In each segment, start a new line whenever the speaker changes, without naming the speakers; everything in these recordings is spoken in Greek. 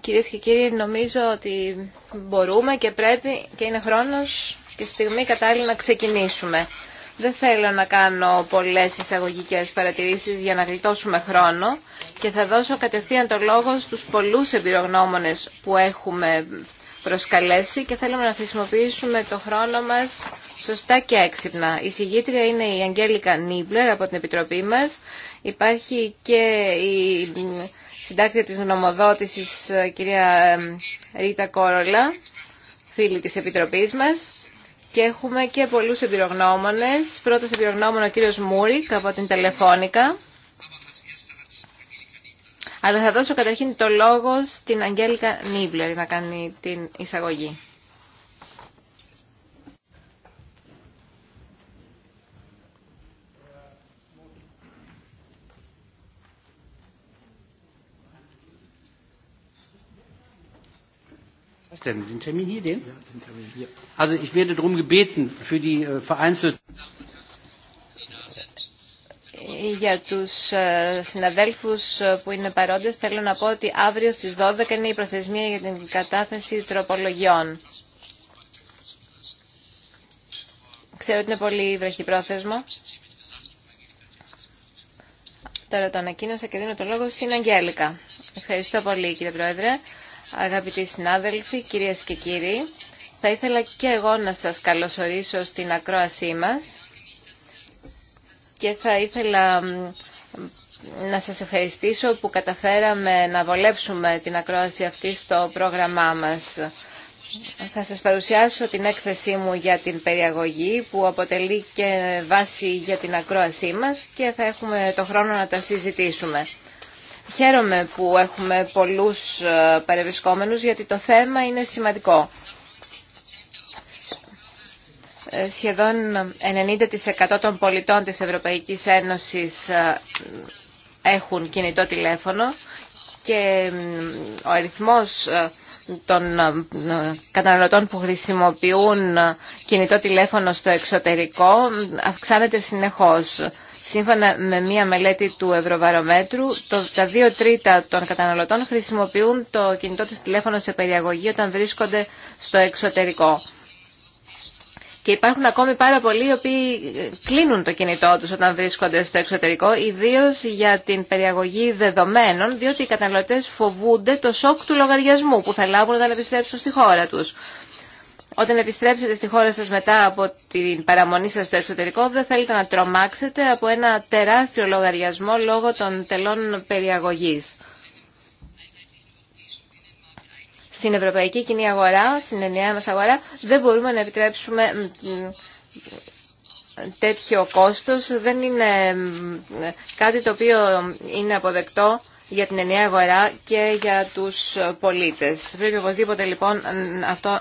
Κυρίε και κύριοι, νομίζω ότι μπορούμε και πρέπει και είναι χρόνος και στιγμή κατάλληλη να ξεκινήσουμε. Δεν θέλω να κάνω πολλέ εισαγωγικέ παρατηρήσει για να γλιτώσουμε χρόνο και θα δώσω κατευθείαν το λόγο στου πολλού εμπειρογνώμονε που έχουμε προσκαλέσει και θέλουμε να χρησιμοποιήσουμε το χρόνο μα σωστά και έξυπνα. Η συγγήτρια είναι η Αγγέλικα Νίμπλερ από την Επιτροπή μα. Υπάρχει και η συντάκτρια της νομοδότησης, ε, κυρία ε, Ρίτα Κόρολα, φίλη της Επιτροπής μας. Και έχουμε και πολλούς εμπειρογνώμονες. Πρώτος εμπειρογνώμονα ο κύριος Μούρικ από την Τελεφώνικα. Αλλά θα δώσω καταρχήν το λόγο στην Αγγέλικα Νίβλερ να κάνει την εισαγωγή.
denn den Termin hier den? Ja, den Termin hier. Also ich werde darum gebeten, für die äh, vereinzelten
για τους ε, συναδέλφους ε, που είναι παρόντε, θέλω να πω ότι αύριο στι 12 είναι η προθεσμία για την κατάθεση τροπολογιών. Ξέρω ότι είναι πολύ βραχυπρόθεσμο. Τώρα το ανακοίνωσα και δίνω το λόγο στην Αγγέλικα. Ευχαριστώ πολύ κύριε Πρόεδρε. Αγαπητοί συνάδελφοι, κυρίες και κύριοι, θα ήθελα και εγώ να σας καλωσορίσω στην ακρόασή μας και θα ήθελα να σας ευχαριστήσω που καταφέραμε να βολέψουμε την ακρόαση αυτή στο πρόγραμμά μας. Θα σας παρουσιάσω την έκθεσή μου για την περιαγωγή που αποτελεί και βάση για την ακρόασή μας και θα έχουμε το χρόνο να τα συζητήσουμε. Χαίρομαι που έχουμε πολλούς ε, παρευρισκόμενους γιατί το θέμα είναι σημαντικό. Ε, σχεδόν 90% των πολιτών της Ευρωπαϊκής Ένωσης ε, έχουν κινητό τηλέφωνο και ο αριθμός των καταναλωτών που χρησιμοποιούν κινητό τηλέφωνο στο εξωτερικό αυξάνεται συνεχώς. Σύμφωνα με μία μελέτη του Ευρωβαρομέτρου, το, τα δύο τρίτα των καταναλωτών χρησιμοποιούν το κινητό τους τηλέφωνο σε περιαγωγή όταν βρίσκονται στο εξωτερικό. Και υπάρχουν ακόμη πάρα πολλοί οι οποίοι ε, κλείνουν το κινητό τους όταν βρίσκονται στο εξωτερικό, ιδίως για την περιαγωγή δεδομένων, διότι οι καταναλωτές φοβούνται το σοκ του λογαριασμού που θα λάβουν όταν επιστρέψουν στη χώρα τους. Όταν επιστρέψετε στη χώρα σας μετά από την παραμονή σας στο εξωτερικό, δεν θέλετε να τρομάξετε από ένα τεράστιο λογαριασμό λόγω των τελών περιαγωγής. Στην ευρωπαϊκή κοινή αγορά, στην ενιαία μας αγορά, δεν μπορούμε να επιτρέψουμε τέτοιο κόστος. Δεν είναι κάτι το οποίο είναι αποδεκτό για την ενιαία αγορά και για τους πολίτες. Πρέπει οπωσδήποτε λοιπόν αυτό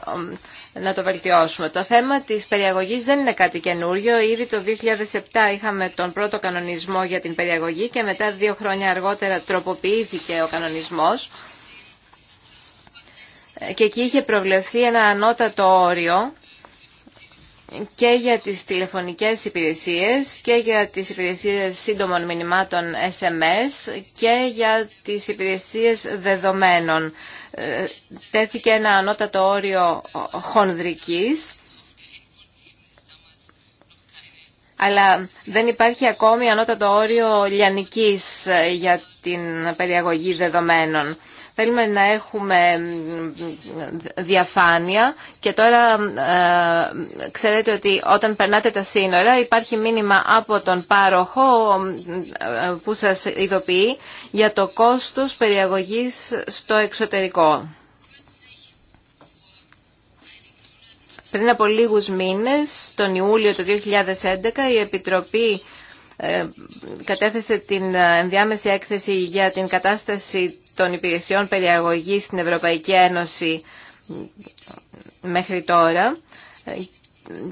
να το βελτιώσουμε. Το θέμα της περιαγωγή δεν είναι κάτι καινούριο. Ήδη το 2007 είχαμε τον πρώτο κανονισμό για την περιαγωγή και μετά δύο χρόνια αργότερα τροποποιήθηκε ο κανονισμός ε, και εκεί είχε προβλεφθεί ένα ανώτατο όριο και για τις τηλεφωνικές υπηρεσίες και για τις υπηρεσίες σύντομων μηνυμάτων SMS και για τις υπηρεσίες δεδομένων. Ε, τέθηκε ένα ανώτατο όριο χονδρικής αλλά δεν υπάρχει ακόμη ανώτατο όριο λιανικής ε, για την περιαγωγή δεδομένων. Θέλουμε να έχουμε διαφάνεια και τώρα ε, ξέρετε ότι όταν περνάτε τα σύνορα υπάρχει μήνυμα από τον πάροχο ε, που σας ειδοποιεί για το κόστος περιαγωγής στο εξωτερικό. Πριν από λίγους μήνες, τον Ιούλιο του 2011, η Επιτροπή ε, κατέθεσε την ενδιάμεση έκθεση για την κατάσταση των υπηρεσιών περιαγωγής στην Ευρωπαϊκή Ένωση μέχρι τώρα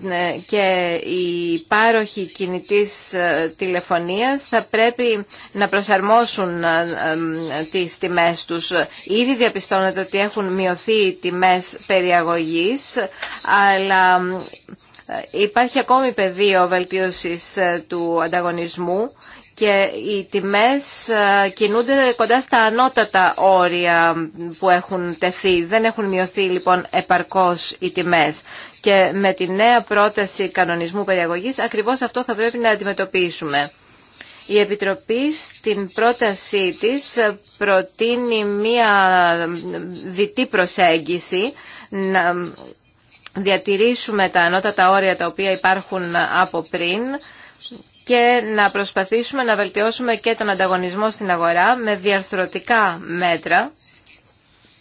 ναι, και οι πάροχοι κινητής ε, τηλεφωνίας θα πρέπει να προσαρμόσουν ε, ε, τις τιμές τους. Ήδη διαπιστώνεται ότι έχουν μειωθεί οι τιμές περιαγωγής, αλλά υπάρχει ακόμη πεδίο βελτίωσης του ανταγωνισμού και οι τιμές ε, κινούνται κοντά στα ανώτατα όρια που έχουν τεθεί. Δεν έχουν μειωθεί λοιπόν επαρκώς οι τιμές. Και με τη νέα πρόταση κανονισμού περιαγωγής ακριβώς αυτό θα πρέπει να αντιμετωπίσουμε. Η Επιτροπή στην πρότασή της προτείνει μία διτή προσέγγιση να διατηρήσουμε τα ανώτατα όρια τα οποία υπάρχουν από πριν και να προσπαθήσουμε να βελτιώσουμε και τον ανταγωνισμό στην αγορά με διαρθρωτικά μέτρα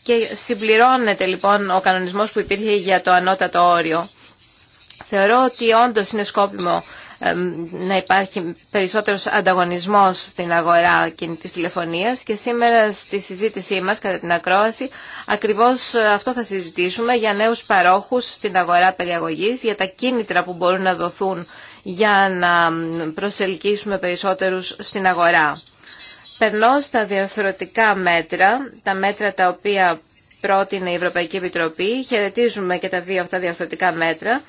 και συμπληρώνεται λοιπόν ο κανονισμός που υπήρχε για το ανώτατο όριο. Θεωρώ ότι όντως είναι σκόπιμο να υπάρχει περισσότερος ανταγωνισμός στην αγορά κινητής τηλεφωνίας και σήμερα στη συζήτησή μας κατά την ακρόαση ακριβώς αυτό θα συζητήσουμε για νέους παρόχους στην αγορά περιαγωγής, για τα κίνητρα που μπορούν να δοθούν για να προσελκύσουμε περισσότερους στην αγορά. Περνώ στα διαφορετικά μέτρα, τα μέτρα τα οποία πρότεινε η Ευρωπαϊκή Επιτροπή. Χαιρετίζουμε και τα δύο αυτά διαφορετικά μέτρα.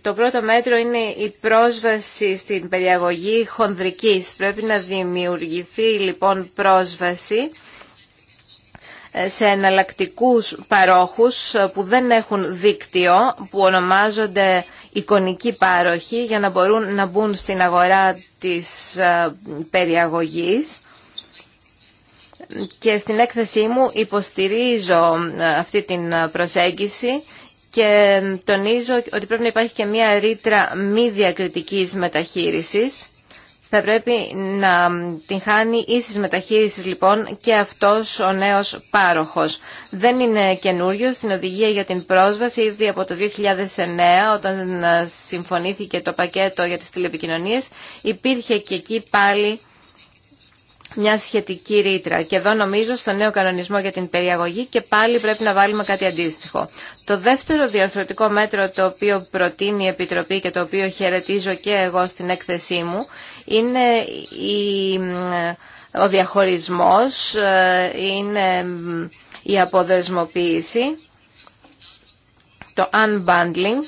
Το πρώτο μέτρο είναι η πρόσβαση στην περιαγωγή χονδρικής. Πρέπει να δημιουργηθεί λοιπόν πρόσβαση σε εναλλακτικούς παρόχους που δεν έχουν δίκτυο, που ονομάζονται εικονικοί πάροχοι για να μπορούν να μπουν στην αγορά της ε, περιαγωγής. Και στην έκθεσή μου υποστηρίζω ε, αυτή την προσέγγιση και τονίζω ότι πρέπει να υπάρχει και μια ρήτρα μη διακριτικής μεταχείρισης θα πρέπει να την χάνει ίσης μεταχείρισης λοιπόν και αυτός ο νέος πάροχος. Δεν είναι καινούριο στην οδηγία για την πρόσβαση ήδη από το 2009 όταν συμφωνήθηκε το πακέτο για τις τηλεπικοινωνίες υπήρχε και εκεί πάλι μια σχετική ρήτρα. Και εδώ νομίζω στο νέο κανονισμό για την περιαγωγή και πάλι πρέπει να βάλουμε κάτι αντίστοιχο. Το δεύτερο διαρθρωτικό μέτρο το οποίο προτείνει η Επιτροπή και το οποίο χαιρετίζω και εγώ στην έκθεσή μου είναι η, ο διαχωρισμός, είναι η αποδεσμοποίηση, το unbundling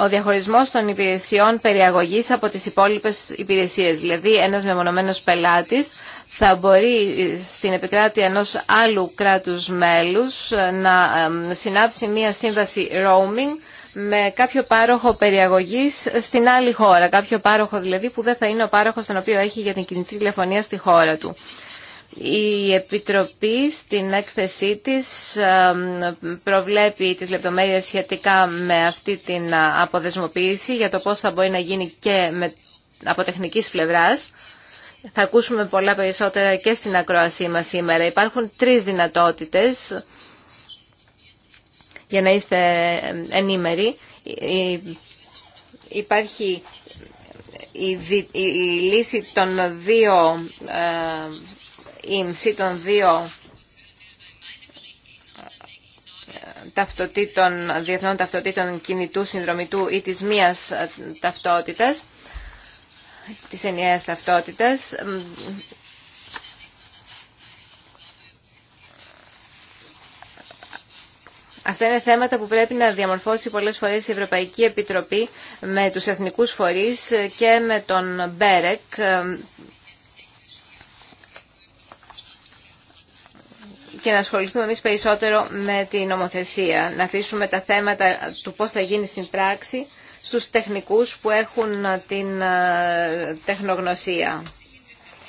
ο διαχωρισμό των υπηρεσιών περιαγωγή από τις υπόλοιπε υπηρεσίες. Δηλαδή ένας μεμονωμένος πελάτης θα μπορεί στην επικράτεια ενό άλλου κράτους μέλους ε, να συνάψει μία σύμβαση roaming με κάποιο πάροχο περιαγωγή στην άλλη χώρα. Κάποιο πάροχο δηλαδή που δεν θα είναι ο πάροχο τον οποίο έχει για την κινητή τηλεφωνία στη χώρα του. Η Επιτροπή στην έκθεσή της προβλέπει τις λεπτομέρειες σχετικά με αυτή την αποδεσμοποίηση για το πώς θα μπορεί να γίνει και με, από τεχνικής πλευράς. Θα ακούσουμε πολλά περισσότερα και στην ακρόασή μας σήμερα. Υπάρχουν τρεις δυνατότητες για να είστε ενήμεροι. Ε, υπάρχει η, λύση των δύο ε, η των δύο ε, ταυτοτήτων, διεθνών ταυτοτήτων κινητού συνδρομητού ή της μίας ε, ταυτότητας, της ενιαίας ταυτότητας, Αυτά είναι θέματα που πρέπει να διαμορφώσει πολλές φορές η Ευρωπαϊκή Επιτροπή με τους εθνικούς φορείς και με τον Μπέρεκ ε, και να ασχοληθούμε εμείς περισσότερο με την νομοθεσία. Να αφήσουμε τα θέματα του πώς θα γίνει στην πράξη στους τεχνικούς που έχουν την ε, τεχνογνωσία.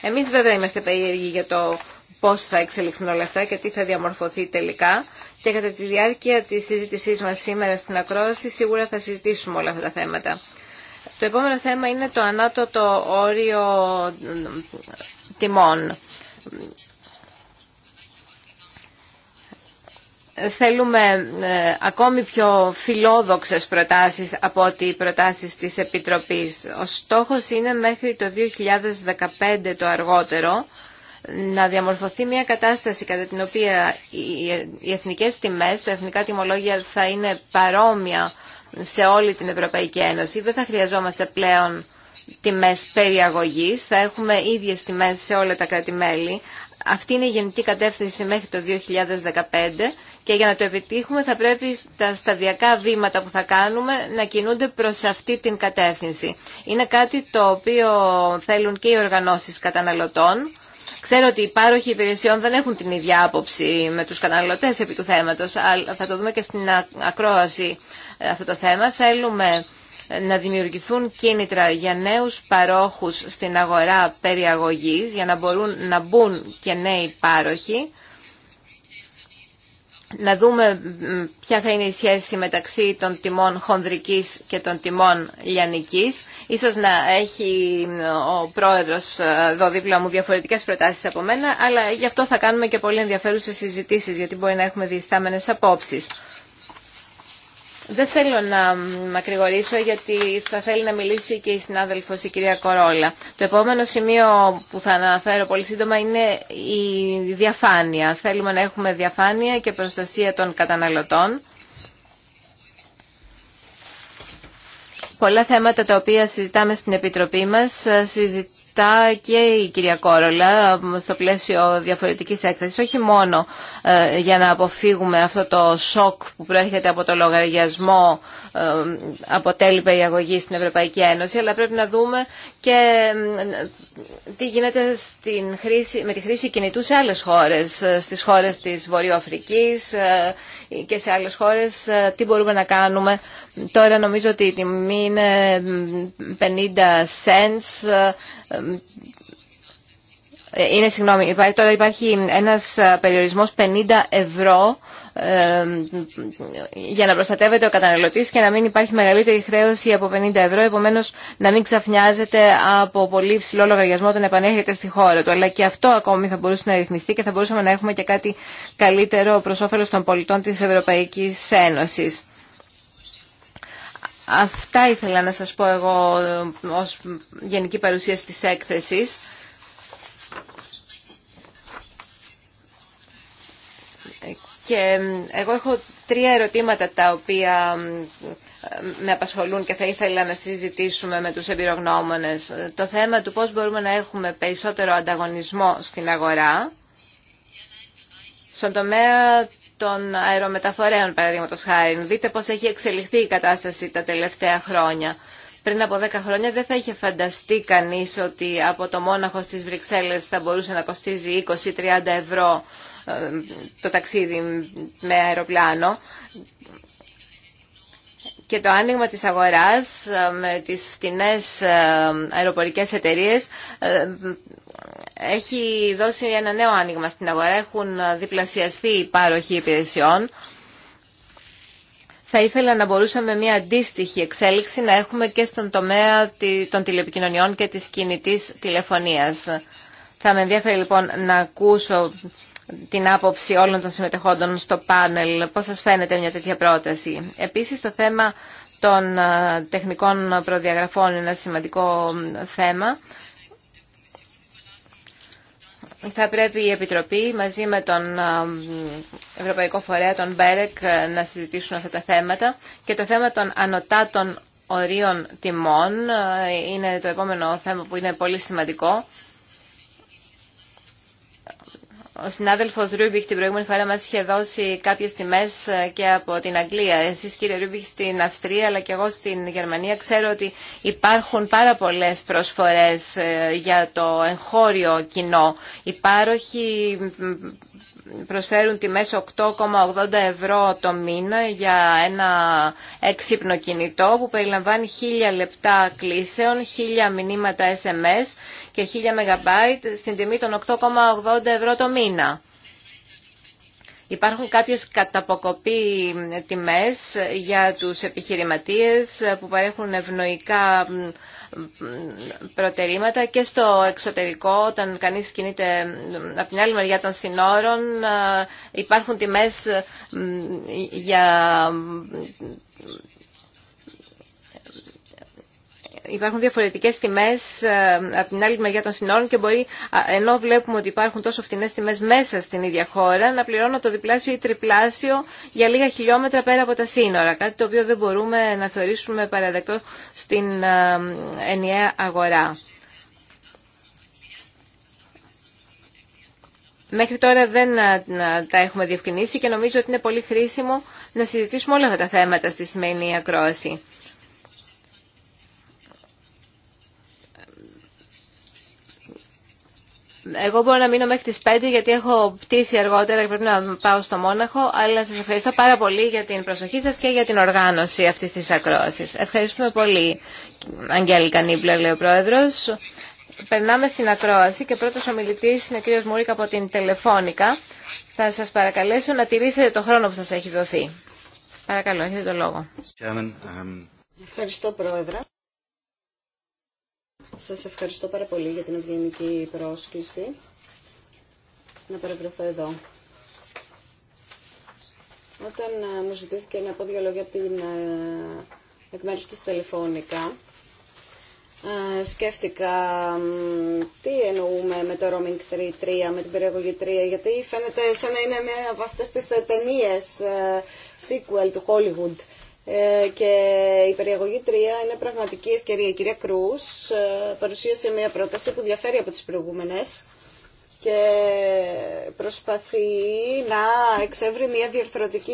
Εμείς βέβαια είμαστε περίεργοι για το πώς θα εξελιχθούν όλα αυτά και τι θα διαμορφωθεί τελικά. Και κατά τη διάρκεια της συζήτησής μας σήμερα στην ακρόαση σίγουρα θα συζητήσουμε όλα αυτά τα θέματα. Το επόμενο θέμα είναι το ανάτοτο όριο τιμών. θέλουμε ε, ακόμη πιο φιλόδοξες προτάσεις από ότι οι προτάσεις της Επιτροπής. Ο στόχος είναι μέχρι το 2015 το αργότερο να διαμορφωθεί μια κατάσταση κατά την οποία οι εθνικές τιμές, τα εθνικά τιμολόγια θα είναι παρόμοια σε όλη την Ευρωπαϊκή Ένωση. Δεν θα χρειαζόμαστε πλέον τιμές περιαγωγής, θα έχουμε ίδιες τιμές σε όλα τα κράτη-μέλη. Αυτή είναι η γενική κατεύθυνση μέχρι το 2015 και για να το επιτύχουμε θα πρέπει τα σταδιακά βήματα που θα κάνουμε να κινούνται προς αυτή την κατεύθυνση. Είναι κάτι το οποίο θέλουν και οι οργανώσεις καταναλωτών. Ξέρω ότι οι πάροχοι υπηρεσιών δεν έχουν την ίδια άποψη με τους καταναλωτές επί του θέματος, αλλά θα το δούμε και στην ακρόαση αυτό το θέμα. Θέλουμε να δημιουργηθούν κίνητρα για νέους παρόχους στην αγορά περιαγωγής, για να μπορούν να μπουν και νέοι πάροχοι, να δούμε ποια θα είναι η σχέση μεταξύ των τιμών χονδρικής και των τιμών λιανικής. Ίσως να έχει ο πρόεδρος ε, εδώ δίπλα μου διαφορετικές προτάσεις από μένα, αλλά γι' αυτό θα κάνουμε και πολύ ενδιαφέρουσες συζητήσεις, γιατί μπορεί να έχουμε διεστάμενες απόψεις. Δεν θέλω να μακρηγορήσω γιατί θα θέλει να μιλήσει και η συνάδελφος η κυρία Κορόλα. Το επόμενο σημείο που θα αναφέρω πολύ σύντομα είναι η διαφάνεια. Θέλουμε να έχουμε διαφάνεια και προστασία των καταναλωτών. Πολλά θέματα τα οποία συζητάμε στην Επιτροπή μας συζητάμε και η κυρία Κόρολα στο πλαίσιο διαφορετικής έκθεσης, όχι μόνο ε, για να αποφύγουμε αυτό το σοκ που προέρχεται από το λογαριασμό ε, από τέλη περιαγωγή στην Ευρωπαϊκή Ένωση, αλλά πρέπει να δούμε και τι γίνεται με τη χρήση κινητού σε άλλες χώρες, ε, στις χώρες της Βορειοαφρικής, και σε άλλες χώρες τι μπορούμε να κάνουμε. Τώρα νομίζω ότι η τιμή είναι 50 cents. Είναι, συγγνώμη, τώρα υπάρχει ένας περιορισμός 50 ευρώ ε, για να προστατεύεται ο καταναλωτής και να μην υπάρχει μεγαλύτερη χρέωση από 50 ευρώ, επομένως να μην ξαφνιάζεται από πολύ ψηλό λογαριασμό όταν επανέρχεται στη χώρα του. Αλλά και αυτό ακόμη θα μπορούσε να ρυθμιστεί και θα μπορούσαμε να έχουμε και κάτι καλύτερο προς όφελος των πολιτών της Ευρωπαϊκής Ένωσης. Αυτά ήθελα να σας πω εγώ ως γενική παρουσίαση της έκθεσης. Και εγώ έχω τρία ερωτήματα τα οποία με απασχολούν και θα ήθελα να συζητήσουμε με τους εμπειρογνώμονες. Το θέμα του πώς μπορούμε να έχουμε περισσότερο ανταγωνισμό στην αγορά, στον τομέα των αερομεταφορέων, παραδείγματο χάρη. Δείτε πώς έχει εξελιχθεί η κατάσταση τα τελευταία χρόνια. Πριν από 10 χρόνια δεν θα είχε φανταστεί κανείς ότι από το μόναχο στις Βρυξέλλες θα μπορούσε να κοστίζει 20-30 ευρώ το ταξίδι με αεροπλάνο και το άνοιγμα της αγοράς ε, με τις φτηνές ε, αεροπορικές εταιρείες ε, έχει δώσει ένα νέο άνοιγμα στην αγορά. Έχουν διπλασιαστεί οι πάροχοι υπηρεσιών. Θα ήθελα να μπορούσαμε μια αντίστοιχη εξέλιξη να έχουμε και στον τομέα των τηλεπικοινωνιών και της κινητής τηλεφωνίας. Θα με ενδιαφέρει λοιπόν να ακούσω την άποψη όλων των συμμετεχόντων στο πάνελ. Πώς σας φαίνεται μια τέτοια πρόταση. Επίσης το θέμα των ε, τεχνικών προδιαγραφών είναι ένα σημαντικό θέμα. Θα πρέπει η Επιτροπή μαζί με τον ε, Ευρωπαϊκό Φορέα, τον Μπέρεκ, ε, να συζητήσουν αυτά τα θέματα και το θέμα των ανωτάτων ορίων τιμών είναι το επόμενο θέμα που είναι πολύ σημαντικό. Ο συνάδελφο Ρούμπιχ την προηγούμενη φορά μα είχε δώσει κάποιες τιμέ ε, και από την Αγγλία. Εσεί, κύριε Ρούμπιχ στην Αυστρία αλλά και εγώ στην Γερμανία ξέρω ότι υπάρχουν πάρα πολλέ προσφορέ ε, για το εγχώριο κοινό. Υπάρχει προσφέρουν τιμές 8,80 ευρώ το μήνα για ένα έξυπνο κινητό που περιλαμβάνει 1000 λεπτά κλήσεων, 1000 μηνύματα SMS και 1000 MB στην τιμή των 8,80 ευρώ το μήνα. Υπάρχουν κάποιες καταποκοπή τιμές για τους επιχειρηματίες που παρέχουν ευνοϊκά προτερήματα και στο εξωτερικό όταν κανείς κινείται από την άλλη μεριά των συνόρων ε, υπάρχουν τιμές για υπάρχουν διαφορετικές τιμές ε, από την άλλη μεριά των συνόρων και μπορεί, ενώ βλέπουμε ότι υπάρχουν τόσο φτηνές τιμές μέσα στην ίδια χώρα, να πληρώνω το διπλάσιο ή τριπλάσιο για λίγα χιλιόμετρα πέρα από τα σύνορα. Κάτι το οποίο δεν μπορούμε να θεωρήσουμε παραδεκτό στην ε, ενιαία αγορά. Μέχρι τώρα δεν ε, τα έχουμε διευκρινίσει και νομίζω ότι είναι πολύ χρήσιμο να συζητήσουμε όλα αυτά τα θέματα στη σημερινή ακρόαση. Εγώ μπορώ να μείνω μέχρι τις 5 γιατί έχω πτήσει αργότερα και πρέπει να πάω στο Μόναχο, αλλά σας ευχαριστώ πάρα πολύ για την προσοχή σας και για την οργάνωση αυτής της ακρόασης. Ευχαριστούμε πολύ, Αγγέλη Νίμπλα, λέει ο Πρόεδρος. Περνάμε στην ακρόαση και πρώτος ομιλητής είναι ο κύριος Μούρικα από την Τελεφώνικα. Θα σας παρακαλέσω να τηρήσετε το χρόνο που σας έχει δοθεί. Παρακαλώ, έχετε το λόγο.
Um,
ευχαριστώ, Πρόεδρε. Σας ευχαριστώ πάρα πολύ για την ευγενική πρόσκληση. Να παρευρεθώ εδώ. Όταν ε, μου ζητήθηκε να πω δύο λόγια από την ε, εκ μέρους τους τηλεφώνικα, σκέφτηκα τι εννοούμε με το roaming 3, 3, με την περιεγωγή 3, γιατί φαίνεται σαν να είναι μια από αυτές τις ε, ταινίες sequel του Hollywood ε, και η περιαγωγή 3 είναι πραγματική ευκαιρία. Η κυρία Κρούς ε, παρουσίασε μια πρόταση που διαφέρει από τις προηγούμενες και προσπαθεί να εξεύρει μια διαρθρωτική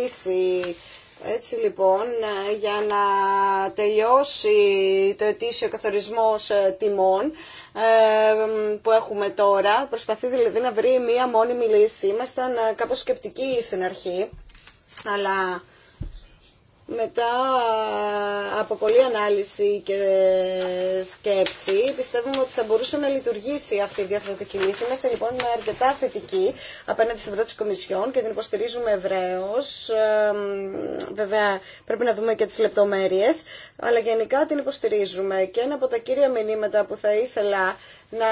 λύση. Έτσι λοιπόν, ε, για να τελειώσει το ετήσιο καθορισμός τιμών που έχουμε τώρα, προσπαθεί δηλαδή να βρει μία μόνιμη λύση. Ήμασταν κάπως σκεπτικοί στην αρχή, αλλά μετά από πολλή ανάλυση και σκέψη πιστεύουμε ότι θα μπορούσε να λειτουργήσει αυτή η διαφορετική λύση. Είμαστε λοιπόν αρκετά θετικοί απέναντι στην πρόταση Κομισιόν και την υποστηρίζουμε ευρέω. Βέβαια πρέπει να δούμε και τις λεπτομέρειες, αλλά γενικά την υποστηρίζουμε. Και ένα από τα κύρια μηνύματα που θα ήθελα να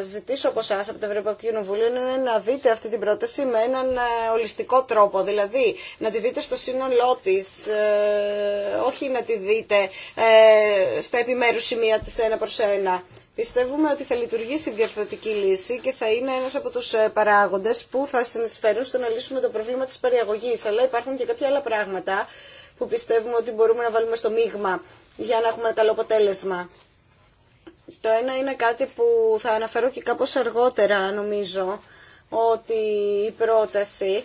ζητήσω από εσά, από το Ευρωπαϊκό Κοινοβούλιο, είναι να δείτε αυτή την πρόταση με έναν ε, ολιστικό τρόπο. Δηλαδή, να τη δείτε στο σύνολό τη, ε, όχι να τη δείτε ε, στα επιμέρου σημεία τη ένα προ ένα. Πιστεύουμε ότι θα λειτουργήσει η διαρθρωτική λύση και θα είναι ένας από τους παράγοντες που θα συνεισφέρουν στο να λύσουμε το πρόβλημα της περιαγωγή. Αλλά υπάρχουν και κάποια άλλα πράγματα που πιστεύουμε ότι μπορούμε να βάλουμε στο μείγμα για να έχουμε ένα καλό αποτέλεσμα. Το ένα είναι κάτι που θα αναφέρω και κάπως αργότερα νομίζω ότι η πρόταση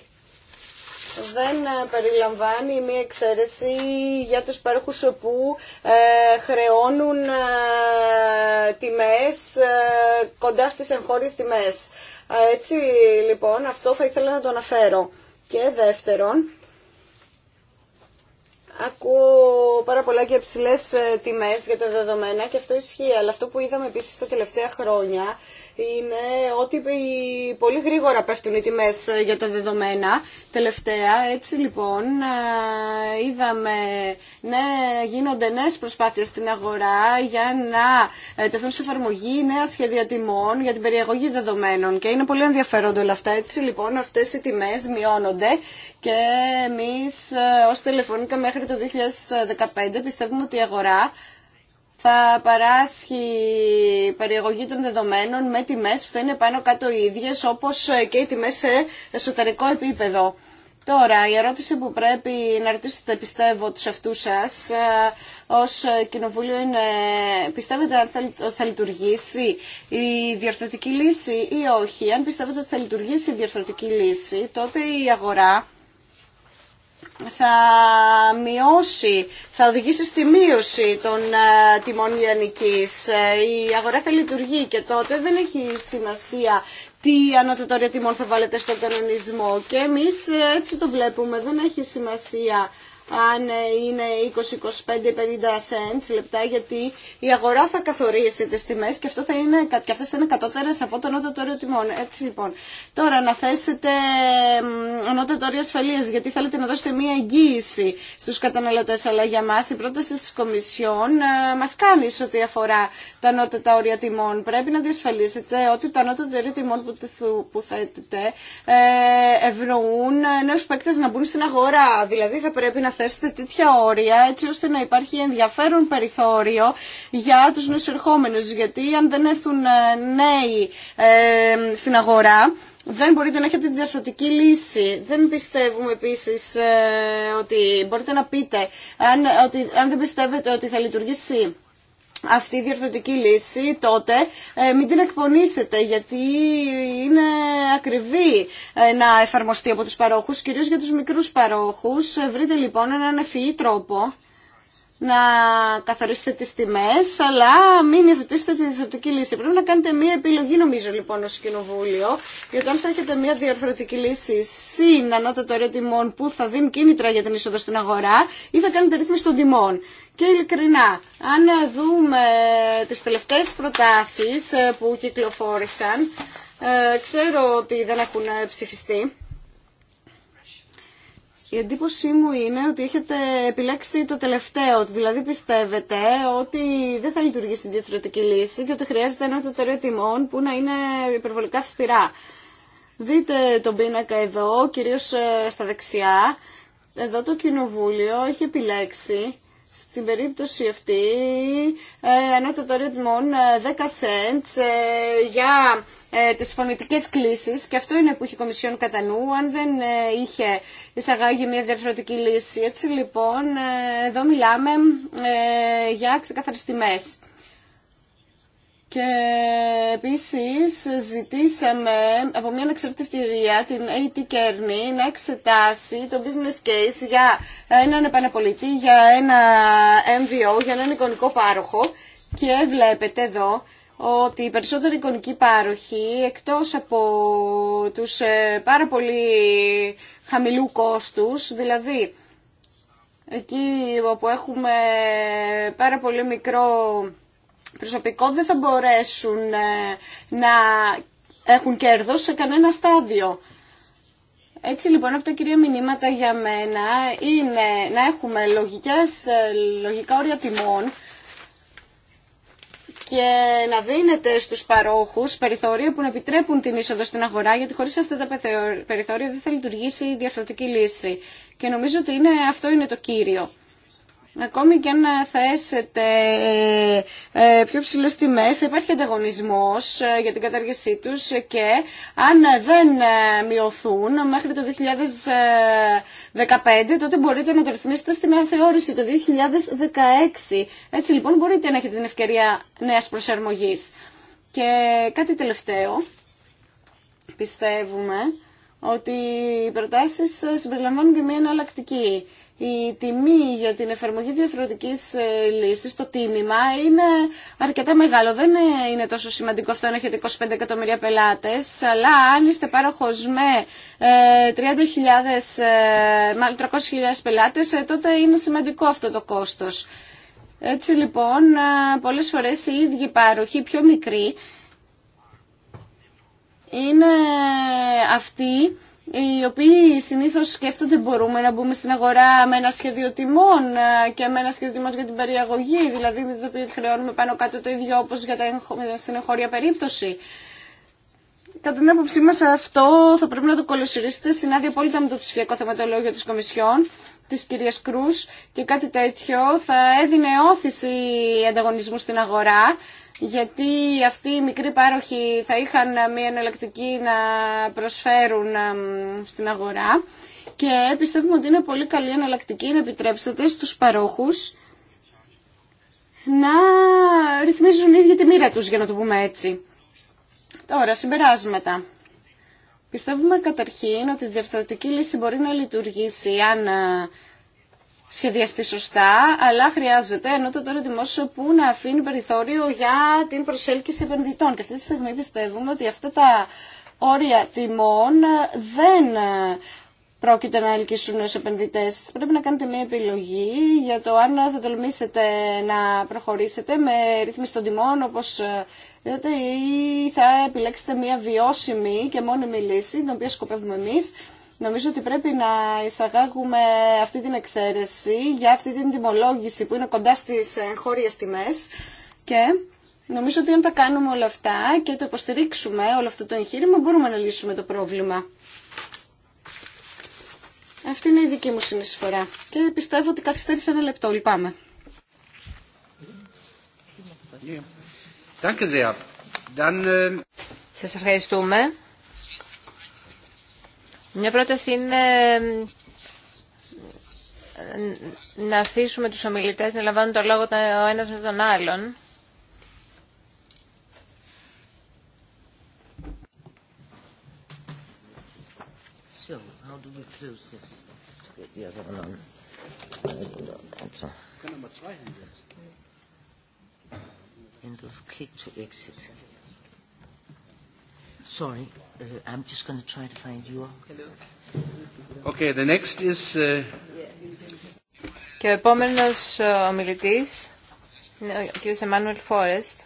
δεν περιλαμβάνει μία εξαίρεση για τους πάροχους που ε, χρεώνουν ε, τιμές ε, κοντά στις εγχώριες τιμές. Έτσι λοιπόν αυτό θα ήθελα να το αναφέρω. Και δεύτερον, Ακούω πάρα πολλά και ψηλέ ε, τιμέ για τα δεδομένα και αυτό ισχύει. Αλλά αυτό που είδαμε επίση τα τελευταία χρόνια είναι ότι πολύ γρήγορα πέφτουν οι τιμές για τα δεδομένα τελευταία. Έτσι λοιπόν ε, είδαμε ναι, γίνονται νέες προσπάθειες στην αγορά για να ε, τεθούν σε εφαρμογή νέα σχέδια τιμών για την περιεγωγή δεδομένων και είναι πολύ ενδιαφέροντα όλα αυτά. Έτσι λοιπόν αυτές οι τιμές μειώνονται και εμείς ε, ως τηλεφωνικά μέχρι το 2015 πιστεύουμε ότι η αγορά θα παράσχει περιεγωγή των δεδομένων με τιμές που θα είναι πάνω κάτω ίδιες όπως ε, και οι τιμές σε εσωτερικό επίπεδο. Τώρα, η ερώτηση που πρέπει να ρωτήσετε, πιστεύω, τους αυτούς σας, ε, ως ε, κοινοβούλιο είναι, πιστεύετε αν θα, θα λειτουργήσει η διορθωτική λύση ή όχι. Αν πιστεύετε ότι θα λειτουργήσει η διορθωτική λύση, τότε η αγορά θα μειώσει, θα οδηγήσει στη μείωση των ε, τιμών λιανικής. Ε, η αγορά θα λειτουργεί και τότε δεν έχει σημασία τι ανώτατορια τιμών θα βάλετε στον κανονισμό. Και εμείς ε, έτσι το βλέπουμε, δεν έχει σημασία αν είναι 20, 25, 50 cents λεπτά, γιατί η αγορά θα καθορίσει τις τιμές και, αυτό θα είναι, και αυτές θα είναι κατώτερες από το όριο τιμών. Έτσι λοιπόν. Τώρα να θέσετε ανώτατο όριο ασφαλείας, γιατί θέλετε να δώσετε μία εγγύηση στους καταναλωτές, αλλά για μας η πρόταση της Κομισιόν ε, μας κάνει σε ό,τι αφορά τα ανώτατα όρια τιμών. Πρέπει να διασφαλίσετε ότι τα ανώτατα όρια τιμών που θέτετε ε, ευνοούν ε, νέους παίκτες να μπουν στην αγορά. Δηλαδή θα πρέπει να θέσετε τέτοια όρια έτσι ώστε να υπάρχει ενδιαφέρον περιθώριο για τους νέους ερχόμενους. Γιατί αν δεν έρθουν ε, νέοι ε, στην αγορά, δεν μπορείτε να έχετε την διαρθρωτική λύση. Δεν πιστεύουμε επίση ε, ότι μπορείτε να πείτε αν, ότι, αν δεν πιστεύετε ότι θα λειτουργήσει αυτή η διορθωτική λύση, τότε ε, μην την εκπονήσετε, γιατί είναι ακριβή ε, να εφαρμοστεί από τους παρόχους, κυρίως για τους μικρούς παρόχους. Βρείτε λοιπόν έναν ευφυή τρόπο να καθορίσετε τις τιμές, αλλά μην υιοθετήσετε τη διορθωτική λύση. Πρέπει να κάνετε μία επιλογή, νομίζω, λοιπόν, ως Κοινοβούλιο, γιατί αν θα έχετε μία διορθωτική λύση συν ανώτατο ρε τιμών που θα δίνει κίνητρα για την είσοδο στην αγορά ή θα κάνετε ρύθμιση των τιμών. Και ειλικρινά, αν δούμε τις τελευταίες προτάσεις ε, που κυκλοφόρησαν, ε, ξέρω ότι δεν έχουν ε, ψηφιστεί, η εντύπωσή μου είναι ότι έχετε επιλέξει το τελευταίο, δηλαδή πιστεύετε ότι δεν θα λειτουργήσει η διαφορετική λύση και ότι χρειάζεται ένα τεταρίο τιμών που να είναι υπερβολικά αυστηρά. Δείτε τον πίνακα εδώ, κυρίως ε, στα δεξιά. Εδώ το Κοινοβούλιο έχει επιλέξει στην περίπτωση αυτή ανώτατο ρυθμόν 10 cents ε, για ε, τις φωνητικές κλήσεις και αυτό είναι που είχε η Κομισιόν κατά νου αν δεν ε, είχε εισαγάγει μια διαφορετική λύση. Έτσι λοιπόν εδώ μιλάμε για ξεκαθαριστημές. Και επίσης ζητήσαμε από μια ανεξαρτητή την A.T. Kearney, να εξετάσει το business case για έναν επαναπολιτή, για ένα MVO, για έναν εικονικό πάροχο. Και βλέπετε εδώ ότι οι περισσότεροι εικονικοί πάροχοι, εκτός από τους ε, πάρα πολύ χαμηλού κόστους, δηλαδή εκεί όπου έχουμε πάρα πολύ μικρό προσωπικό δεν θα μπορέσουν ε, να έχουν κέρδος σε κανένα στάδιο. Έτσι λοιπόν από τα κυρία μηνύματα για μένα είναι να έχουμε λογικές, ε, λογικά όρια τιμών και να δίνεται στους παρόχους περιθώρια που να επιτρέπουν την είσοδο στην αγορά γιατί χωρίς αυτά τα περιθώρια δεν θα λειτουργήσει η διαφορετική λύση. Και νομίζω ότι είναι, αυτό είναι το κύριο. Ακόμη και αν θέσετε ε, πιο ψηλέ τιμέ, θα υπάρχει ανταγωνισμό ε, για την κατάργησή του και αν δεν ε, μειωθούν μέχρι το 2015, τότε μπορείτε να το ρυθμίσετε στην αναθεώρηση το 2016. Έτσι λοιπόν μπορείτε να έχετε την ευκαιρία νέα προσαρμογή. Και κάτι τελευταίο, πιστεύουμε ότι οι προτάσεις συμπεριλαμβάνουν και μια εναλλακτική η τιμή για την εφαρμογή διαθροτικής ε, λύσης, το τίμημα, είναι αρκετά μεγάλο. Δεν ε, είναι τόσο σημαντικό αυτό να έχετε 25 εκατομμύρια πελάτες, αλλά αν είστε πάροχος με 300.000 ε, πελάτες, τότε είναι σημαντικό αυτό το κόστος. Έτσι λοιπόν, πολλές φορές οι ίδιοι πάροχοι, πιο μικροί, είναι αυτοί οι οποίοι συνήθως σκέφτονται μπορούμε να μπούμε στην αγορά με ένα σχέδιο τιμών ε, και με ένα σχέδιο τιμών για την περιαγωγή, δηλαδή με το οποίο χρεώνουμε πάνω κάτω το ίδιο όπως για τα, στην εγχώρια περίπτωση. Κατά την άποψή μα, αυτό θα πρέπει να το κολοσυρίσετε. Συνάδει απόλυτα με το ψηφιακό θεματολόγιο τη Κομισιόν, τη κυρία Κρού, και κάτι τέτοιο θα έδινε όθηση ανταγωνισμού στην αγορά γιατί αυτοί οι μικροί πάροχοι θα είχαν ε, μια εναλλακτική να προσφέρουν ε, στην αγορά και πιστεύουμε ότι είναι πολύ καλή εναλλακτική να επιτρέψετε στους παρόχους να ρυθμίζουν ίδια τη μοίρα τους, για να το πούμε έτσι. Τώρα, συμπεράσματα. Πιστεύουμε καταρχήν ότι η διευθυντική λύση μπορεί να λειτουργήσει αν ε, σχεδιαστεί σωστά, αλλά χρειάζεται ενώ το τώρα δημόσιο που να αφήνει περιθώριο για την προσέλκυση επενδυτών. Και αυτή τη στιγμή πιστεύουμε ότι αυτά τα όρια τιμών δεν πρόκειται να ελκύσουν ως επενδυτές. Πρέπει να κάνετε μια επιλογή για το αν θα τολμήσετε να προχωρήσετε με ρύθμιση των τιμών όπως ε, είδατε ή θα επιλέξετε μια βιώσιμη και μόνιμη λύση, την οποία σκοπεύουμε εμείς, Νομίζω ότι πρέπει να εισαγάγουμε αυτή την εξαίρεση για αυτή την τιμολόγηση που είναι κοντά στις ε, χώριες τιμές και νομίζω ότι αν τα κάνουμε όλα αυτά και το υποστηρίξουμε όλο αυτό το εγχείρημα μπορούμε να λύσουμε το πρόβλημα. Αυτή είναι η δική μου συνεισφορά και
πιστεύω ότι καθυστέρησε ένα λεπτό. Λυπάμαι. Ε, Σας ευχαριστούμε.
Μια πρόταση είναι ε, να αφήσουμε τους ομιλητές να λαμβάνουν το λόγο ο ένας με τον άλλον.
So, Sorry. I'm just going to try to find you.
Okay, the next is.
Και ο επόμενος ομιλητής είναι ο κ. Εμμάνουελ Φόρεστ.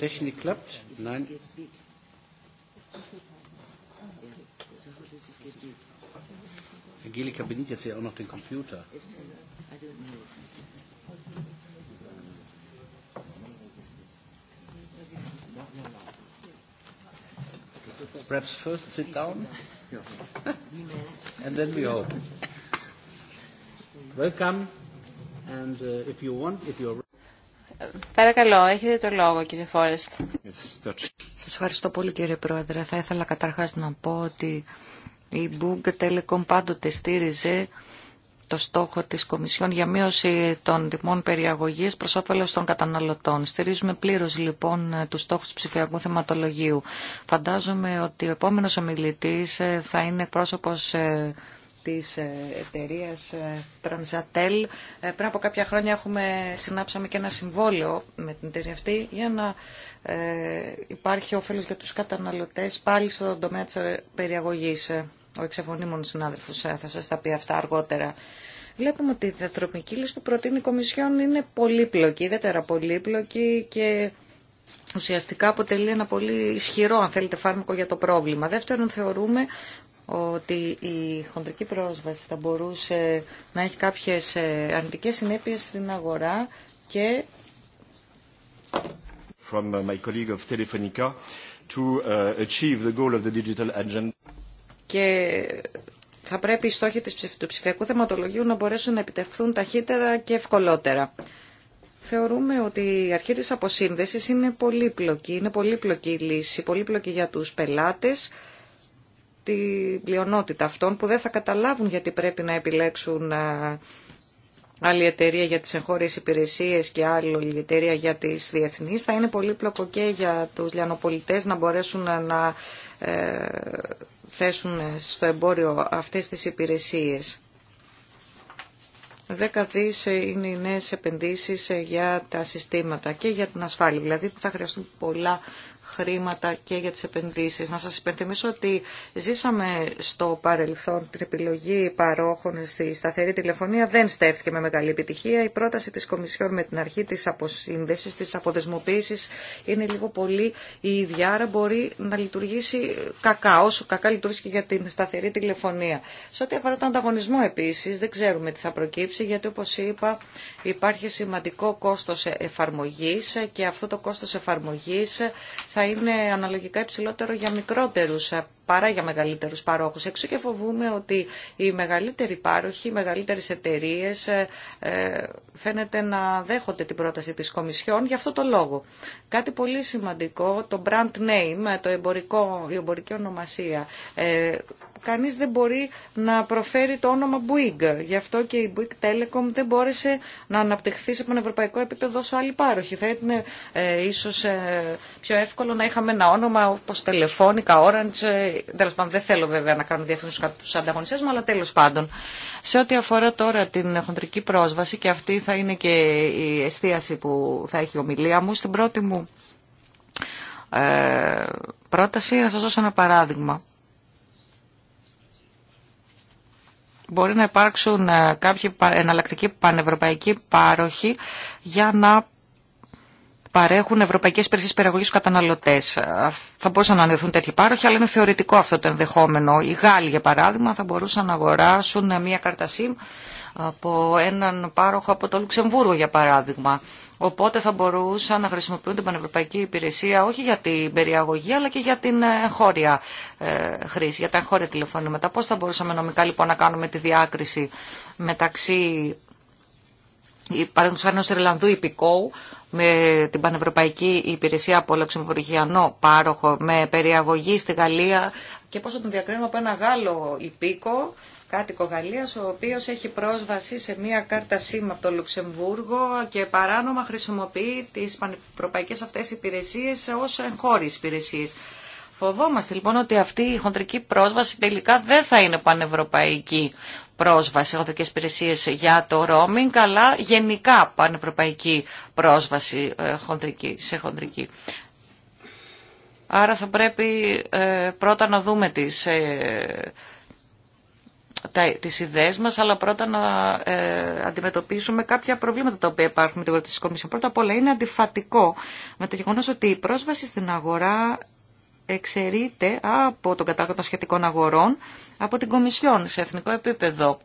Technik klappt? Nein. Angelika benutzt jetzt ja auch noch den Computer. I don't know. Perhaps first sit
Παρακαλώ, έχετε το λόγο κύριε Φόρεστ.
Σας
ευχαριστώ πολύ κύριε Πρόεδρε. Θα ήθελα καταρχάς να πω ότι η Μπούγκ Τελεκόμ πάντοτε στήριζε το στόχο της Κομισιόν για μείωση των τιμών περιαγωγής προς όφελος των καταναλωτών. Στηρίζουμε πλήρως λοιπόν τους στόχους του ψηφιακού θεματολογίου. Φαντάζομαι ότι ο επόμενος ομιλητής ε, θα είναι πρόσωπος ε, της ε, εταιρείας Transatel. Πριν από κάποια χρόνια έχουμε, συνάψαμε και ένα συμβόλαιο με την εταιρεία αυτή για να υπάρχει όφελος για τους καταναλωτές πάλι στον τομέα της περιαγωγής. Ο εξαφωνήμων συνάδελφος ε, θα σα τα πει αυτά αργότερα. Βλέπουμε ότι η διαθροπική λύση που προτείνει η Κομισιόν είναι πολύπλοκη, ιδιαίτερα πολύπλοκη και ουσιαστικά αποτελεί ένα πολύ ισχυρό, αν θέλετε, φάρμακο για το πρόβλημα. Δεύτερον, θεωρούμε ότι η χοντρική πρόσβαση θα μπορούσε να έχει κάποιες ε, αρνητικές συνέπειες στην αγορά και...
From my colleague of Telefonica to uh, achieve the goal of the digital agenda
και θα πρέπει οι στόχοι του ψηφιακού θεματολογίου να μπορέσουν να επιτευχθούν ταχύτερα και ευκολότερα. Θεωρούμε ότι η αρχή της αποσύνδεσης είναι πολύπλοκη, είναι πολύπλοκη λύση, πολύπλοκη για τους πελάτες, τη πλειονότητα αυτών που δεν θα καταλάβουν γιατί πρέπει να επιλέξουν άλλη εταιρεία για τις εγχώριες υπηρεσίες και άλλη εταιρεία για τις διεθνείς. Θα είναι πολύπλοκο και για τους λιανοπολιτές να μπορέσουν να ε, θέσουν στο εμπόριο αυτές τις υπηρεσίες. Δέκα δις είναι οι νέες επενδύσεις για τα συστήματα και για την ασφάλεια, δηλαδή που θα χρειαστούν πολλά χρήματα και για τις επενδύσεις. Να σας υπενθυμίσω ότι ζήσαμε στο παρελθόν την επιλογή παρόχων στη σταθερή τηλεφωνία. Δεν στέφθηκε με μεγάλη επιτυχία. Η πρόταση της Κομισιόν με την αρχή της αποσύνδεσης, της αποδεσμοποίησης είναι λίγο πολύ η ίδια. Άρα μπορεί να λειτουργήσει κακά, όσο κακά λειτουργήσει και για την σταθερή τηλεφωνία. Σε ό,τι αφορά τον ανταγωνισμό επίσης, δεν ξέρουμε τι θα προκύψει, γιατί όπως είπα υπάρχει σημαντικό κόστος εφαρμογής και αυτό το κόστος εφαρμογής θα είναι αναλογικά υψηλότερο για μικρότερους ε, παρά για μεγαλύτερους παρόχους. Εξού και φοβούμε ότι οι μεγαλύτεροι πάροχοι, οι μεγαλύτερες εταιρείες ε, ε, φαίνεται να δέχονται την πρόταση της Κομισιόν για αυτό το λόγο. Κάτι πολύ σημαντικό, το brand name, το εμπορικό, η εμπορική ονομασία κανείς δεν μπορεί να προφέρει το όνομα Bouygues. Γι' αυτό και η Bouygues Telecom δεν μπόρεσε να αναπτυχθεί σε πανευρωπαϊκό επίπεδο σε άλλη πάροχη. Θα ήταν ε, ίσως ε, πιο εύκολο να είχαμε ένα όνομα όπως Telefonica, Orange. Ε, τέλος πάντων δεν θέλω βέβαια να κάνω διεύθυνση στους ανταγωνιστές μου, αλλά τέλος πάντων. Σε ό,τι αφορά τώρα την χοντρική πρόσβαση και αυτή θα είναι και η εστίαση που θα έχει η ομιλία μου, στην πρώτη μου ε, πρόταση να σας δώσω ένα παράδειγμα. μπορεί να υπάρξουν ε, κάποιοι εναλλακτικοί πανευρωπαϊκοί πάροχοι για να παρέχουν ευρωπαϊκές υπηρεσίες παραγωγής στους καταναλωτές. Θα μπορούσαν να ανεβούν τέτοιοι πάροχοι, αλλά είναι θεωρητικό αυτό το ενδεχόμενο. Οι Γάλλοι, για παράδειγμα, θα μπορούσαν να αγοράσουν μια κάρτα SIM από έναν πάροχο από το Λουξεμβούργο, για παράδειγμα. Οπότε θα μπορούσαν να χρησιμοποιούν την πανευρωπαϊκή υπηρεσία όχι για την περιαγωγή αλλά και για την ε, εγχώρια ε, χρήση, για τα εγχώρια τηλεφωνήματα. Πώς θα μπορούσαμε νομικά λοιπόν να κάνουμε τη διάκριση μεταξύ παραδείγματος ενός Ιρλανδού υπηκόου με την Πανευρωπαϊκή Υπηρεσία από Λουξεμβουργιανό πάροχο με περιαγωγή στη Γαλλία και πώς θα τον διακρίνουμε από ένα Γάλλο υπήκο κάτοικο Γαλλίας, ο οποίος έχει πρόσβαση σε μια κάρτα σήμα από το Λουξεμβούργο και παράνομα χρησιμοποιεί τις πανευρωπαϊκές αυτές υπηρεσίες ως εγχώριες υπηρεσίες. Φοβόμαστε λοιπόν ότι αυτή η χοντρική πρόσβαση τελικά δεν θα είναι πανευρωπαϊκή πρόσβαση, αγροτικές υπηρεσίε για το roaming, αλλά γενικά πανευρωπαϊκή πρόσβαση ε, σε χοντρική. Άρα θα πρέπει ε, πρώτα να δούμε τις, ε, τα, τις ιδέες μας, αλλά πρώτα να αντιμετωπίσουμε κάποια προβλήματα τα οποία υπάρχουν με την τη της Πρώτα απ' όλα είναι αντιφατικό με το γεγονός ότι η πρόσβαση στην αγορά εξαιρείται από τον κατάλογο των σχετικών αγορών από την Κομισιόν σε εθνικό επίπεδο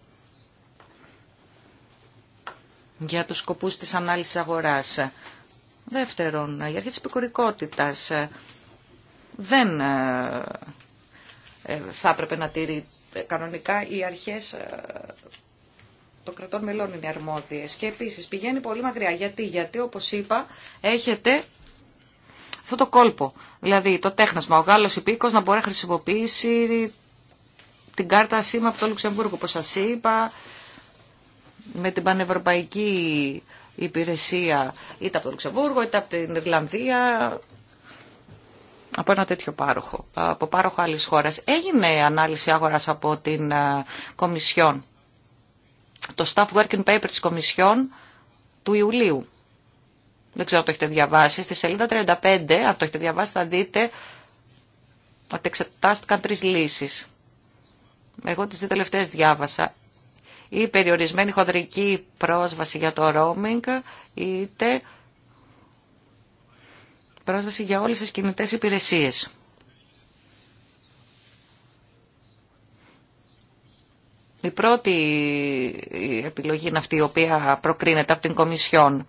για τους σκοπούς της ανάλυσης αγοράς. Δεύτερον, η αρχή της επικουρικότητας ε, δεν ε, ε, θα έπρεπε να τηρεί κανονικά οι αρχές των κρατών μελών είναι αρμόδιες και επίσης πηγαίνει πολύ μακριά. Γιατί, γιατί όπως είπα έχετε αυτό το κόλπο. Δηλαδή το τέχνασμα, ο Γάλλος υπήκος να μπορεί να χρησιμοποιήσει την κάρτα σήμα από το Λουξεμβούργο, όπως σας είπα, με την πανευρωπαϊκή υπηρεσία είτε από το Λουξεμβούργο είτε από την Ιρλανδία από ένα τέτοιο πάροχο, από πάροχο άλλης χώρας. Έγινε ανάλυση άγορας από την ε, Κομισιόν. Το Staff Working Paper της Κομισιόν του Ιουλίου δεν ξέρω αν το έχετε διαβάσει, στη σελίδα 35, αν το έχετε διαβάσει θα δείτε ότι εξετάστηκαν τρεις λύσεις. Εγώ τις δύο τελευταίες διάβασα. Ή περιορισμένη χοδρική πρόσβαση για το roaming, είτε πρόσβαση για όλες τις κινητές υπηρεσίες. Η πρώτη επιλογή είναι αυτή η οποία προκρίνεται από την Κομισιόν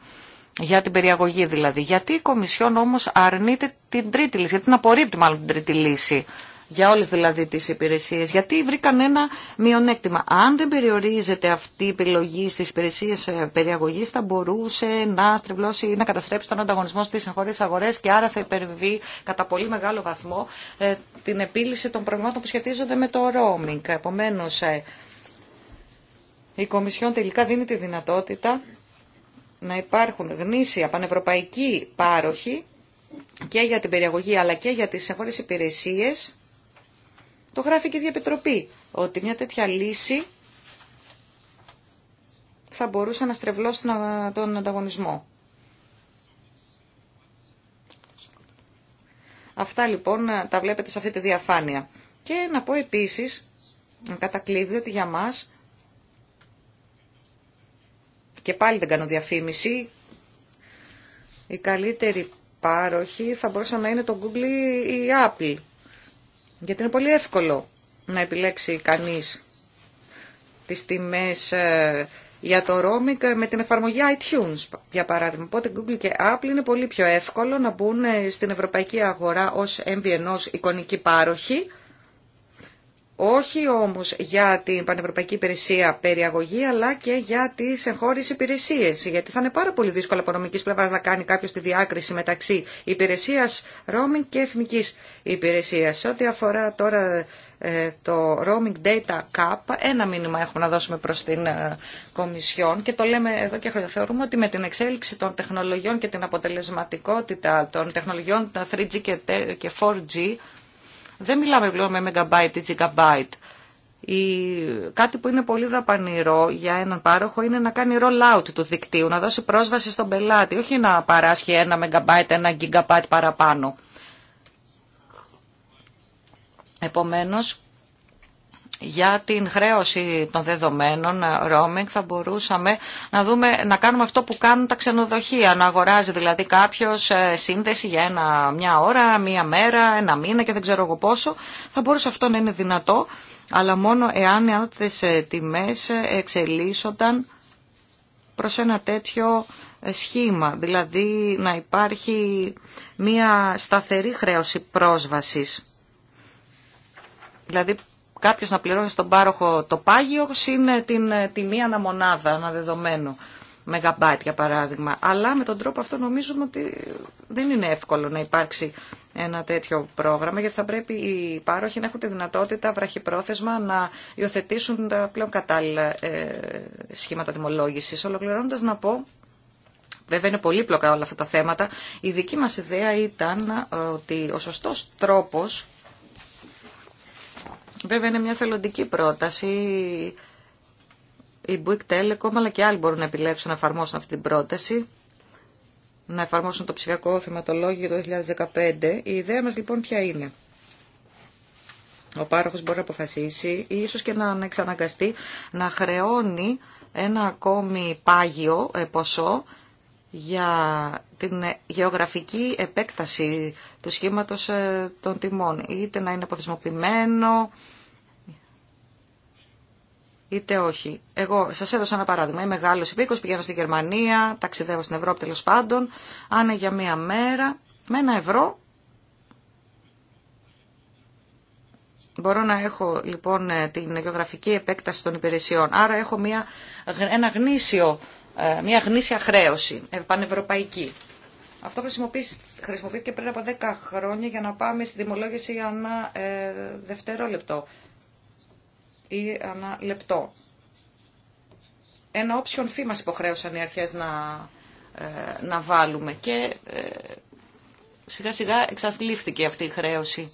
για την περιαγωγή δηλαδή. Γιατί η Κομισιόν όμως αρνείται την τρίτη λύση, γιατί την απορρίπτει μάλλον την τρίτη λύση για όλες δηλαδή τις υπηρεσίες, γιατί βρήκαν ένα μειονέκτημα. Αν δεν περιορίζεται αυτή η επιλογή στις υπηρεσίες ε, περιαγωγής, θα μπορούσε να στριβλώσει ή να καταστρέψει τον ανταγωνισμό στις εγχώριες αγορές και άρα θα υπερβεί κατά πολύ μεγάλο βαθμό ε, την επίλυση των προβλημάτων που σχετίζονται με το roaming. Επομένως, ε, η Κομισιόν τελικά δίνει τη δυνατότητα να υπάρχουν γνήσια πανευρωπαϊκή πάροχη και για την περιαγωγή αλλά και για τις εγχώρες υπηρεσίες. Το γράφει και η διαπιτροπή ότι μια τέτοια λύση θα μπορούσε να στρεβλώσει τον ανταγωνισμό. Αυτά λοιπόν τα βλέπετε σε αυτή τη διαφάνεια. Και να πω επίσης, κατακλείδη ότι για μας και πάλι δεν κάνω διαφήμιση, η καλύτερη πάροχη θα μπορούσε να είναι το Google ή η Apple. Γιατί είναι πολύ εύκολο να επιλέξει κανείς τις τιμές ε, για το roaming ε, με την εφαρμογή iTunes, για παράδειγμα. Οπότε Google και Apple είναι πολύ πιο εύκολο να μπουν ε, στην ευρωπαϊκή αγορά ως MVNOs εικονική πάροχη όχι όμως για την Πανευρωπαϊκή Υπηρεσία Περιαγωγή, αλλά και για τις εγχώριες υπηρεσίες. Γιατί θα είναι πάρα πολύ δύσκολο από νομικής πλευράς να κάνει κάποιος τη διάκριση μεταξύ υπηρεσίας roaming και εθνικής υπηρεσίας. Σε ό,τι αφορά τώρα ε, το roaming data cap, ένα μήνυμα έχουμε να δώσουμε προς την ε, Κομισιόν και το λέμε εδώ και χρόνια. Θεωρούμε ότι με την εξέλιξη των τεχνολογιών και την αποτελεσματικότητα των τεχνολογιών 3G και 4G, δεν μιλάμε πλέον με megabyte ή gigabyte. Η... Κάτι που είναι πολύ δαπανηρό για έναν πάροχο είναι να κάνει roll out του δικτύου, να δώσει πρόσβαση στον πελάτη, όχι να παράσχει ένα megabyte, ένα gigabyte παραπάνω. Επομένως, για την χρέωση των δεδομένων roaming θα μπορούσαμε να, δούμε, να κάνουμε αυτό που κάνουν τα ξενοδοχεία. Να αγοράζει δηλαδή κάποιος ε, σύνδεση για ένα, μια ώρα, μια μέρα, ένα μήνα και δεν ξέρω εγώ πόσο. Θα μπορούσε αυτό να είναι δυνατό, αλλά μόνο εάν οι άνωτες ε, τιμές εξελίσσονταν προς ένα τέτοιο ε, σχήμα. Δηλαδή να υπάρχει μια σταθερή χρέωση πρόσβασης. Δηλαδή κάποιος να πληρώνει στον πάροχο το πάγιο είναι την ε, τιμή αναμονάδα, ένα δεδομένο μεγαμπάιτ για παράδειγμα. Αλλά με τον τρόπο αυτό νομίζουμε ότι δεν είναι εύκολο να υπάρξει ένα τέτοιο πρόγραμμα, γιατί θα πρέπει οι πάροχοι να έχουν τη δυνατότητα βραχυπρόθεσμα να υιοθετήσουν τα πλέον κατάλληλα ε, σχήματα τιμολόγησης. Ολοκληρώνοντας να πω Βέβαια είναι πολύπλοκα όλα αυτά τα θέματα. Η δική μας ιδέα ήταν ε, ότι ο σωστός τρόπος Βέβαια είναι μια θελοντική πρόταση. Η Buick Telecom αλλά και άλλοι μπορούν να επιλέξουν να εφαρμόσουν αυτή την πρόταση. Να εφαρμόσουν το ψηφιακό θεματολόγιο το 2015. Η ιδέα μας λοιπόν ποια είναι. Ο πάροχος μπορεί να αποφασίσει ή ίσως και να εξαναγκαστεί να χρεώνει ένα ακόμη πάγιο ε, ποσό για την γεωγραφική επέκταση του σχήματος ε, των τιμών, είτε να είναι αποθεσμοποιημένο, είτε όχι. Εγώ σα έδωσα ένα παράδειγμα. Είμαι Γάλλο υπήκο, πηγαίνω στη Γερμανία, ταξιδεύω στην Ευρώπη τέλο πάντων. Άνε για μία μέρα, με ένα ευρώ. Μπορώ να έχω λοιπόν ε, την γεωγραφική επέκταση των υπηρεσιών. Άρα έχω μια, ένα γεωγραφικη επεκταση των υπηρεσιων αρα εχω ενα γνησιο ε, μια γνήσια χρέωση πανευρωπαϊκή. Αυτό χρησιμοποιήθηκε πριν από 10 χρόνια για να πάμε στη δημολόγηση για ένα ε, δευτερόλεπτο ή ένα λεπτό. Ένα οψιον φυ μας υποχρέωσαν οι αρχές να, ε, να βάλουμε και σιγά σιγά εξασλήφθηκε αυτή η χρέωση.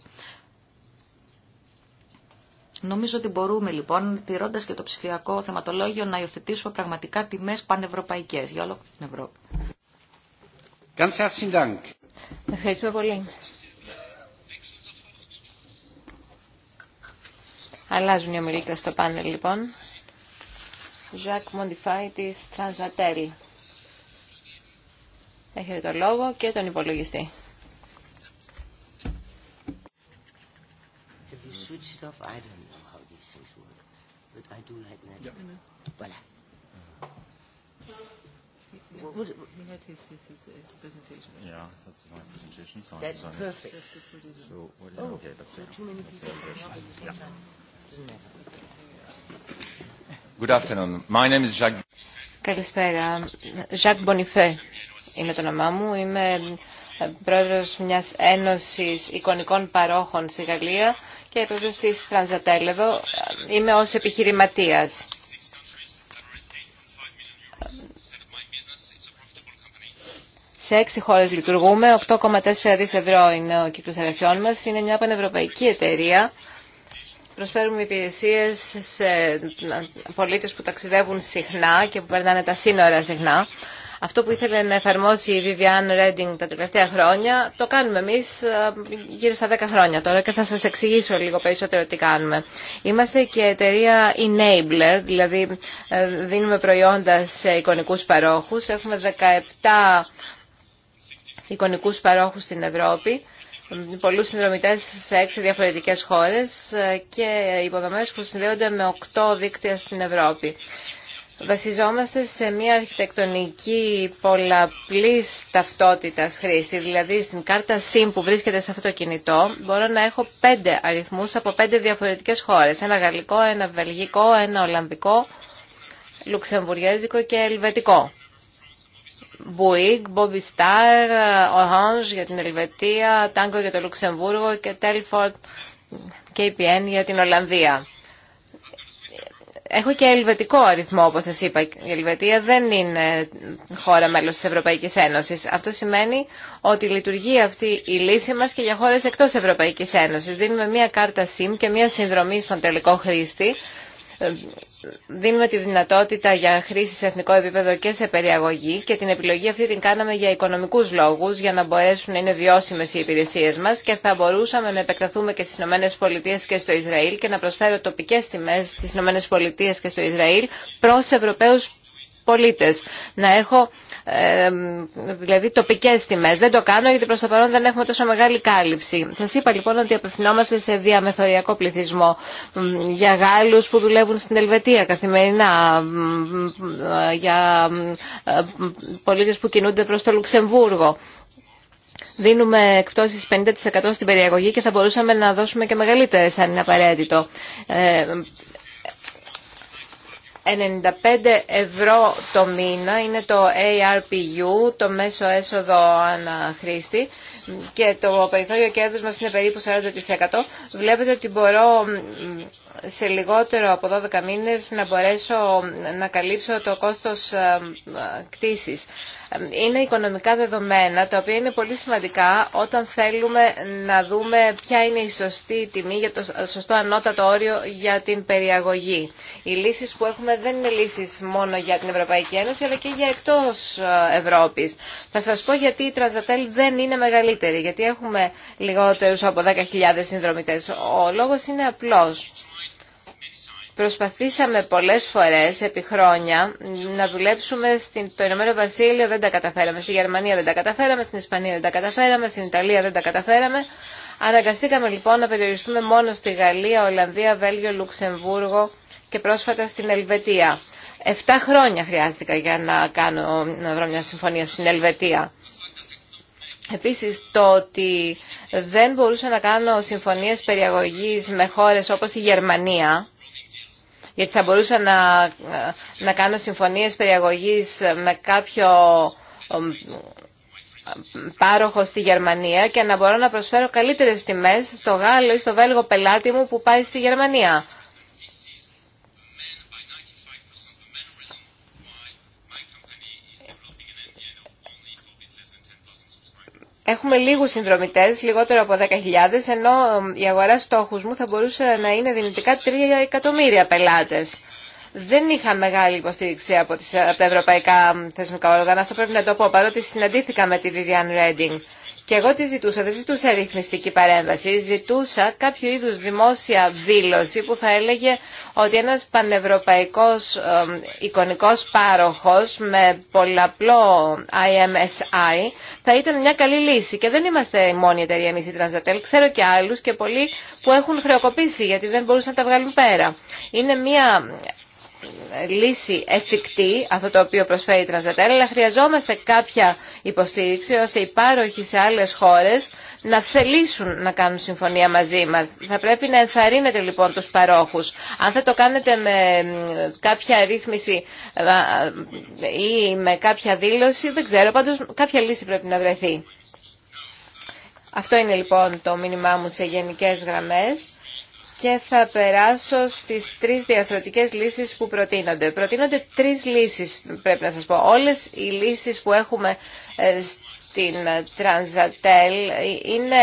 Νομίζω ότι μπορούμε λοιπόν, τηρώντα και το ψηφιακό θεματολόγιο, να υιοθετήσουμε πραγματικά τιμέ πανευρωπαϊκέ για όλο την Ευρώπη.
Ευχαριστούμε
πολύ. Αλλάζουν οι ομιλίτες στο πάνελ λοιπόν. Ζακ Μοντιφάη της Transatel. Έχετε το λόγο και τον υπολογιστή.
Have you I do right now. Voilà.
he had his,
presentation. Yeah, that's my presentation. So that's so, okay, that's so Good afternoon. My name is Jacques.
Καλησπέρα. Ζακ Μπονιφέ είναι το όνομά μου. Είμαι πρόεδρος μιας ένωσης εικονικών παρόχων στη και η της Τρανζατέλ. είμαι ως επιχειρηματίας. Σε έξι χώρες λειτουργούμε, 8,4 δις ευρώ είναι ο κύκλος εργασιών μας. Είναι μια πανευρωπαϊκή εταιρεία. Προσφέρουμε υπηρεσίες σε πολίτες που ταξιδεύουν συχνά και που περνάνε τα σύνορα συχνά. Αυτό που ήθελε να εφαρμόσει η Vivian Redding τα τελευταία χρόνια, το κάνουμε εμεί ε, γύρω στα 10 χρόνια τώρα και θα σα εξηγήσω λίγο περισσότερο τι κάνουμε. Είμαστε και εταιρεία enabler, δηλαδή ε, δίνουμε προϊόντα σε εικονικού παρόχους. Έχουμε 17 εικονικούς παρόχους στην Ευρώπη πολλούς συνδρομητές σε έξι διαφορετικές χώρες ε, και υποδομές που συνδέονται με 8 δίκτυα στην Ευρώπη βασιζόμαστε σε μια αρχιτεκτονική πολλαπλής ταυτότητας χρήστη. Δηλαδή στην κάρτα SIM που βρίσκεται σε αυτό το κινητό μπορώ να έχω πέντε αριθμούς από πέντε διαφορετικές χώρες. Ένα γαλλικό, ένα βελγικό, ένα ολλανδικό, λουξεμβουργέζικο και ελβετικό. Buick, Bobby Star, Orange για την Ελβετία, Tango για το Λουξεμβούργο και Telford KPN για την Ολλανδία. Έχω και ελβετικό αριθμό, όπως σας είπα. Η Ελβετία δεν είναι χώρα μέλος της Ευρωπαϊκής Ένωσης. Αυτό σημαίνει ότι λειτουργεί αυτή η λύση μας και για χώρες εκτός Ευρωπαϊκής Ένωσης. Δίνουμε μία κάρτα SIM και μία συνδρομή στον τελικό χρήστη δίνουμε τη δυνατότητα για χρήση σε εθνικό επίπεδο και σε περιαγωγή και την επιλογή αυτή την κάναμε για οικονομικούς λόγους για να μπορέσουν να είναι βιώσιμες οι υπηρεσίες μας και θα μπορούσαμε να επεκταθούμε και στις ΗΠΑ Πολιτείες και στο Ισραήλ και να προσφέρω τοπικές τιμές στις ΗΠΑ Πολιτείες και στο Ισραήλ προς Ευρωπαίους πολίτες. Να έχω δηλαδή τοπικές τιμές. Δεν το κάνω γιατί προς το παρόν δεν έχουμε τόσο μεγάλη κάλυψη. σα είπα λοιπόν ότι απευθυνόμαστε σε διαμεθοριακό πληθυσμό για Γάλλους που δουλεύουν στην Ελβετία καθημερινά, για ε, πολίτες που κινούνται προς το Λουξεμβούργο. Δίνουμε εκπτώσεις 50% στην περιαγωγή και θα μπορούσαμε να δώσουμε και μεγαλύτερες αν είναι απαραίτητο. Ε, 95 ευρώ το μήνα είναι το ARPU, το μέσο έσοδο αναχρήστη και το περιθώριο κέρδους μας είναι περίπου 40%. Βλέπετε ότι μπορώ σε λιγότερο από 12 μήνες να μπορέσω να καλύψω το κόστος ε, κτήσης. Είναι οικονομικά δεδομένα, τα οποία είναι πολύ σημαντικά όταν θέλουμε να δούμε ποια είναι η σωστή τιμή για το ε, σωστό ανώτατο όριο για την περιαγωγή. Οι λύσεις που έχουμε δεν είναι λύσεις μόνο για την Ευρωπαϊκή Ένωση, αλλά και για εκτός ε, Ευρώπης. Θα σας πω γιατί η Τρανζατέλ δεν είναι μεγαλύτερη, γιατί έχουμε λιγότερους από 10.000 συνδρομητές. Ο λόγος είναι απλός. Προσπαθήσαμε πολλές φορές επί χρόνια να δουλέψουμε στο Ηνωμένο Βασίλειο, δεν τα καταφέραμε, στη Γερμανία δεν τα καταφέραμε, στην Ισπανία δεν τα καταφέραμε, στην Ιταλία δεν τα καταφέραμε. Αναγκαστήκαμε λοιπόν να περιοριστούμε μόνο στη Γαλλία, Ολλανδία, Βέλγιο, Λουξεμβούργο και πρόσφατα στην Ελβετία. Εφτά χρόνια χρειάστηκα για να, κάνω, να βρω μια συμφωνία στην Ελβετία. Επίσης το ότι δεν μπορούσα να κάνω συμφωνίες περιαγωγής με χώρες όπως η Γερμανία γιατί θα μπορούσα να, να κάνω συμφωνίες περιαγωγής με κάποιο πάροχο στη Γερμανία και να μπορώ να προσφέρω καλύτερες τιμές στο Γάλλο ή στο Βέλγο πελάτη μου που πάει στη Γερμανία. Έχουμε λίγους συνδρομητές, λιγότερο από 10.000, ενώ η αγορά στόχους μου θα μπορούσε να είναι δυνητικά 3 εκατομμύρια πελάτες. Δεν είχα μεγάλη υποστήριξη από, τις, από τα ευρωπαϊκά θεσμικά όργανα, αυτό πρέπει να το πω, παρότι συναντήθηκα με τη Vivian Redding. Και εγώ τι ζητούσα, δεν ζητούσα ρυθμιστική παρέμβαση, ζητούσα κάποιο είδους δημόσια δήλωση που θα έλεγε ότι ένας πανευρωπαϊκός εικονικός πάροχος με πολλαπλό IMSI θα ήταν μια καλή λύση. Και δεν είμαστε η μόνη εταιρεία εμείς η Transatel, ξέρω και άλλους και πολλοί που έχουν χρεοκοπήσει γιατί δεν μπορούσαν να τα βγάλουν πέρα. Είναι μια λύση εφικτή, αυτό το οποίο προσφέρει η Τρανζατέλ, αλλά χρειαζόμαστε κάποια υποστήριξη ώστε οι πάροχοι σε άλλες χώρες να θελήσουν να κάνουν συμφωνία μαζί μας. Θα πρέπει να ενθαρρύνετε λοιπόν τους παρόχους. Αν θα το κάνετε με κάποια ρύθμιση ή με κάποια δήλωση, δεν ξέρω, πάντως κάποια λύση πρέπει να βρεθεί. Αυτό είναι λοιπόν το μήνυμά μου σε γενικές γραμμές και θα περάσω στις τρεις διαφορετικές λύσεις που προτείνονται. Προτείνονται τρεις λύσεις, πρέπει να σας πω. Όλες οι λύσεις που έχουμε ε, στην ε, Transatel είναι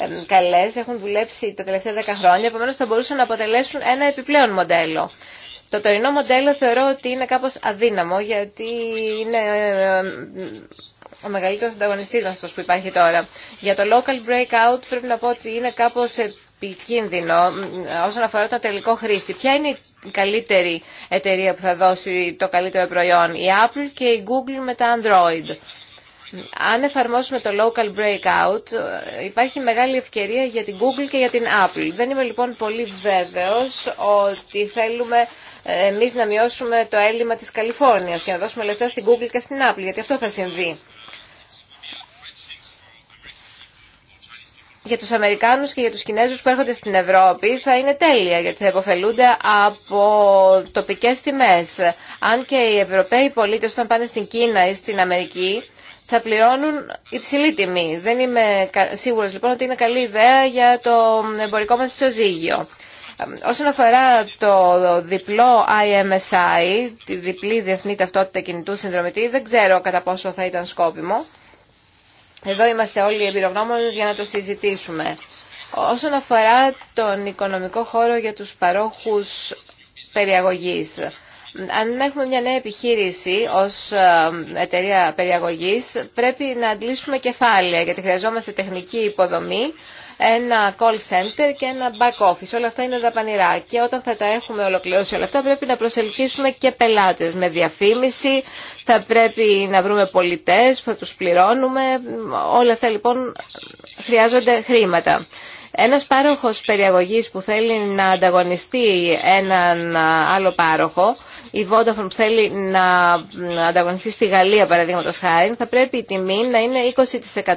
ε, καλές, έχουν δουλέψει τα τελευταία δέκα χρόνια, επομένως θα μπορούσαν να αποτελέσουν ένα επιπλέον μοντέλο. Το τωρινό μοντέλο θεωρώ ότι είναι κάπως αδύναμο, γιατί είναι ο μεγαλύτερο ανταγωνιστή μα που υπάρχει τώρα. Για το local breakout πρέπει να πω ότι είναι κάπω επικίνδυνο όσον αφορά το τελικό χρήστη. Ποια είναι η καλύτερη εταιρεία που θα δώσει το καλύτερο προϊόν, η Apple και η Google με τα Android. Αν εφαρμόσουμε το local breakout, υπάρχει μεγάλη ευκαιρία για την Google και για την Apple. Δεν είμαι λοιπόν πολύ βέβαιος ότι θέλουμε ε, εμείς να μειώσουμε το έλλειμμα της Καλιφόρνιας και να δώσουμε λεφτά στην Google και στην Apple, γιατί αυτό θα συμβεί. για τους Αμερικάνους και για τους Κινέζους που έρχονται στην Ευρώπη θα είναι τέλεια γιατί θα υποφελούνται από τοπικές τιμές. Αν και οι Ευρωπαίοι πολίτες όταν πάνε στην Κίνα ή στην Αμερική θα πληρώνουν υψηλή τιμή. Δεν είμαι σίγουρος λοιπόν ότι είναι καλή ιδέα για το εμπορικό μας ισοζύγιο. Όσον αφορά το διπλό IMSI, τη διπλή διεθνή ταυτότητα κινητού συνδρομητή, δεν ξέρω κατά πόσο θα ήταν σκόπιμο. Εδώ είμαστε όλοι οι εμπειρογνώμονες για να το συζητήσουμε. Όσον αφορά τον οικονομικό χώρο για τους παρόχους περιαγωγής, αν έχουμε μια νέα επιχείρηση ως ε, εταιρεία περιαγωγής, πρέπει να αντλήσουμε κεφάλαια, γιατί χρειαζόμαστε τεχνική υποδομή ένα call center και ένα back office. Όλα αυτά είναι δαπανηρά και όταν θα τα έχουμε ολοκληρώσει όλα αυτά πρέπει να προσελκύσουμε και πελάτες με διαφήμιση, θα πρέπει να βρούμε πολιτές, θα τους πληρώνουμε, όλα αυτά λοιπόν χρειάζονται χρήματα. Ένας πάροχος περιαγωγή που θέλει να ανταγωνιστεί έναν άλλο πάροχο η Vodafone θέλει να ανταγωνιστεί στη Γαλλία παραδείγματος χάρη θα πρέπει η τιμή να είναι 20%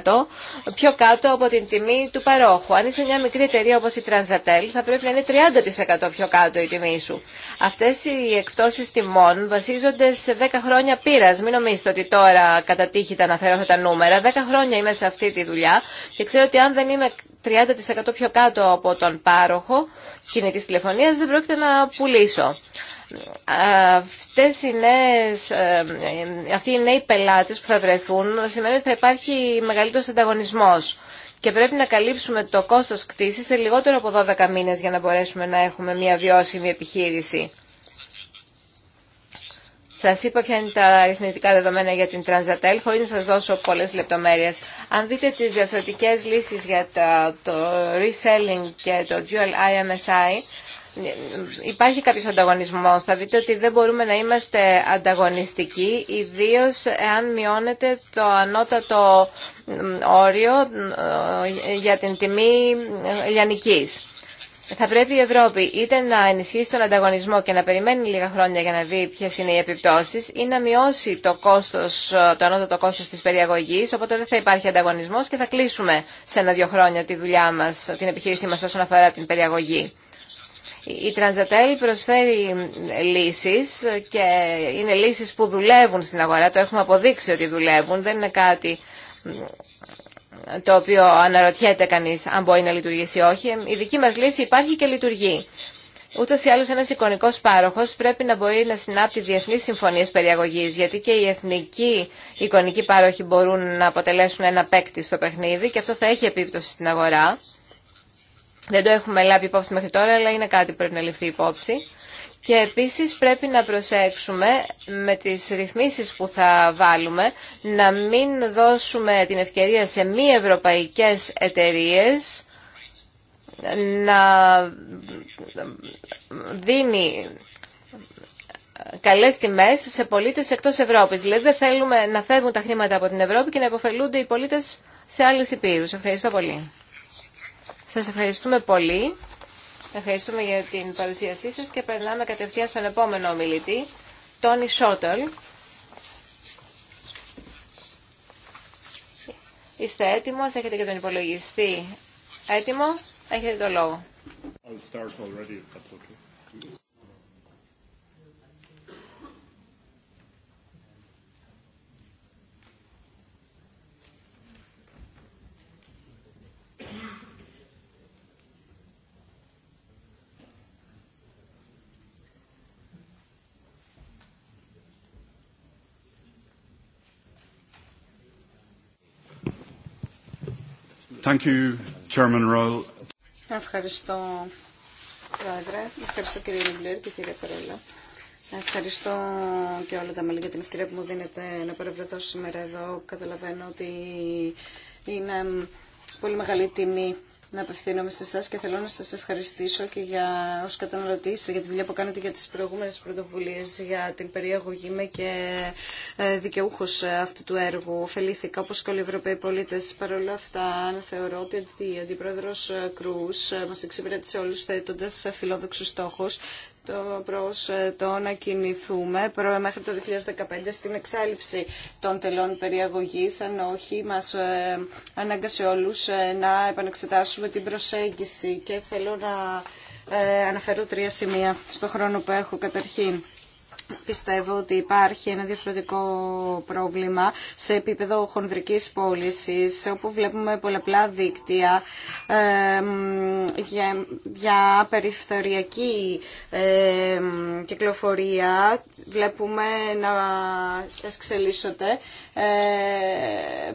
πιο κάτω από την τιμή του παρόχου. Αν είσαι μια μικρή εταιρεία όπως η Transatel θα πρέπει να είναι 30% πιο κάτω η τιμή σου. Αυτές οι εκπτώσεις τιμών βασίζονται σε 10 χρόνια πείρας. Μην νομίζετε ότι τώρα κατά τα αναφέρω αυτά τα νούμερα. 10 χρόνια είμαι σε αυτή τη δουλειά και ξέρω ότι αν δεν είμαι 30% πιο κάτω από τον πάροχο κινητής τηλεφωνίας δεν πρόκειται να πουλήσω αυτές οι νέες, ε, αυτοί οι νέοι πελάτες που θα βρεθούν σημαίνει ότι θα υπάρχει μεγαλύτερος ανταγωνισμός και πρέπει να καλύψουμε το κόστος κτήσης σε λιγότερο από 12 μήνες για να μπορέσουμε να έχουμε μια βιώσιμη επιχείρηση. Σας είπα ποια είναι τα αριθμητικά δεδομένα για την Transatel, χωρίς να σας δώσω πολλές λεπτομέρειες. Αν δείτε τι διαφορετικές λύσει για το reselling και το dual IMSI, υπάρχει κάποιος ανταγωνισμός. Θα δείτε ότι δεν μπορούμε να είμαστε ανταγωνιστικοί, ιδίως εάν μειώνεται το ανώτατο όριο για την τιμή λιανικής. Θα πρέπει η Ευρώπη είτε να ενισχύσει τον ανταγωνισμό και να περιμένει λίγα χρόνια για να δει ποιε είναι οι επιπτώσει ή να μειώσει το, κόστος, το ανώτατο κόστο τη περιαγωγή. Οπότε δεν θα υπάρχει ανταγωνισμό και θα κλείσουμε σε ένα-δύο χρόνια τη δουλειά μα, την επιχείρησή μα όσον αφορά την περιαγωγή. Η Transatel προσφέρει λύσεις και είναι λύσεις που δουλεύουν στην αγορά. Το έχουμε αποδείξει ότι δουλεύουν. Δεν είναι κάτι το οποίο αναρωτιέται κανείς αν μπορεί να λειτουργήσει ή όχι. Η δική μας λύση υπάρχει και λειτουργεί. Ούτως ή άλλως ένας εικονικός πάροχος πρέπει να μπορεί να συνάπτει διεθνείς συμφωνίες περιαγωγής, γιατί και οι εθνικοί εικονικοί πάροχοι μπορούν να αποτελέσουν ένα παίκτη στο παιχνίδι και αυτό θα έχει επίπτωση στην αγορά. Δεν το έχουμε λάβει υπόψη μέχρι τώρα, αλλά είναι κάτι που πρέπει να ληφθεί υπόψη. Και επίσης πρέπει να προσέξουμε με τις ρυθμίσεις που θα βάλουμε να μην δώσουμε την ευκαιρία σε μη ευρωπαϊκές εταιρείες να δίνει καλές τιμές σε πολίτες εκτός Ευρώπης. Δηλαδή δεν θέλουμε να φεύγουν τα χρήματα από την Ευρώπη και να υποφελούνται οι πολίτες σε άλλες υπήρους. Ευχαριστώ πολύ. Σας ευχαριστούμε πολύ. Ευχαριστούμε για την παρουσίασή σας και περνάμε κατευθείαν στον επόμενο ομιλητή, Τόνι Σότελ. Είστε έτοιμος, έχετε και τον υπολογιστή έτοιμο, έχετε το λόγο.
Thank you, Chairman
Ευχαριστώ,
Πρόεδρε. Ευχαριστώ, κύριε Λιμπλερ και κύριε Περέλα. Ευχαριστώ και όλα τα μέλη για την ευκαιρία που μου δίνετε να παρευρεθώ σήμερα εδώ. Καταλαβαίνω ότι είναι πολύ μεγάλη τιμή να απευθύνομαι σε εσά και θέλω να σα ευχαριστήσω και για ω καταναλωτή για τη δουλειά που κάνετε για τι προηγούμενε πρωτοβουλίε για την περιαγωγή. Είμαι και ε, δικαιούχο ε, αυτού του έργου. Ωφελήθηκα όπω και όλοι οι Ευρωπαίοι πολίτε. Παρ' όλα αυτά, θεωρώ ότι ο αντιπρόεδρο ε, Κρού μα εξυπηρέτησε όλου θέτοντα φιλόδοξου στόχου το προς ε, το να κινηθούμε μέχρι το 2015 στην εξάλληψη των τελών περιαγωγής, αν όχι μας ε, ανάγκασε όλους ε, να επανεξετάσουμε την προσέγγιση και θέλω να αναφέρω τρία σημεία στο χρόνο που έχω καταρχήν. Πιστεύω ότι υπάρχει ένα διαφορετικό πρόβλημα σε επίπεδο χονδρικής πώληση, όπου βλέπουμε πολλαπλά δίκτυα για, για περιφθοριακή κυκλοφορία. Βλέπουμε να εξελίσσονται ε,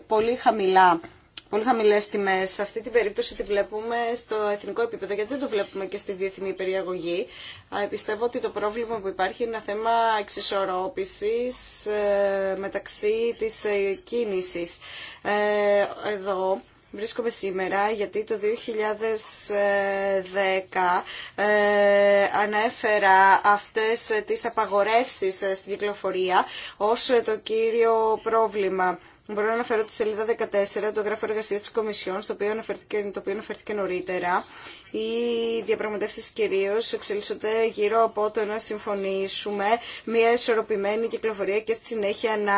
πολύ χαμηλά πολύ χαμηλέ τιμέ. Σε αυτή την περίπτωση τη βλέπουμε στο εθνικό επίπεδο, γιατί δεν το βλέπουμε και στη διεθνή περιαγωγή. Πιστεύω ότι το πρόβλημα που υπάρχει είναι ένα θέμα εξισορρόπηση ε, μεταξύ τη ε, κίνηση. Ε, εδώ Βρίσκομαι σήμερα γιατί το 2010 ανέφερα αυτές τις απαγορεύσεις στην κυκλοφορία ως το κύριο πρόβλημα. Μπορώ να αναφέρω τη σελίδα 14 του γράφω εργασία τη Κομισιόν, στο οποίο αναφέρθηκε, το οποίο αναφέρθηκε νωρίτερα. Οι διαπραγματεύσει κυρίω εξελίσσονται γύρω από το να συμφωνήσουμε μια ισορροπημένη κυκλοφορία και στη συνέχεια να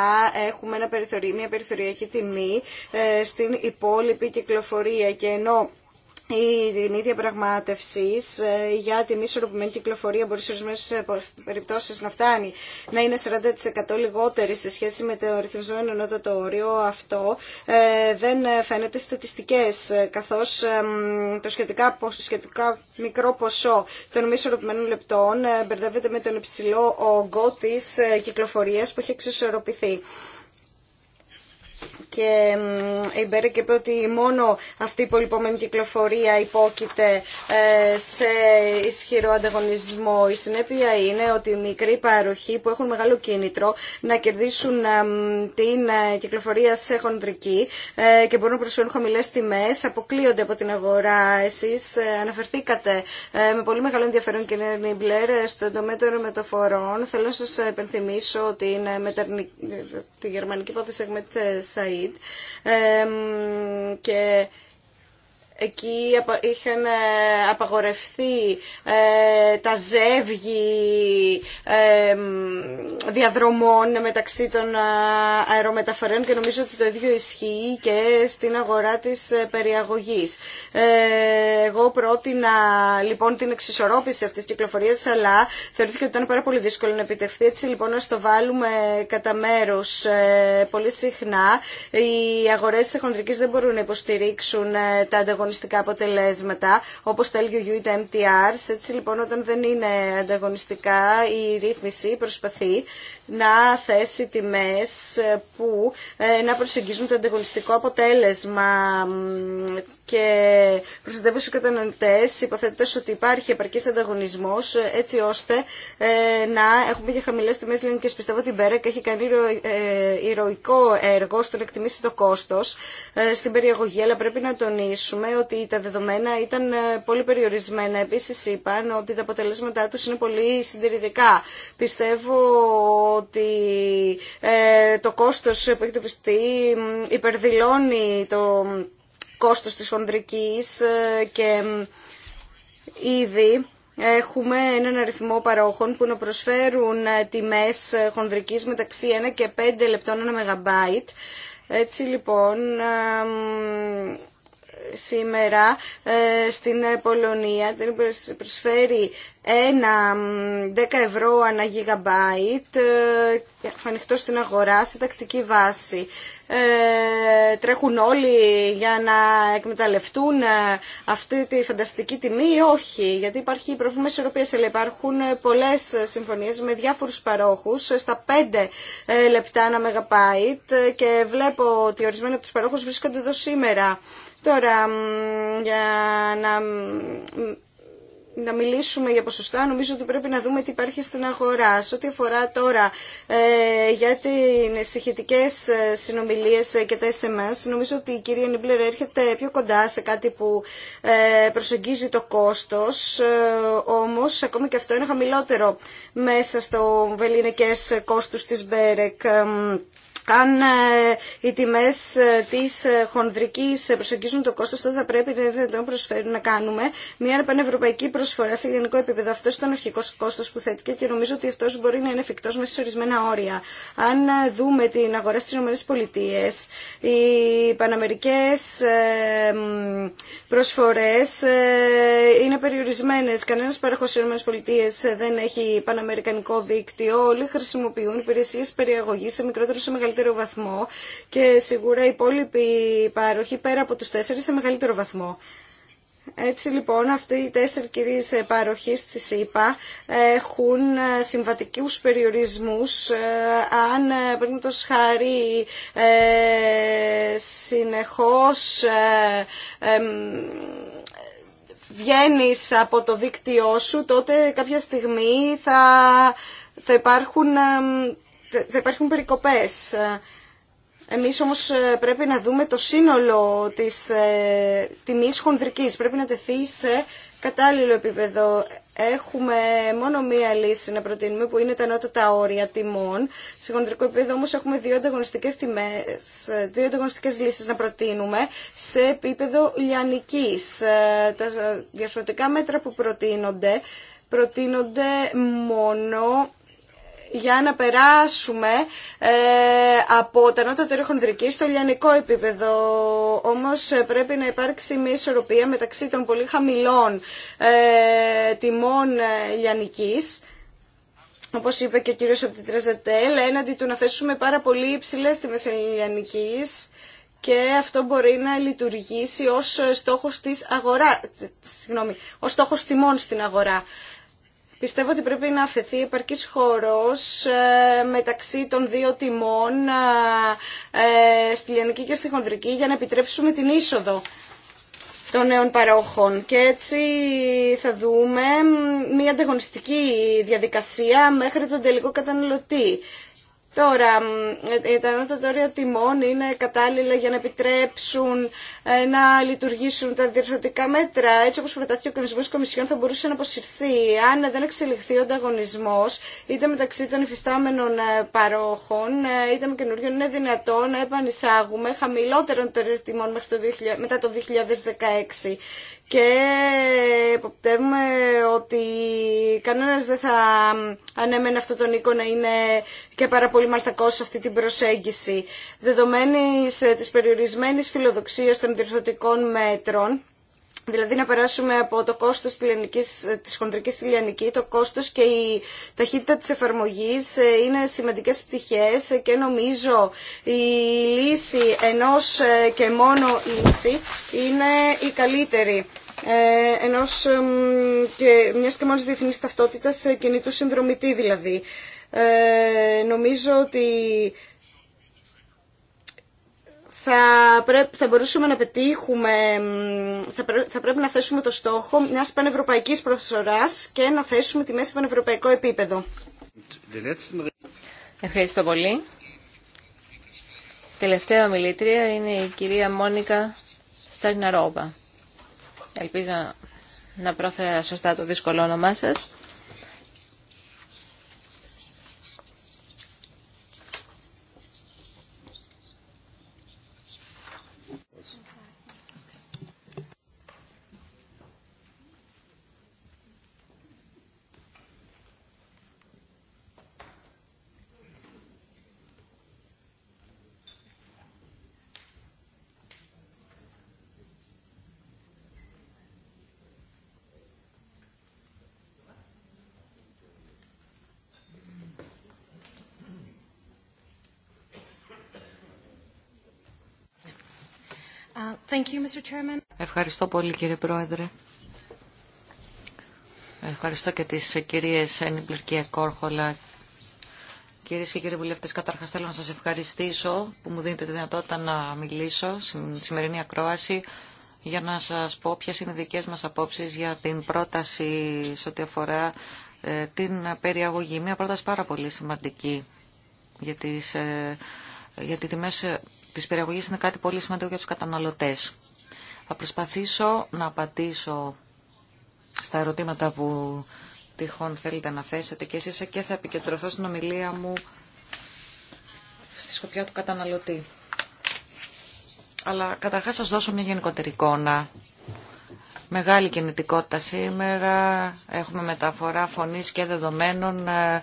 έχουμε ένα περιθωρί, μια περιθωριακή τιμή ε, στην υπόλοιπη κυκλοφορία. Και ενώ η ίδια πραγμάτευση ε, για τη μη κυκλοφορία μπορεί σε ορισμένε ε, περιπτώσει να φτάνει να είναι 40% λιγότερη σε σχέση με το ρυθμισμένο ενότατο όριο. Αυτό ε, δεν φαίνεται στατιστικέ, καθώ το σχετικά, σχετικά μικρό ποσό των μη ισορροπημένων λεπτών μπερδεύεται με τον υψηλό όγκο τη κυκλοφορία που έχει εξισορροπηθεί και η Μπέρεκ είπε ότι μόνο αυτή η πολυπόμενη κυκλοφορία υπόκειται ε, σε ισχυρό ανταγωνισμό. Η συνέπεια είναι ότι οι μικροί παροχοί που έχουν μεγάλο κίνητρο να κερδίσουν ε, την ε, κυκλοφορία σε χοντρική και μπορούν να προσφέρουν χαμηλές τιμές αποκλείονται από την αγορά. Εσείς αναφερθήκατε με πολύ μεγάλο ενδιαφέρον κύριε Νίμπλερ στον τομέα των μεταφορών. Θέλω να σας υπενθυμίσω είναι μετερνη... τη γερμανική υπόθεση Εγμετ Creed ε, και Εκεί είχαν ε, απαγορευτεί ε, τα ζεύγη ε, διαδρομών μεταξύ των αερομεταφορέων και νομίζω ότι το ίδιο ισχύει και στην αγορά της περιαγωγής. Ε, εγώ πρότεινα λοιπόν την εξισορρόπηση αυτής της κυκλοφορίας αλλά θεωρήθηκε ότι ήταν πάρα πολύ δύσκολο να επιτευχθεί. Έτσι λοιπόν ας το βάλουμε κατά μέρο πολύ συχνά. Οι αγορές της δεν μπορούν να υποστηρίξουν τα ανταγωνιστικά ανταγωνιστικά αποτελέσματα, όπως τα LUU ή τα MTRs. Έτσι λοιπόν όταν δεν είναι ανταγωνιστικά η ρύθμιση προσπαθεί να θέσει τιμές που ε, να προσεγγίζουν το ανταγωνιστικό αποτέλεσμα και προστατεύουν στους κατανοητέ, υποθέτω ότι υπάρχει επαρκή ανταγωνισμό, έτσι ώστε ε, να έχουμε και χαμηλές τιμές και Πιστεύω ότι η Μπέρεκ έχει κάνει ε, ηρωικό έργο στο να εκτιμήσει το κόστος ε, στην περιαγωγή αλλά πρέπει να τονίσουμε ότι τα δεδομένα ήταν πολύ περιορισμένα. Επίση είπαν ότι τα αποτελέσματά του είναι πολύ συντηρητικά. Πιστεύω ότι το κόστο που έχει το πιστεί υπερδηλώνει το κόστος της χονδρικής ε, και ήδη έχουμε έναν αριθμό παρόχων που να προσφέρουν ε, τιμές ε, χονδρικής μεταξύ 1 και 5 λεπτών 1 μεγαμπάιτ. Έτσι λοιπόν σήμερα στην Πολωνία την προσφέρει ένα 10 ευρώ ανά γιγαμπάιτ ανοιχτό στην αγορά σε τακτική βάση. Ε, τρέχουν όλοι για να εκμεταλλευτούν ε, αυτή τη φανταστική τιμή ή όχι. Γιατί υπάρχει πρόβλημα ισορροπίας, αλλά υπάρχουν πολλές συμφωνίες με διάφορους παρόχους ε, στα 5 λεπτά ένα μεγαπάιτ και βλέπω ότι ορισμένοι από τους παρόχους βρίσκονται εδώ σήμερα. Τώρα, για να να μιλήσουμε για ποσοστά, νομίζω ότι πρέπει να δούμε τι υπάρχει στην αγορά. Σε ό,τι αφορά τώρα ε, για τι συγχετικέ ε, συνομιλίε ε, και τα SMS, νομίζω ότι η κυρία Νίμπλερ έρχεται πιο κοντά σε κάτι που ε, προσεγγίζει το κόστο. Ε, Όμω, ακόμη και αυτό είναι χαμηλότερο μέσα στο βεληνικέ ε, κόστου τη Μπέρεκ αν ε, οι τιμές ε, της ε, χονδρικής προσεγγίζουν το κόστο, τότε θα πρέπει να είναι προσφέρουν να κάνουμε μια πανευρωπαϊκή προσφορά σε γενικό επίπεδο. Αυτό ήταν ο αρχικό κόστο που θέτηκε και νομίζω ότι αυτό μπορεί να είναι εφικτό μέσα σε ορισμένα όρια. Αν δούμε την αγορά στι ΗΠΑ, οι παναμερικές προσφορές είναι περιορισμένε. Κανένα παρέχο στι ΗΠΑ δεν έχει παναμερικανικό δίκτυο. Όλοι χρησιμοποιούν υπηρεσίε περιαγωγή σε μικρότερο σε μεγαλύτερο βαθμό και σίγουρα οι υπόλοιποι παροχοί πέρα από τους τέσσερις σε μεγαλύτερο βαθμό. Έτσι λοιπόν αυτοί οι τέσσερι κυρίες παροχής της ΕΠΑ έχουν συμβατικούς περιορισμούς ε, αν πριν το σχάρι συνεχώς ε, βγαίνει από το δίκτυό σου τότε κάποια στιγμή θα, θα υπάρχουν θα υπάρχουν περικοπές. Εμείς όμως ε, πρέπει να δούμε το σύνολο της ε, τιμής χονδρικής. Πρέπει να τεθεί σε κατάλληλο επίπεδο. Έχουμε μόνο μία λύση να προτείνουμε που είναι τα τα όρια τιμών. Σε χονδρικό επίπεδο όμως έχουμε δύο ανταγωνιστικές, τιμές, ε, δύο ανταγωνιστικές λύσεις να προτείνουμε σε επίπεδο λιανικής. Τα διαφορετικά μέτρα που προτείνονται προτείνονται μόνο για να περάσουμε ε, από τα νότα χονδρική στο λιανικό επίπεδο. Όμως ε, πρέπει να υπάρξει μια ισορροπία μεταξύ των πολύ χαμηλών ε, τιμών λιανικής Όπω είπε και ο κύριο Απτιτρεζατέλ, έναντι του να θέσουμε πάρα πολύ υψηλέ τιμέ ελληνική και αυτό μπορεί να λειτουργήσει ως στόχος, της αγορά, συγγνώμη, ως στόχος τιμών στην αγορά. Πιστεύω ότι πρέπει να αφαιθεί επαρκής χώρος ε, μεταξύ των δύο τιμών ε, ε, στη Λιανική και στη Χονδρική για να επιτρέψουμε την είσοδο των νέων παρόχων και έτσι θα δούμε μια ανταγωνιστική διαδικασία μέχρι τον τελικό καταναλωτή. Τώρα, τα ανώτατα τιμών είναι κατάλληλα για να επιτρέψουν ε, να λειτουργήσουν τα διευθυντικά μέτρα. Έτσι όπως προτάθηκε ο κανονισμός κομισιών θα μπορούσε να αποσυρθεί αν δεν εξελιχθεί ο ανταγωνισμός είτε μεταξύ των υφιστάμενων ε, παρόχων ε, είτε με καινούριων είναι δυνατό να επανεισάγουμε χαμηλότερων τιμών μετά το 2016 και υποπτεύουμε ότι κανένας δεν θα ανέμενε αυτό τον οίκο να είναι και πάρα πολύ μαλτακός σε αυτή την προσέγγιση. Δεδομένης της περιορισμένης φιλοδοξίας των διευθυντικών μέτρων, Δηλαδή να περάσουμε από το κόστος της, της χοντρικής στη το κόστος και η ταχύτητα της εφαρμογής ε, είναι σημαντικές πτυχές ε, και νομίζω η λύση ενός ε, και μόνο λύση είναι η καλύτερη. Ε, ενός και μιας και μόνης διεθνής ταυτότητας ε, κινητού συνδρομητή δηλαδή. Ε, νομίζω ότι θα, πρέ... θα μπορούσαμε να πετύχουμε, θα, πρέπει να θέσουμε το στόχο μιας πανευρωπαϊκής προσφοράς και να θέσουμε τη μέση πανευρωπαϊκό επίπεδο.
Ευχαριστώ πολύ. Τελευταία ομιλήτρια είναι η κυρία Μόνικα Σταρναρόβα. Ελπίζω να πρόφερα σωστά το δύσκολο όνομά σας.
Ευχαριστώ πολύ κύριε Πρόεδρε. Ευχαριστώ και τις κυρίες Ένιμπλερ και Κόρχολα. Κυρίες και κύριοι βουλευτές, καταρχάς θέλω να σας ευχαριστήσω που μου δίνετε τη δυνατότητα να μιλήσω στην σημερινή ακρόαση για να σας πω ποιες είναι οι δικές μας απόψεις για την πρόταση σε ό,τι αφορά ε, την περιαγωγή. Μια πρόταση πάρα πολύ σημαντική για τις, ε, για της περιαγωγής είναι κάτι πολύ σημαντικό για τους καταναλωτές. Θα προσπαθήσω να απαντήσω στα ερωτήματα που τυχόν θέλετε να θέσετε και εσείς και θα επικεντρωθώ στην ομιλία μου στη σκοπιά του καταναλωτή. Αλλά καταρχάς σας δώσω μια γενικότερη εικόνα. Μεγάλη κινητικότητα σήμερα, έχουμε μεταφορά φωνής και δεδομένων ε,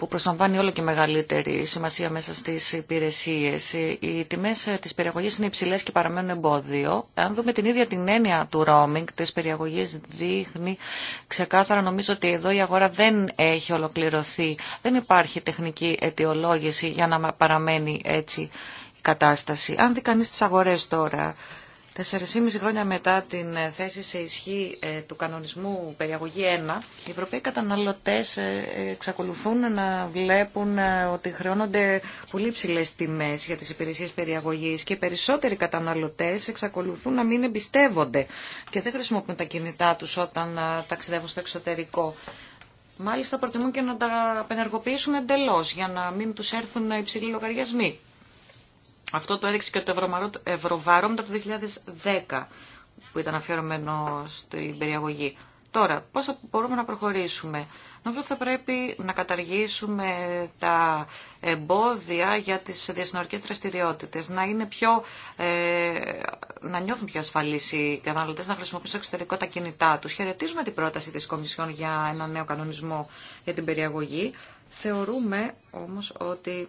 που προσλαμβάνει όλο και μεγαλύτερη σημασία μέσα στι υπηρεσίε. Οι τιμέ της περιαγωγή είναι υψηλέ και παραμένουν εμπόδιο. Αν δούμε την ίδια την έννοια του roaming, της περιαγωγή δείχνει ξεκάθαρα νομίζω ότι εδώ η αγορά δεν έχει ολοκληρωθεί. Δεν υπάρχει τεχνική αιτιολόγηση για να παραμένει έτσι η κατάσταση. Αν δει κανεί τι αγορέ τώρα, 4,5 χρόνια μετά την ε, θέση σε ισχύ ε, του κανονισμού περιαγωγή 1, οι Ευρωπαίοι καταναλωτές ε, εξακολουθούν να βλέπουν ότι χρεώνονται πολύ ψηλέ τιμές για τις υπηρεσίες περιαγωγής και οι περισσότεροι καταναλωτές εξακολουθούν να μην εμπιστεύονται και δεν χρησιμοποιούν τα κινητά τους όταν ταξιδεύουν στο εξωτερικό. Μάλιστα προτιμούν και να τα απενεργοποιήσουν εντελώς για να μην τους έρθουν υψηλοί λογαριασμοί. Αυτό το έδειξε και το Ευρωβάρομετρο από το 2010 που ήταν αφιερωμένο στην περιαγωγή. Τώρα, πώς θα μπορούμε να προχωρήσουμε. Νομίζω θα πρέπει να καταργήσουμε τα εμπόδια για τις διασυνορικές δραστηριότητες, να, είναι πιο, ε, να νιώθουν πιο ασφαλείς οι καταναλωτές, να χρησιμοποιήσουν εξωτερικό τα κινητά τους. Χαιρετίζουμε την πρόταση της Κομισιόν για ένα νέο κανονισμό για την περιαγωγή. Θεωρούμε όμως ότι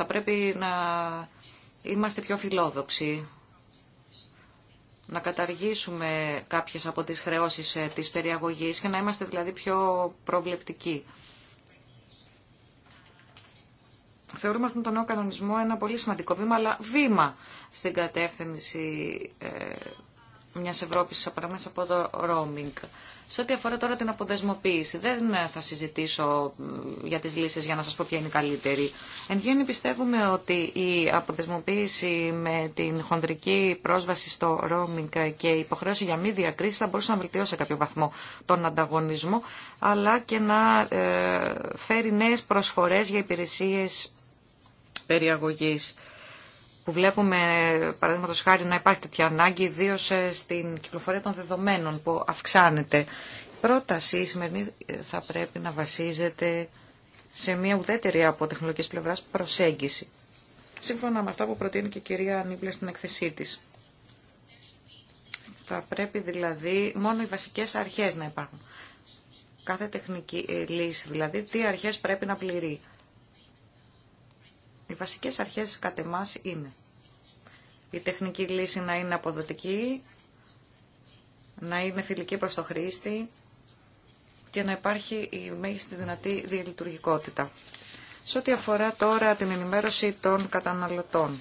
θα πρέπει να είμαστε πιο φιλόδοξοι, να καταργήσουμε κάποιες από τις χρεώσεις ε, της περιαγωγής και να είμαστε δηλαδή πιο προβλεπτικοί. Θεωρούμε αυτόν τον νέο κανονισμό ένα πολύ σημαντικό βήμα, αλλά βήμα στην κατεύθυνση ε, μιας Ευρώπης από το roaming. Σε ό,τι αφορά τώρα την αποδεσμοποίηση, δεν ε, θα συζητήσω για τις λύσεις για να σας πω ποια είναι η καλύτερη. Εν γέννη πιστεύουμε ότι η αποδεσμοποίηση με την χονδρική πρόσβαση στο roaming και η υποχρέωση για μη διακρίση θα μπορούσε να βελτιώσει σε κάποιο βαθμό τον ανταγωνισμό, αλλά και να ε, φέρει νέες προσφορές για υπηρεσίες περιαγωγής που βλέπουμε, παραδείγματο χάρη, να υπάρχει τέτοια ανάγκη, ιδίω ε, στην κυκλοφορία των δεδομένων που αυξάνεται. Η πρόταση η ε, θα πρέπει να βασίζεται σε μια ουδέτερη από τεχνολογική πλευρά προσέγγιση. Σύμφωνα με αυτά που προτείνει και η κυρία Νίπλε στην εκθεσή τη. Θα πρέπει δηλαδή μόνο οι βασικέ αρχέ να υπάρχουν. Κάθε τεχνική ε, λύση, δηλαδή τι αρχέ πρέπει να πληρεί. Οι βασικές αρχές κατ' είναι η τεχνική λύση να είναι αποδοτική, να είναι φιλική προς το χρήστη και να υπάρχει η μέγιστη δυνατή διαλειτουργικότητα. Σε ό,τι αφορά τώρα την ενημέρωση των καταναλωτών,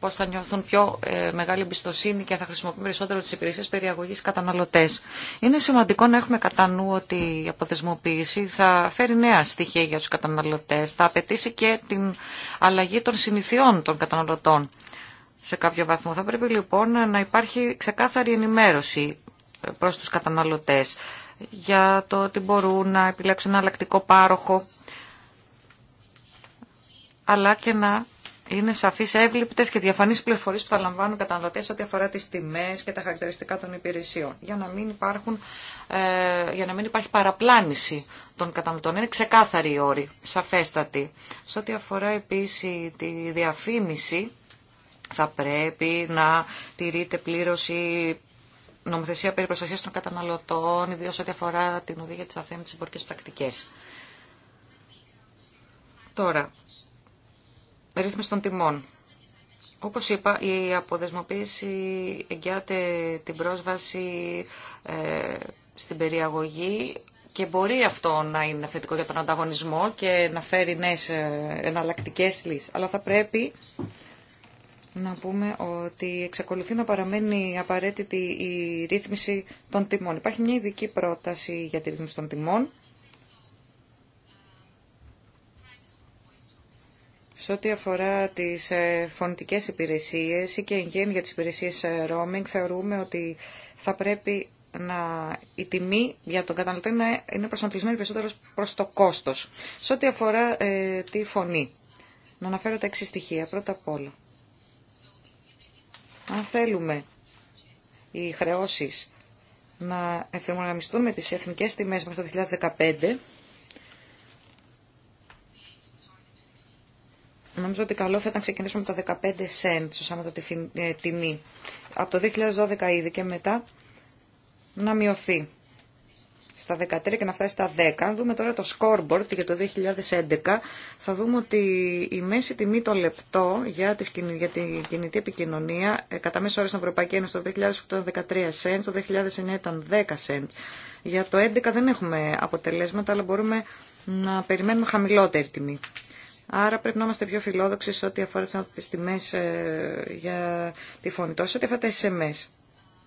πώς θα νιώθουν πιο ε, μεγάλη εμπιστοσύνη και θα χρησιμοποιούν περισσότερο τις υπηρεσίες περιαγωγής καταναλωτές. Είναι σημαντικό να έχουμε κατά νου ότι η αποδεσμοποίηση θα φέρει νέα στοιχεία για τους καταναλωτές, θα απαιτήσει και την αλλαγή των συνηθιών των καταναλωτών σε κάποιο βαθμό. Θα πρέπει λοιπόν να υπάρχει ξεκάθαρη ενημέρωση προς τους καταναλωτές για το ότι μπορούν να επιλέξουν ένα αλλακτικό πάροχο αλλά και να είναι σαφείς εύληπτες και διαφανείς πληροφορίες που θα λαμβάνουν καταναλωτές ό,τι αφορά τις τιμές και τα χαρακτηριστικά των υπηρεσιών για να μην, υπάρχουν, ε, για να μην υπάρχει παραπλάνηση των καταναλωτών. Είναι ξεκάθαρη η όροι, σαφέστατη. Σε ό,τι αφορά επίση τη διαφήμιση θα πρέπει να τηρείται πλήρωση η νομοθεσία περί προστασίας των καταναλωτών, ιδίω ό,τι αφορά την οδηγία της αθέμητη εμπορική πρακτικές. Τώρα, ρύθμιση των τιμών. Όπως είπα, η αποδεσμοποίηση εγγυάται την πρόσβαση ε, στην περιαγωγή και μπορεί αυτό να είναι θετικό για τον ανταγωνισμό και να φέρει νέες ε, εναλλακτικέ λύσει. Αλλά θα πρέπει να πούμε ότι εξακολουθεί να παραμένει απαραίτητη η ρύθμιση των τιμών. Υπάρχει μια ειδική πρόταση για τη ρύθμιση των τιμών. Σε ό,τι αφορά τις ε, φωνητικές υπηρεσίες ή και εν γέννη για τις υπηρεσίες ε, roaming, θεωρούμε ότι θα πρέπει να, η τιμή για τον καταναλωτή να είναι προσανατολισμένη περισσότερο προς το κόστος. Σε ό,τι αφορά ε, τη φωνή, να αναφέρω τα εξή στοιχεία. Πρώτα απ' όλα, αν θέλουμε οι χρεώσεις να ευθυγραμμιστούν με τις εθνικές τιμές μέχρι το 2015, Νομίζω ότι καλό θα ήταν να ξεκινήσουμε με τα 15 cent σωστά το τιμή. Από το 2012 ήδη και μετά να μειωθεί στα 13 και να φτάσει στα 10. Αν δούμε τώρα το scoreboard για το 2011, θα δούμε ότι η μέση τιμή το λεπτό για, τις, για την κινητή επικοινωνία ε, κατά μέσο όρο στην Ευρωπαϊκή Ένωση το 2008 ήταν 13 cents, το 2009 ήταν 10 cents. Για το 2011 δεν έχουμε αποτελέσματα, αλλά μπορούμε να περιμένουμε χαμηλότερη τιμή. Άρα πρέπει να είμαστε πιο φιλόδοξοι σε ό,τι αφορά τις τιμές ε, για τη φωνή. Τόσο ότι αυτά τα SMS,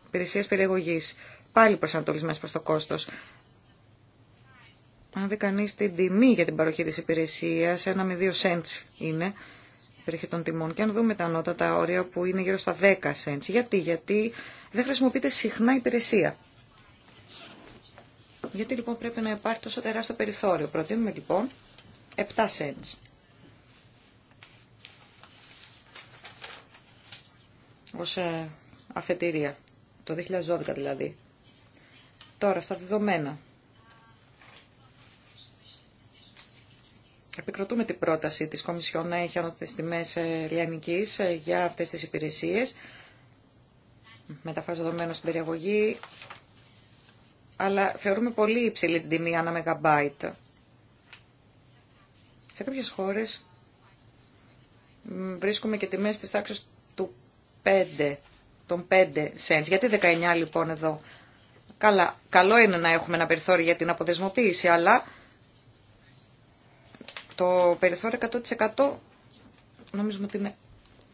υπηρεσίες περιεγωγής, πάλι προσανατολισμένες προς το κόστος. Αν δει κανείς την τιμή για την παροχή της υπηρεσίας, ένα με δύο cents είναι περιοχή των τιμών. Και αν δούμε τα ανώτατα όρια που είναι γύρω στα 10 cents. Γιατί, γιατί δεν χρησιμοποιείται συχνά υπηρεσία. Γιατί λοιπόν πρέπει να υπάρχει τόσο τεράστιο περιθώριο. Προτείνουμε λοιπόν 7 cents. Ως ε, αφετηρία. Το 2012 δηλαδή. Τώρα στα δεδομένα. επικροτούμε την πρόταση της Κομισιόν να έχει ανώτερες τιμές ε, λιανικής ε, για αυτές τις υπηρεσίες, μεταφράζω στην περιαγωγή, αλλά θεωρούμε πολύ υψηλή την τιμή ανά μεγαμπάιτ. Σε κάποιες χώρες βρίσκουμε και τιμές της τάξης του 5, των 5 cents. Γιατί 19 λοιπόν εδώ. Καλά, καλό είναι να έχουμε ένα περιθώριο για την αποδεσμοποίηση, αλλά το περιθώριο 100% νομίζουμε ότι είναι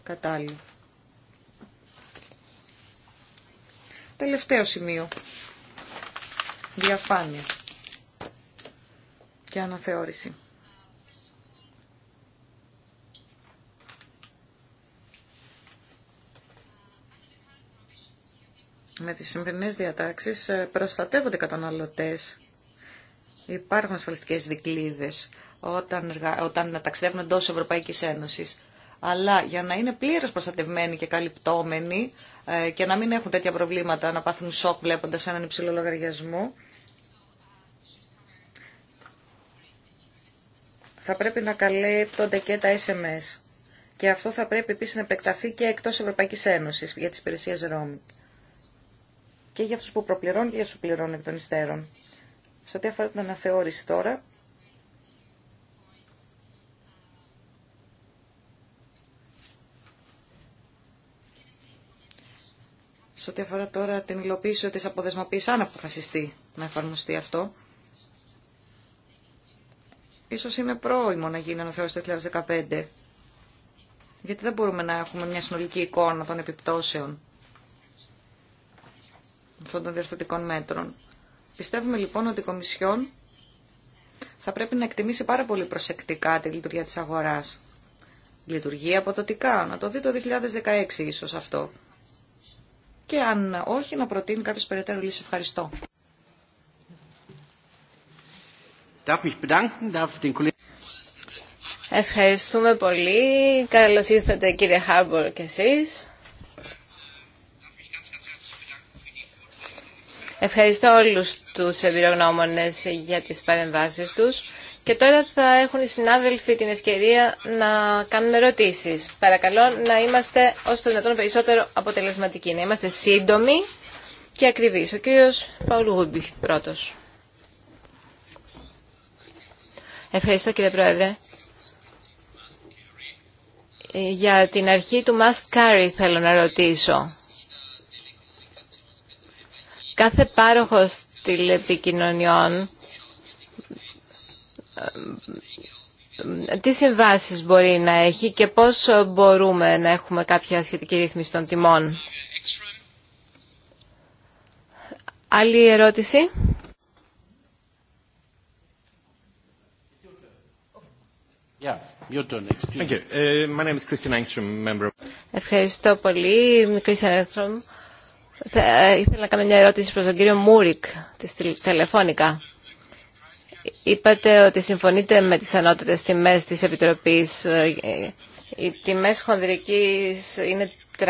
κατάλληλο. Τελευταίο σημείο. Διαφάνεια και αναθεώρηση. Με τις σημερινές διατάξεις ε, προστατεύονται οι καταναλωτές. Υπάρχουν ασφαλιστικές δικλείδες όταν, όταν ταξιδεύουν εντό ευρωπαϊκή Ένωση. Αλλά για να είναι πλήρως προστατευμένοι και καλυπτόμενοι ε, και να μην έχουν τέτοια προβλήματα, να πάθουν σοκ βλέποντας έναν υψηλό λογαριασμό, θα πρέπει να καλύπτονται και τα SMS. Και αυτό θα πρέπει επίσης να επεκταθεί και εκτός Ευρωπαϊκής Ένωση για τις υπηρεσίε Ρώμη. Και για αυτού που προπληρώνουν και για που πληρώνουν εκ των υστέρων. Σε ό,τι αφορά την αναθεώρηση τώρα, Σε ό,τι αφορά τώρα την υλοποίηση της αποδεσμοποίησης, αν αποφασιστεί να εφαρμοστεί αυτό, ίσως είναι πρόημο να γίνει Θεός το 2015. Γιατί δεν μπορούμε να έχουμε μια συνολική εικόνα των επιπτώσεων αυτών των διορθωτικών μέτρων. Πιστεύουμε λοιπόν ότι η Κομισιόν θα πρέπει να εκτιμήσει πάρα πολύ προσεκτικά τη λειτουργία της αγοράς. Λειτουργεί αποδοτικά, να το δει το 2016 ίσως αυτό και αν όχι να προτείνει κάποιες περαιτέρω λύσεις. Ευχαριστώ.
Ευχαριστούμε πολύ. Καλώς ήρθατε κύριε Χάρμπορ και εσείς. Ευχαριστώ όλους τους εμπειρογνώμονες για τις παρεμβάσεις τους. Και τώρα θα έχουν οι συνάδελφοι την ευκαιρία να κάνουν ερωτήσεις. Παρακαλώ να είμαστε όσο το δυνατόν περισσότερο αποτελεσματικοί, να είμαστε σύντομοι και ακριβεί. Ο κύριος Παύλου Γουμπι πρώτος. Ευχαριστώ κύριε Πρόεδρε. Ε, για την αρχή του must carry θέλω να ρωτήσω. Κάθε πάροχος τηλεπικοινωνιών ε, τι συμβάσεις μπορεί να έχει και πώς μπορούμε να έχουμε κάποια σχετική ρύθμιση των τιμών. Άλλη ερώτηση.
Ε,
Ευχαριστώ πολύ, Κριστίαν Έγκστρομ. Ε, ήθελα να κάνω μια ερώτηση προς τον κύριο Μούρικ τη τηλεφώνικα. Είπατε ότι συμφωνείτε με τις ανώτατες τιμές της Επιτροπής. Ε, ε, οι τιμές χονδρικής είναι 300,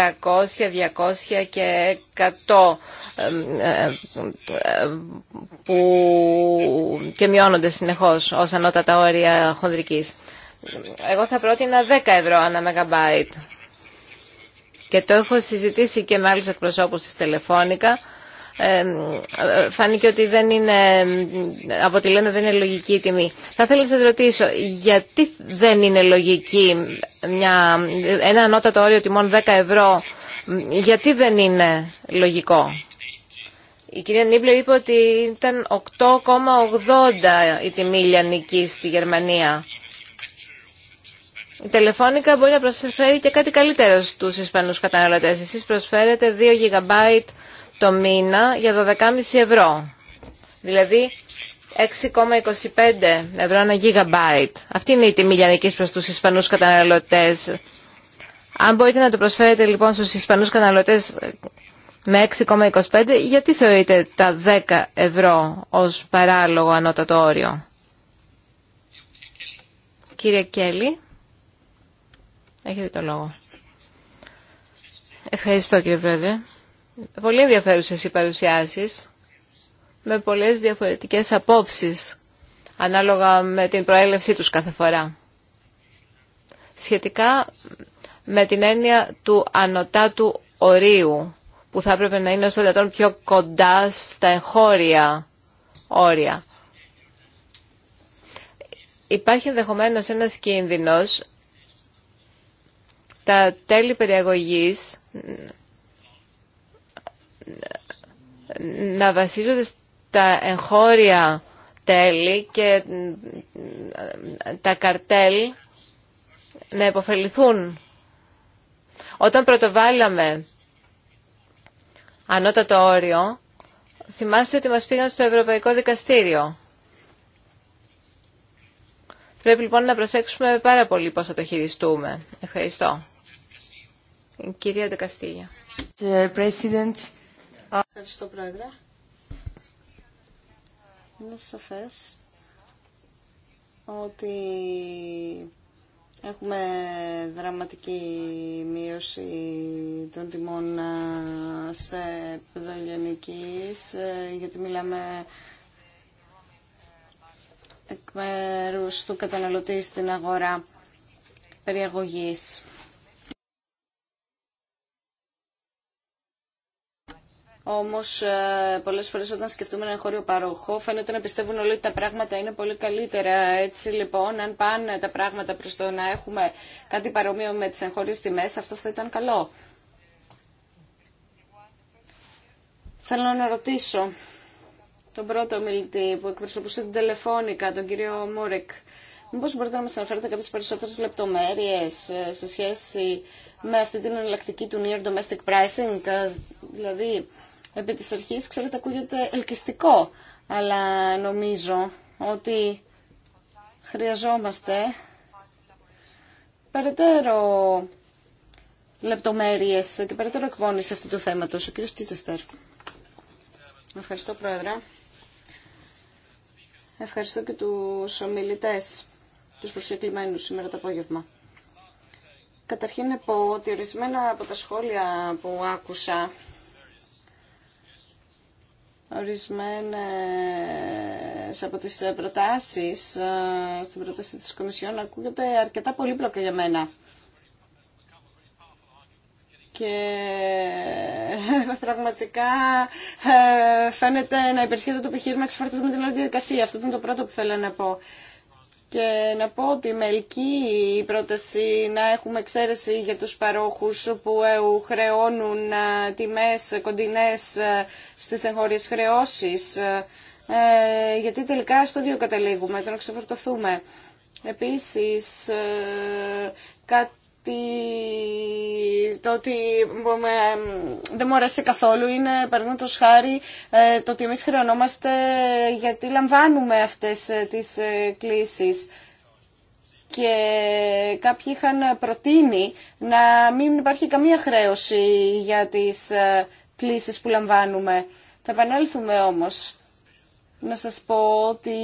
200 και 100 ε, που και μειώνονται συνεχώς ως ανώτατα όρια χονδρικής. Εγώ θα πρότεινα 10 ευρώ ανά μεγαμπάιτ. Και το έχω συζητήσει και με άλλους εκπροσώπους της τηλεφώνικα φάνηκε ότι δεν είναι, από τη λένε δεν είναι λογική η τιμή. Θα ήθελα να ρωτήσω, γιατί δεν είναι λογική μια, ένα ανώτατο όριο τιμών 10 ευρώ, γιατί δεν είναι λογικό. Η κυρία Νίμπλερ είπε ότι ήταν 8,80 η τιμή ηλιανική στη Γερμανία. Η τηλεφώνικα μπορεί να προσφέρει και κάτι καλύτερο στους Ισπανούς καταναλωτές. Εσείς προσφέρετε 2 GB το μήνα για 12,5 ευρώ. Δηλαδή 6,25 ευρώ ένα γιγαμπάιτ. Αυτή είναι η τιμή νικής προς τους Ισπανούς καταναλωτές. Αν μπορείτε να το προσφέρετε λοιπόν στους Ισπανούς καταναλωτές με 6,25, γιατί θεωρείτε τα 10 ευρώ ως παράλογο ανώτατο όριο. Κύριε Κέλλη, έχετε το λόγο. Ευχαριστώ κύριε Πρόεδρε. Πολύ ενδιαφέρουσες οι παρουσιάσεις με πολλές διαφορετικές απόψεις ανάλογα με την προέλευσή τους κάθε φορά. Σχετικά με την έννοια του ανωτάτου ορίου που θα έπρεπε να είναι όσο δυνατόν πιο κοντά στα εγχώρια όρια. Υπάρχει ενδεχομένω ένας κίνδυνος τα τέλη περιαγωγή να βασίζονται στα εγχώρια τέλη και ε, τα καρτέλ να υποφεληθούν. Όταν πρωτοβάλαμε ανώτατο όριο, θυμάστε ότι μας πήγαν στο Ευρωπαϊκό Δικαστήριο. Πρέπει λοιπόν να προσέξουμε πάρα πολύ πώς θα το χειριστούμε. Ευχαριστώ. Κυρία Ντεκαστήγια. Ευχαριστώ, Πρόεδρε. Είναι σαφές
ότι Έχουμε δραματική μείωση των τιμών ε, σε επίπεδο ε, γιατί μιλάμε εκ μέρους του καταναλωτή στην αγορά περιαγωγής. Όμω, ε, πολλέ φορέ όταν σκεφτούμε έναν χώριο παροχό φαίνεται να πιστεύουν όλοι ότι τα πράγματα είναι πολύ καλύτερα. Έτσι λοιπόν αν πάνε τα πράγματα προ το να έχουμε κάτι παρομοίο με τις εγχώριε τιμέ, αυτό θα ήταν καλό. Θέλω να ρωτήσω τον πρώτο μιλητή που εκπροσωπούσε την τηλεφώνικα, τον κύριο Μούρεκ. Μήπω μπορείτε να μα αναφέρετε κάποιε περισσότερε λεπτομέρειε ε, σε σχέση με αυτή την εναλλακτική του Near Domestic Pricing, ε, δηλαδή επί της αρχής, ξέρετε, ακούγεται ελκυστικό, αλλά νομίζω ότι χρειαζόμαστε περαιτέρω λεπτομέρειες και περαιτέρω εκπόνηση αυτού του θέματος. Ο κ. Τσίτσεστερ. Ευχαριστώ, Πρόεδρε. Ευχαριστώ και τους ομιλητές, τους προσκεκλημένους σήμερα το απόγευμα. Καταρχήν να πω ότι ορισμένα από τα σχόλια που άκουσα ορισμένες από τις προτάσεις ε, στην πρόταση της Κομισιόν ακούγονται αρκετά πολύπλοκα για μένα. Και ε, πραγματικά ε, φαίνεται να υπερισχύεται το επιχείρημα εξφορτής με την όλη διαδικασία. Αυτό ήταν το πρώτο που θέλω να πω. Και να πω ότι με ελκύει η πρόταση να έχουμε εξαίρεση για τους παρόχους που χρεώνουν ε, τιμές κοντινές ε, στις εγχώριες χρεώσεις. Ε, γιατί τελικά στο δύο καταλήγουμε, το να ξεφορτωθούμε. Επίσης, το ότι δεν μου αρέσει καθόλου είναι παραδείγματο χάρη ε, το ότι εμείς χρεωνόμαστε γιατί λαμβάνουμε αυτές ε, τις ε, κλήσεις και κάποιοι είχαν προτείνει να μην υπάρχει καμία χρέωση για τις κλήσεις που λαμβάνουμε. Θα επανέλθουμε όμως να σας πω ότι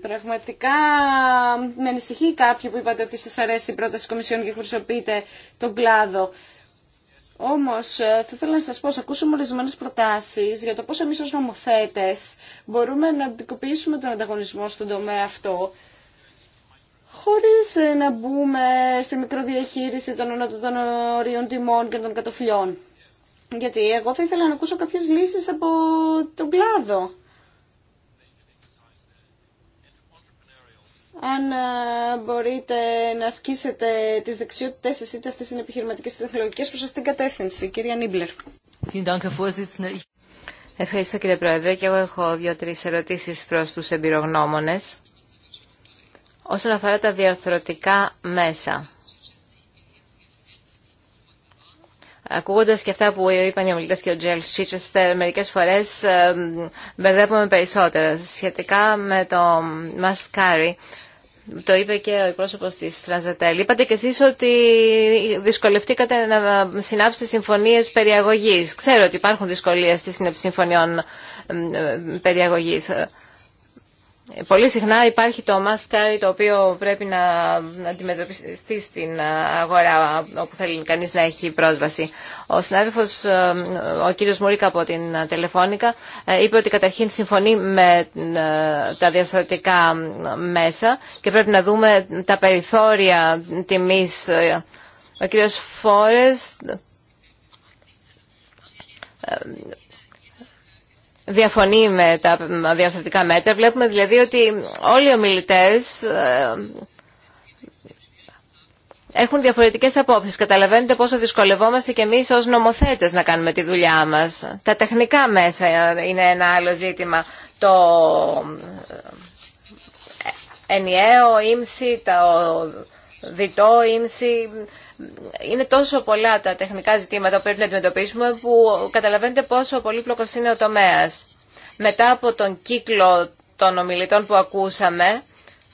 πραγματικά με ανησυχεί κάποιοι που είπατε ότι σας αρέσει η πρόταση Κομισιόν και χρησιμοποιείτε τον κλάδο. Όμως ε, θα ήθελα να σας πω, ακούσαμε ορισμένε προτάσεις για το πώς εμείς ως νομοθέτες μπορούμε να αντικοποιήσουμε τον ανταγωνισμό στον τομέα αυτό χωρίς ε, να μπούμε στη μικροδιαχείριση των ανώτατων ορίων τιμών και των κατοφυλιών. Γιατί εγώ θα ήθελα να ακούσω κάποιες λύσεις από τον κλάδο. αν ε, μπορείτε να ασκήσετε τις δεξιότητές σας, είτε αυτές είναι επιχειρηματικές είτε τεχνολογικές, προς αυτήν την κατεύθυνση. Κυρία Νίμπλερ.
Ευχαριστώ κύριε Πρόεδρε και εγώ έχω δύο-τρεις ερωτήσεις προς τους εμπειρογνώμονες όσον αφορά τα διαρθρωτικά μέσα. Ακούγοντα και αυτά που είπαν οι ομιλητέ και ο Τζέλ Σίτσεστερ, μερικέ φορέ ε, μπερδεύομαι περισσότερα. Σχετικά με το «Must Carry». Το είπε και ο εκπρόσωπο τη Τρανζατέλ. Είπατε και εσεί ότι δυσκολευτήκατε να συνάψετε συμφωνίε περιαγωγή. Ξέρω ότι υπάρχουν δυσκολίε στη σύνεψη συμφωνιών ε, περιαγωγή. Πολύ συχνά υπάρχει το μάσκαρι το οποίο πρέπει να αντιμετωπιστεί στην αγορά όπου θέλει κανείς να έχει πρόσβαση. Ο συνάδελφος, ε, ο κύριος Μουρίκα από την Τελεφώνικα, ε, είπε ότι καταρχήν συμφωνεί με ε, τα διαστατικά μέσα και πρέπει να δούμε τα περιθώρια τιμής. Ο κύριος Φόρες διαφωνεί με τα διαρθρωτικά μέτρα. Βλέπουμε δηλαδή ότι όλοι οι ομιλητές ε, έχουν διαφορετικές απόψεις. Καταλαβαίνετε πόσο δυσκολευόμαστε και εμείς ως νομοθέτες να κάνουμε τη δουλειά μας. Τα τεχνικά μέσα είναι ένα άλλο ζήτημα. Το ε, ενιαίο ύμση, το διτό ύμση, είναι τόσο πολλά τα τεχνικά ζητήματα που πρέπει να αντιμετωπίσουμε που καταλαβαίνετε πόσο πολύπλοκο είναι ο τομέα. Μετά από τον κύκλο των ομιλητών που ακούσαμε,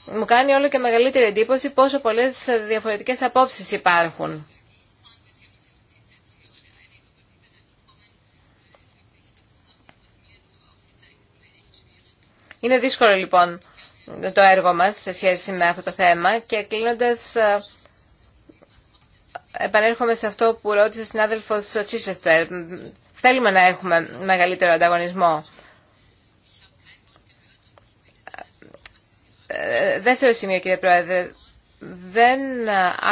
μου κάνει όλο και μεγαλύτερη εντύπωση πόσο πολλές διαφορετικές απόψεις υπάρχουν. Είναι δύσκολο λοιπόν το έργο μας σε σχέση με αυτό το θέμα και κλείνοντας επανέρχομαι σε αυτό που ρώτησε ο συνάδελφος Τσίσεστερ. Θέλουμε να έχουμε μεγαλύτερο ανταγωνισμό. Ε, δεύτερο σημείο, κύριε Πρόεδρε. Δεν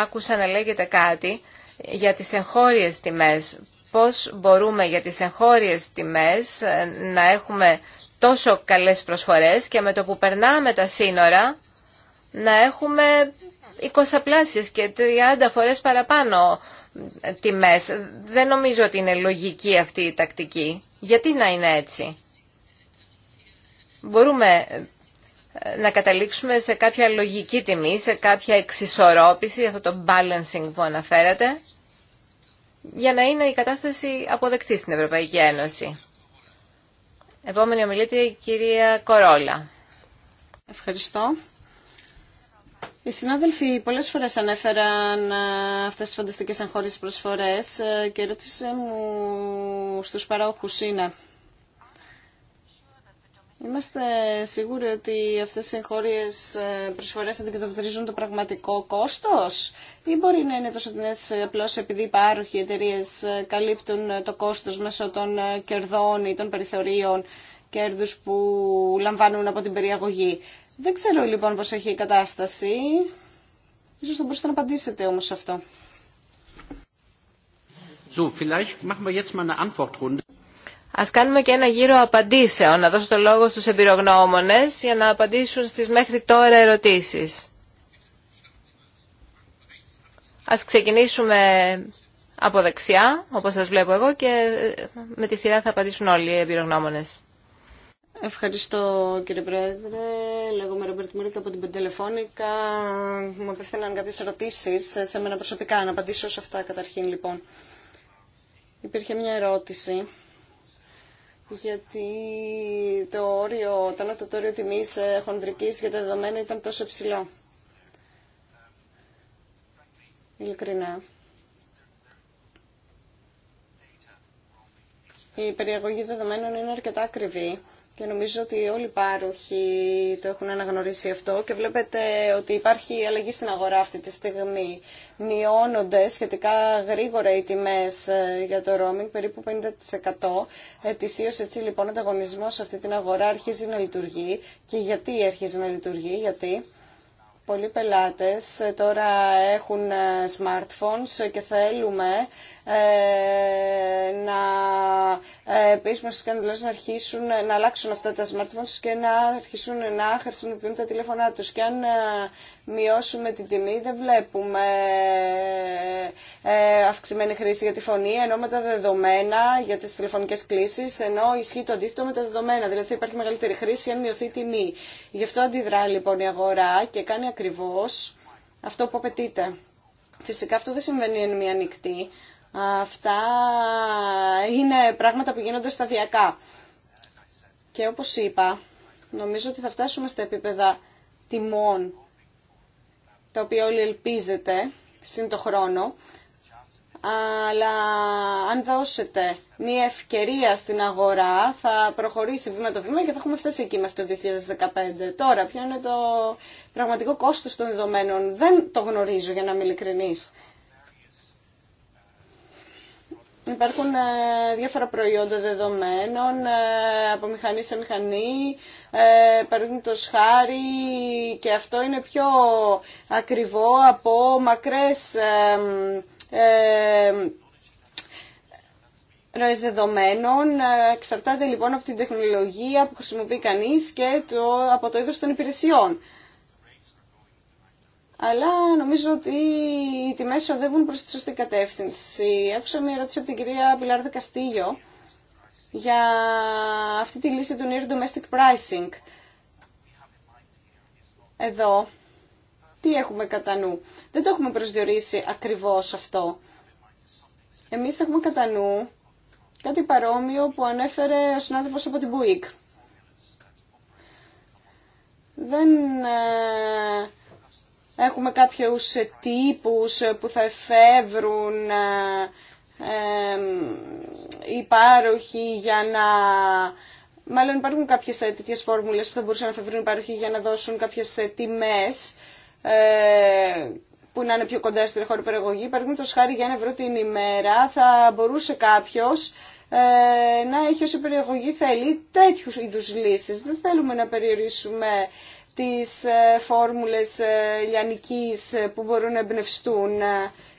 άκουσα να λέγεται κάτι για τις εγχώριες τιμές. Πώς μπορούμε για τις εγχώριες τιμές ε, να έχουμε τόσο καλές προσφορές και με το που περνάμε τα σύνορα να έχουμε πλάσεις και 30 φορές παραπάνω τιμές. Δεν νομίζω ότι είναι λογική αυτή η τακτική. Γιατί να είναι έτσι. Μπορούμε ε, να καταλήξουμε σε κάποια λογική τιμή, σε κάποια εξισορρόπηση, αυτό το balancing που αναφέρατε, για να είναι η κατάσταση αποδεκτή στην Ευρωπαϊκή Ένωση. Επόμενη ομιλήτρια η κυρία Κορόλα. Ευχαριστώ.
Οι συνάδελφοι πολλές φορές ανέφεραν ε, αυτές τι φανταστικές εγχώριε προσφορές ε, και ρώτησε μου στους παρόχους είναι Είμαστε σίγουροι ότι αυτές οι εγχώριες ε, προσφορές αντικατοπτρίζουν το πραγματικό κόστος ή μπορεί να είναι τόσο δυνές απλώ επειδή οι πάροχοι εταιρείε καλύπτουν το κόστος μέσω των κερδών ή των περιθωρίων κέρδους που λαμβάνουν από την περιαγωγή. Δεν ξέρω λοιπόν πώς έχει η κατάσταση. Ίσως θα μπορούσατε να απαντήσετε όμως σε αυτό.
So, wir jetzt mal eine
Ας κάνουμε και ένα γύρο απαντήσεων, να δώσω το λόγο στους εμπειρογνώμονες για να απαντήσουν στις μέχρι τώρα ερωτήσεις. Ας ξεκινήσουμε από δεξιά, όπως σας βλέπω εγώ, και με τη σειρά θα απαντήσουν όλοι οι εμπειρογνώμονες.
Ευχαριστώ κύριε Πρόεδρε. Λέγομαι Ρομπέρτ Μούρικα από την Πεντελεφώνικα. Μου απευθύναν κάποιε ερωτήσει σε μένα προσωπικά. Να απαντήσω σε αυτά καταρχήν λοιπόν. Υπήρχε μια ερώτηση γιατί το όριο, το ανώτατο όριο τιμής ε, για τα δεδομένα ήταν τόσο ψηλό. Ειλικρινά. Η περιαγωγή δεδομένων είναι αρκετά ακριβή και νομίζω ότι όλοι οι πάροχοι το έχουν αναγνωρίσει αυτό και βλέπετε ότι υπάρχει αλλαγή στην αγορά αυτή τη στιγμή. Μειώνονται σχετικά γρήγορα οι τιμές ε, για το roaming, περίπου 50%. Ετησίω έτσι λοιπόν ο ανταγωνισμός σε αυτή την αγορά αρχίζει να λειτουργεί. Και γιατί αρχίζει να λειτουργεί, γιατί Πολλοί πελάτες τώρα έχουν ε, smartphones και θέλουμε ε, να ε, πείσουμε στους να αρχίσουν να αλλάξουν αυτά τα smartphones και να αρχίσουν να χρησιμοποιούν τα τηλέφωνά τους. Και αν μειώσουμε την τιμή, δεν βλέπουμε ε, αυξημένη χρήση για τη φωνή, ενώ με τα δεδομένα για τις τηλεφωνικές κλήσεις, ενώ ισχύει το αντίθετο με τα δεδομένα, δηλαδή υπάρχει μεγαλύτερη χρήση αν μειωθεί η τιμή. Γι' αυτό αντιδρά λοιπόν η αγορά και κάνει ακριβώς αυτό που απαιτείται. Φυσικά αυτό δεν συμβαίνει εν μία νυχτή. Αυτά είναι πράγματα που γίνονται σταδιακά. Και όπως είπα, νομίζω ότι θα φτάσουμε στα επίπεδα τιμών τα οποία όλοι ελπίζετε σύν το χρόνο, αλλά αν δώσετε μία ευκαιρία στην αγορά θα προχωρήσει βήμα το βήμα και θα έχουμε φτάσει εκεί μέχρι το 2015. Τώρα, ποιο είναι το πραγματικό κόστος των δεδομένων, δεν το γνωρίζω για να είμαι ειλικρινής. Υπάρχουν ε, διάφορα προϊόντα δεδομένων, ε, από μηχανή σε μηχανή, ε, το χάρη και αυτό είναι πιο ακριβό από μακρές ροές δεδομένων. Εξαρτάται λοιπόν από την τεχνολογία που χρησιμοποιεί κανείς και το, από το είδος των υπηρεσιών αλλά νομίζω ότι οι τιμές οδεύουν προς τη σωστή κατεύθυνση. Έχω μια ερώτηση από την κυρία Πιλάρδο Καστίγιο για αυτή τη λύση του Near Domestic Pricing. Εδώ, τι έχουμε κατά νου. Δεν το έχουμε προσδιορίσει ακριβώς αυτό. Εμείς έχουμε κατά νου κάτι παρόμοιο που ανέφερε ο συνάδελφος από την Μπουίκ. Δεν ε, έχουμε κάποιους τύπους που θα εφεύρουν οι ε, πάροχοι για να... Μάλλον υπάρχουν κάποιες τέτοιες φόρμουλες που θα μπορούσαν να εφεύρουν οι για να δώσουν κάποιες τιμές ε, που να είναι πιο κοντά στην χώρα παραγωγή. Παραδείγματο χάρη για ένα ευρώ την ημέρα θα μπορούσε κάποιο ε, να έχει όσο περιεχογή θέλει τέτοιου είδου λύσει. Δεν θέλουμε να περιορίσουμε τις ε, φόρμουλες ε, λιανικής ε, που μπορούν να εμπνευστούν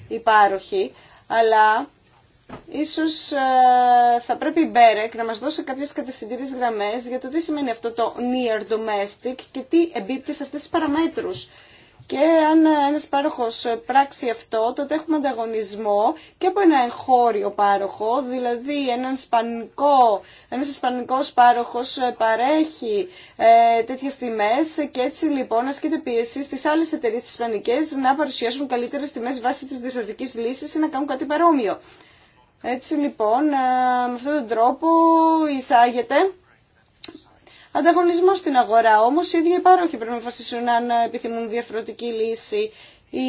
οι πάροχοι, αλλά ίσως θα πρέπει η Μπέρεκ να μας δώσει κάποιες κατευθυντήριες γραμμές για το τι σημαίνει αυτό το near domestic και τι εμπίπτει σε αυτές τις παραμέτρους. Και αν ένας πάροχο πράξει αυτό, τότε έχουμε ανταγωνισμό και από ένα εγχώριο πάροχο, δηλαδή ένα ισπανικό, ένας ισπανικός πάροχος παρέχει ε, τέτοιες τιμές και έτσι λοιπόν ασκείται πίεση στις άλλες εταιρείες τις ισπανικές να παρουσιάσουν καλύτερες τιμές βάσει της διευθυντικής λύσης ή να κάνουν κάτι παρόμοιο. Έτσι λοιπόν, ε, με αυτόν τον τρόπο εισάγεται ανταγωνισμό στην αγορά. Όμω οι ίδιοι οι πάροχοι πρέπει να αποφασίσουν αν επιθυμούν διαφορετική λύση ή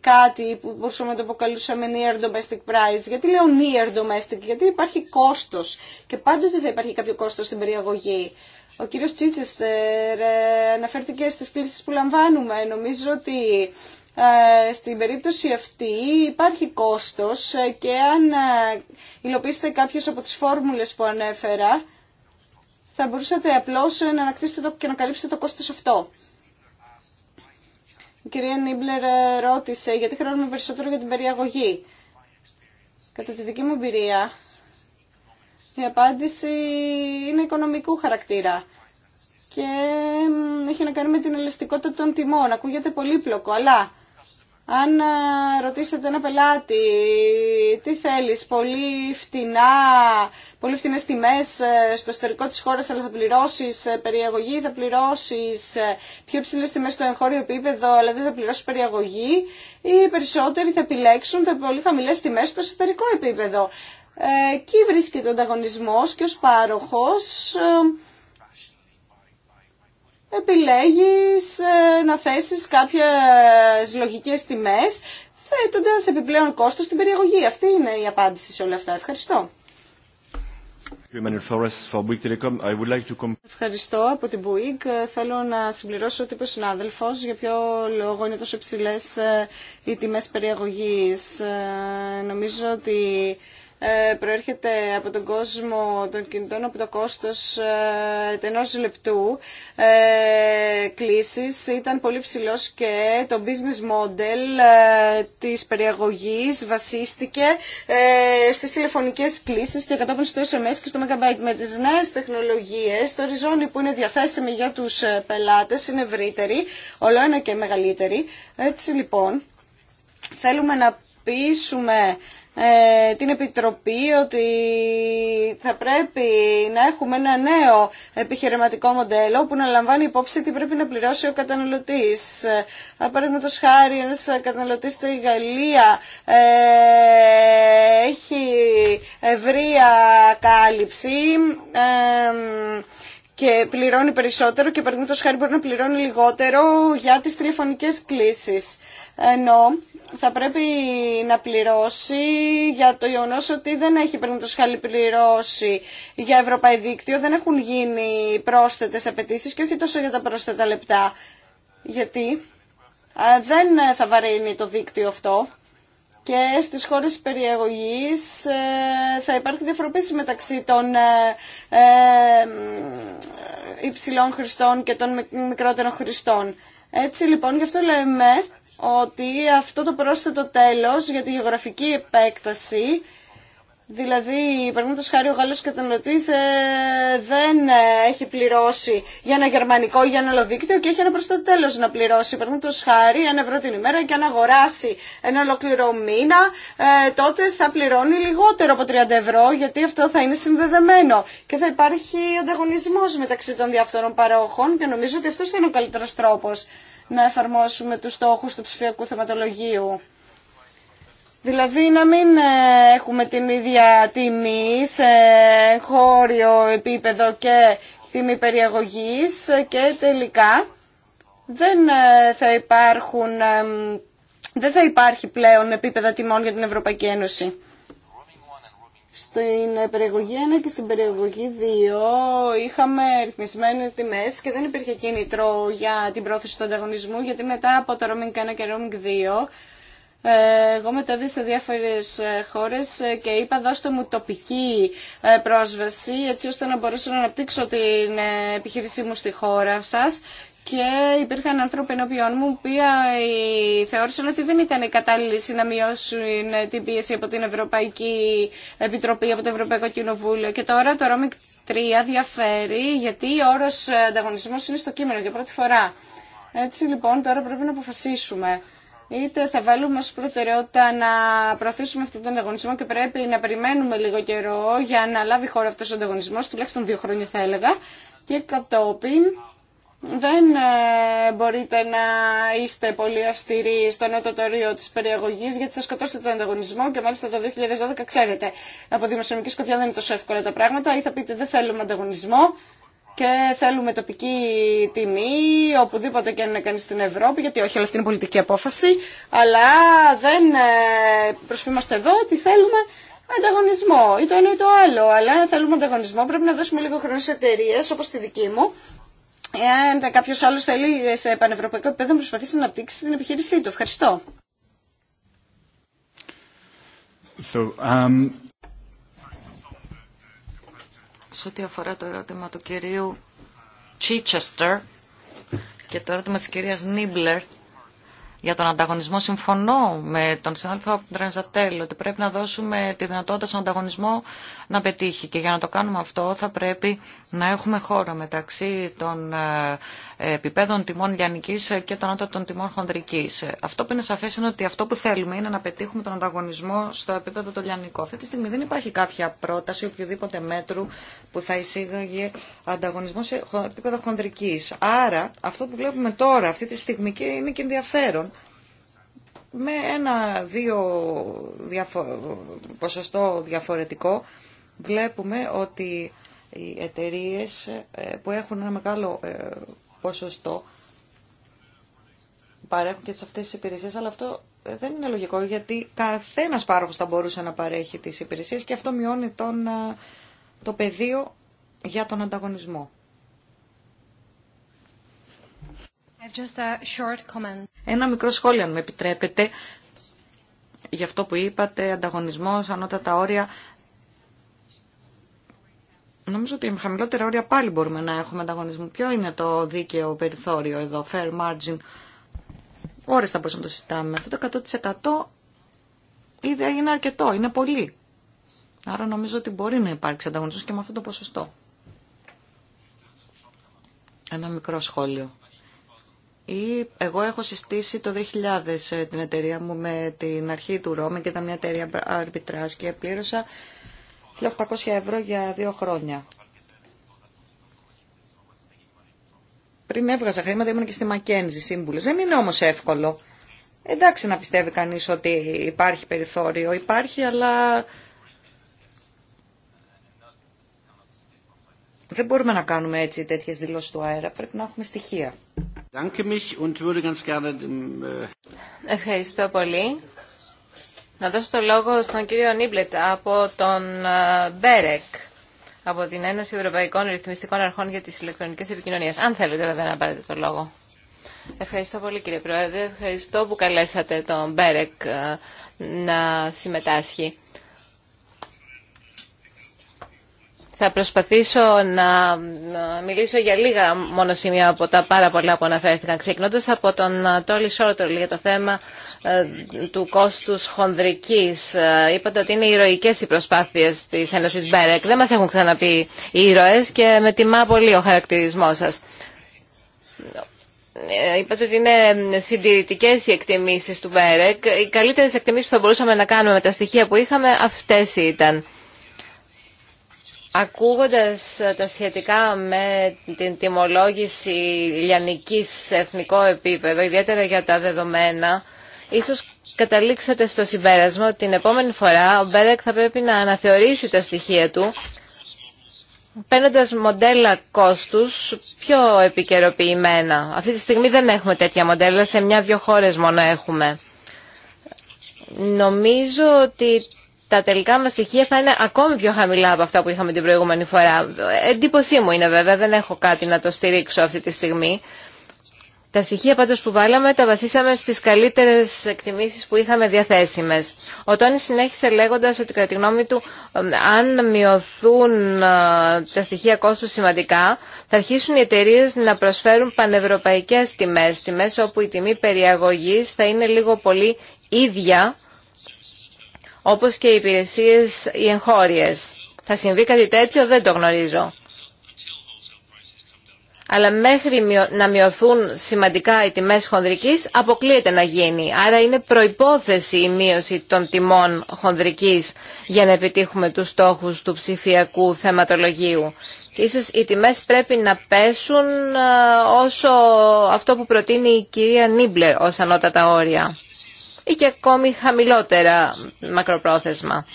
κάτι που μπορούσαμε να το αποκαλούσαμε near domestic price. Γιατί λέω near domestic, γιατί υπάρχει κόστο. και πάντοτε θα υπάρχει κάποιο κόστο στην περιαγωγή. Ο κύριο Τσίτσεστερ ε, αναφέρθηκε στι κλήσει που λαμβάνουμε. Νομίζω ότι ε, στην περίπτωση αυτή υπάρχει κόστος και αν ε, υλοποιήσετε κάποιες από τις φόρμουλες που ανέφερα, θα μπορούσατε απλώς ε, να ανακτήσετε το και να καλύψετε το κόστος αυτό. Η κυρία Νίμπλερ ε, ρώτησε γιατί χρειάζομαι περισσότερο για την περιαγωγή. Κατά τη δική μου εμπειρία, η απάντηση είναι οικονομικού χαρακτήρα και έχει να κάνει με την ελαστικότητα των τιμών. Ακούγεται πολύπλοκο, αλλά αν ε, ρωτήσετε ένα πελάτη τι θέλεις, πολύ φτηνά, πολύ φτηνές τιμές ε, στο εσωτερικό της χώρας, αλλά θα πληρώσεις ε, περιαγωγή, θα πληρώσεις πιο ψηλές τιμές στο εγχώριο επίπεδο, αλλά δεν θα πληρώσεις περιαγωγή, οι περισσότεροι θα επιλέξουν τα πολύ χαμηλές τιμές στο εσωτερικό επίπεδο. Εκεί βρίσκεται ο ανταγωνισμός και ως πάροχος επιλέγεις ε, να θέσεις κάποιες λογικές τιμές θέτοντας επιπλέον κόστος στην περιεγωγή. Αυτή είναι η απάντηση σε όλα αυτά. Ευχαριστώ. Ευχαριστώ από την BUIG. Ε, θέλω να συμπληρώσω ότι είπε ο συνάδελφο για ποιο λόγο είναι τόσο υψηλέ ε, οι τιμέ περιαγωγή. Νομίζω ότι ε, προέρχεται από τον κόσμο των κινητών, από το κόστος ε, ενό λεπτού ε, κλήσης ήταν πολύ ψηλός και το business model της περιαγωγής βασίστηκε στις τηλεφωνικές κλήσεις και κατόπιν στο SMS και στο Megabyte. Με τις νέες τεχνολογίες, το ριζόνι που είναι διαθέσιμο για τους πελάτες είναι ευρύτερη, όλο ένα και μεγαλύτερη. Έτσι λοιπόν, θέλουμε να πείσουμε ε, την Επιτροπή ότι θα πρέπει να έχουμε ένα νέο επιχειρηματικό μοντέλο που να λαμβάνει υπόψη τι πρέπει να πληρώσει ο καταναλωτής. Ε, Παραδείγματο χάρη ένα καταναλωτής στη Γαλλία ε, έχει ευρεία κάλυψη και πληρώνει περισσότερο και παραδείγματο χάρη μπορεί να πληρώνει λιγότερο για τις τηλεφωνικές κλήσεις. Ενώ θα πρέπει να πληρώσει για το γεγονό ότι δεν έχει παραδείγματο χάρη πληρώσει για Ευρωπαϊκό Δίκτυο, δεν έχουν γίνει πρόσθετες απαιτήσει και όχι τόσο για τα πρόσθετα λεπτά. Γιατί ε, δεν θα βαρύνει το δίκτυο αυτό και στις χώρες περιεγωγής ε, θα υπάρχει διαφοροποίηση μεταξύ των ε, ε, υψηλών χρηστών και των μικρότερων χρηστών. Έτσι λοιπόν, γι' αυτό λέμε ότι αυτό το πρόσθετο τέλος για τη γεωγραφική επέκταση Δηλαδή, παραδείγματο χάρη, ο Γάλλο καταναλωτή ε, δεν ε, έχει πληρώσει για ένα γερμανικό ή για ένα λοδίκτυο και έχει ένα προ το τέλο να πληρώσει. Παραδείγματο χάρη, ένα ευρώ την ημέρα και αν αγοράσει ένα ολόκληρο μήνα, ε, τότε θα πληρώνει λιγότερο από 30 ευρώ, γιατί αυτό θα είναι συνδεδεμένο. Και θα υπάρχει ανταγωνισμό μεταξύ των διαφόρων παρόχων και νομίζω ότι αυτό θα είναι ο καλύτερο τρόπο να εφαρμόσουμε του στόχου του ψηφιακού θεματολογίου. Δηλαδή να μην ε, έχουμε την ίδια τιμή σε χώριο επίπεδο και τιμή περιαγωγής ε, και τελικά δεν ε, θα υπάρχουν δεν θα υπάρχει πλέον επίπεδα τιμών για την Ευρωπαϊκή Ένωση. Στην περιεγωγή 1 και στην περιεγωγή 2 είχαμε ρυθμισμένε τιμές και δεν υπήρχε κίνητρο για την πρόθεση του ανταγωνισμού γιατί μετά από το roaming 1 και roaming 2 ε, εγώ μετέβη σε διάφορες ε, χώρες ε, και είπα δώστε μου τοπική πρόσβαση έτσι ώστε να μπορέσω να αναπτύξω την επιχείρησή μου στη χώρα σας και υπήρχαν άνθρωποι ενώπιον μου που θεώρησαν ότι δεν ήταν η κατάλληλη να μειώσουν την πίεση από την Ευρωπαϊκή Επιτροπή, από το Ευρωπαϊκό Κοινοβούλιο. Και τώρα το Roaming 3 διαφέρει γιατί ο όρος ανταγωνισμός είναι στο κείμενο για πρώτη φορά. Έτσι λοιπόν τώρα πρέπει να αποφασίσουμε είτε θα βάλουμε ως προτεραιότητα να προωθήσουμε αυτόν τον ανταγωνισμό και πρέπει να περιμένουμε λίγο καιρό για να λάβει χώρα αυτός ο ανταγωνισμός, τουλάχιστον δύο χρόνια θα έλεγα, και κατόπιν δεν ε, μπορείτε να είστε πολύ αυστηροί στο νοτοτορείο της περιαγωγής γιατί θα σκοτώσετε τον ανταγωνισμό και μάλιστα το 2012 ξέρετε από δημοσιονομική σκοπιά δεν είναι τόσο εύκολα τα πράγματα ή θα πείτε δεν θέλουμε ανταγωνισμό και θέλουμε τοπική τιμή οπουδήποτε και να κάνει στην Ευρώπη, γιατί όχι, αλλά αυτή είναι πολιτική απόφαση. Αλλά δεν ε, προσφύμαστε εδώ ότι θέλουμε ανταγωνισμό, ή το ένα ή το άλλο. Αλλά αν θέλουμε ανταγωνισμό, πρέπει να δώσουμε λίγο χρόνο σε εταιρείε όπω τη δική μου. Εάν κάποιο άλλο θέλει σε πανευρωπαϊκό επίπεδο να προσπαθήσει να αναπτύξει την επιχείρησή του. Ευχαριστώ.
So, um
σε ό,τι αφορά το ερώτημα του κυρίου Τσίτσεστερ και το ερώτημα της κυρίας Νίμπλερ για τον ανταγωνισμό. Συμφωνώ με τον συνάδελφο Τρανζατέλ ότι πρέπει να δώσουμε τη δυνατότητα στον ανταγωνισμό να πετύχει. Και για να το κάνουμε αυτό θα πρέπει να έχουμε χώρο μεταξύ των ε, επιπέδων τιμών λιανικής και των άτομων τιμών χονδρικής. Αυτό που είναι σαφές είναι ότι αυτό που θέλουμε είναι να πετύχουμε τον ανταγωνισμό στο επίπεδο το λιανικό. Αυτή τη στιγμή δεν υπάρχει κάποια πρόταση οποιοδήποτε μέτρου που θα εισήγαγε ανταγωνισμό σε επίπεδο χονδρικής. Άρα αυτό που βλέπουμε τώρα αυτή τη στιγμή και είναι και ενδιαφέρον με ένα-δύο ποσοστό διαφορετικό βλέπουμε ότι οι εταιρείε ε, που έχουν ένα μεγάλο ε, ποσοστό παρέχουν και σε αυτές τις υπηρεσίες, αλλά αυτό ε, δεν είναι λογικό γιατί καθένας πάροχος θα μπορούσε να παρέχει τις υπηρεσίες και αυτό μειώνει τον, το πεδίο για τον ανταγωνισμό. Ένα μικρό σχόλιο, αν με επιτρέπετε, για αυτό που είπατε, ανταγωνισμός, ανώτατα όρια. Νομίζω ότι με χαμηλότερα όρια πάλι μπορούμε να έχουμε ανταγωνισμό. Ποιο είναι το δίκαιο περιθώριο εδώ, fair margin. Ώρες θα μπορούσαμε να το συζητάμε. Αυτό το 100% ήδη είναι αρκετό, είναι πολύ. Άρα νομίζω ότι μπορεί να υπάρξει ανταγωνισμός και με αυτό το ποσοστό. Ένα μικρό σχόλιο. Ή εγώ έχω συστήσει το 2000 ε, την εταιρεία μου με την αρχή του Ρώμη και ήταν μια εταιρεία αρμπιτράς και πλήρωσα 1.800 ευρώ για δύο χρόνια. Πριν έβγαζα χρήματα ήμουν και στη Μακένζη σύμβουλος. Δεν είναι όμως εύκολο. Εντάξει να πιστεύει κανείς ότι υπάρχει περιθώριο. Υπάρχει αλλά Δεν μπορούμε να κάνουμε έτσι τέτοιες δηλώσεις του αέρα. Πρέπει να έχουμε στοιχεία. Ε, Ευχαριστώ πολύ. Να δώσω το λόγο
στον κύριο Νίμπλετ από τον ε, Μπέρεκ, από την Ένωση Ευρωπαϊκών Ρυθμιστικών Αρχών για τις Ηλεκτρονικές Επικοινωνίες. Αν θέλετε βέβαια να πάρετε το λόγο. Ευχαριστώ πολύ κύριε Πρόεδρε. Ευχαριστώ που καλέσατε τον Μπέρεκ ε, να συμμετάσχει. Θα προσπαθήσω να μιλήσω για λίγα μόνο σημεία από τα πάρα πολλά που αναφέρθηκαν. Ξεκινώντα από τον ε, Τόλι Σόρτολ για το θέμα ε, του κόστου χονδρική. Ε, είπατε ότι είναι ηρωικέ οι προσπάθειε τη Ένωση Μπέρεκ. Δεν μα έχουν ξαναπεί οι ήρωες και με τιμά πολύ ο χαρακτηρισμό σα. Είπατε ότι είναι συντηρητικέ οι εκτιμήσει του Μπέρεκ. Οι καλύτερε εκτιμήσει που θα μπορούσαμε να κάνουμε με τα στοιχεία που είχαμε, αυτέ ήταν. Ακούγοντας ε, τα σχετικά με την τιμολόγηση λιανικής σε εθνικό επίπεδο, ιδιαίτερα για τα δεδομένα, ίσως καταλήξατε στο συμπέρασμα ότι την επόμενη φορά ο Μπέρεκ θα πρέπει να αναθεωρήσει τα στοιχεία του, παίρνοντα μοντέλα κόστους πιο επικαιροποιημένα. Αυτή τη στιγμή δεν έχουμε τέτοια μοντέλα, σε μια-δυο χώρες μόνο έχουμε. Νομίζω ότι τα τελικά μας στοιχεία θα είναι ακόμη πιο χαμηλά από αυτά που είχαμε την προηγούμενη φορά. Εντύπωσή μου είναι βέβαια, δεν έχω κάτι να το στηρίξω αυτή τη στιγμή. Τα στοιχεία πάντως που βάλαμε τα βασίσαμε στις καλύτερες εκτιμήσεις που είχαμε διαθέσιμες. Ο Τόνι συνέχισε λέγοντας ότι κατά τη γνώμη του αν μειωθούν ε, τα στοιχεία κόστου σημαντικά θα αρχίσουν οι εταιρείε να προσφέρουν πανευρωπαϊκές τιμές, τιμές όπου η τιμή περιαγωγή θα είναι λίγο πολύ ίδια όπως και οι υπηρεσίες οι εγχώριες. Θα συμβεί κάτι τέτοιο δεν το γνωρίζω. Αλλά μέχρι να μειωθούν σημαντικά οι τιμές χονδρικής αποκλείεται να γίνει. Άρα είναι προϋπόθεση η μείωση των τιμών χονδρικής για να επιτύχουμε τους στόχους του ψηφιακού θεματολογίου. Και ίσως οι τιμές πρέπει να πέσουν ε, όσο αυτό που προτείνει η κυρία Νίμπλερ ως ανώτατα όρια ή και ακόμη χαμηλότερα μακροπρόθεσμα.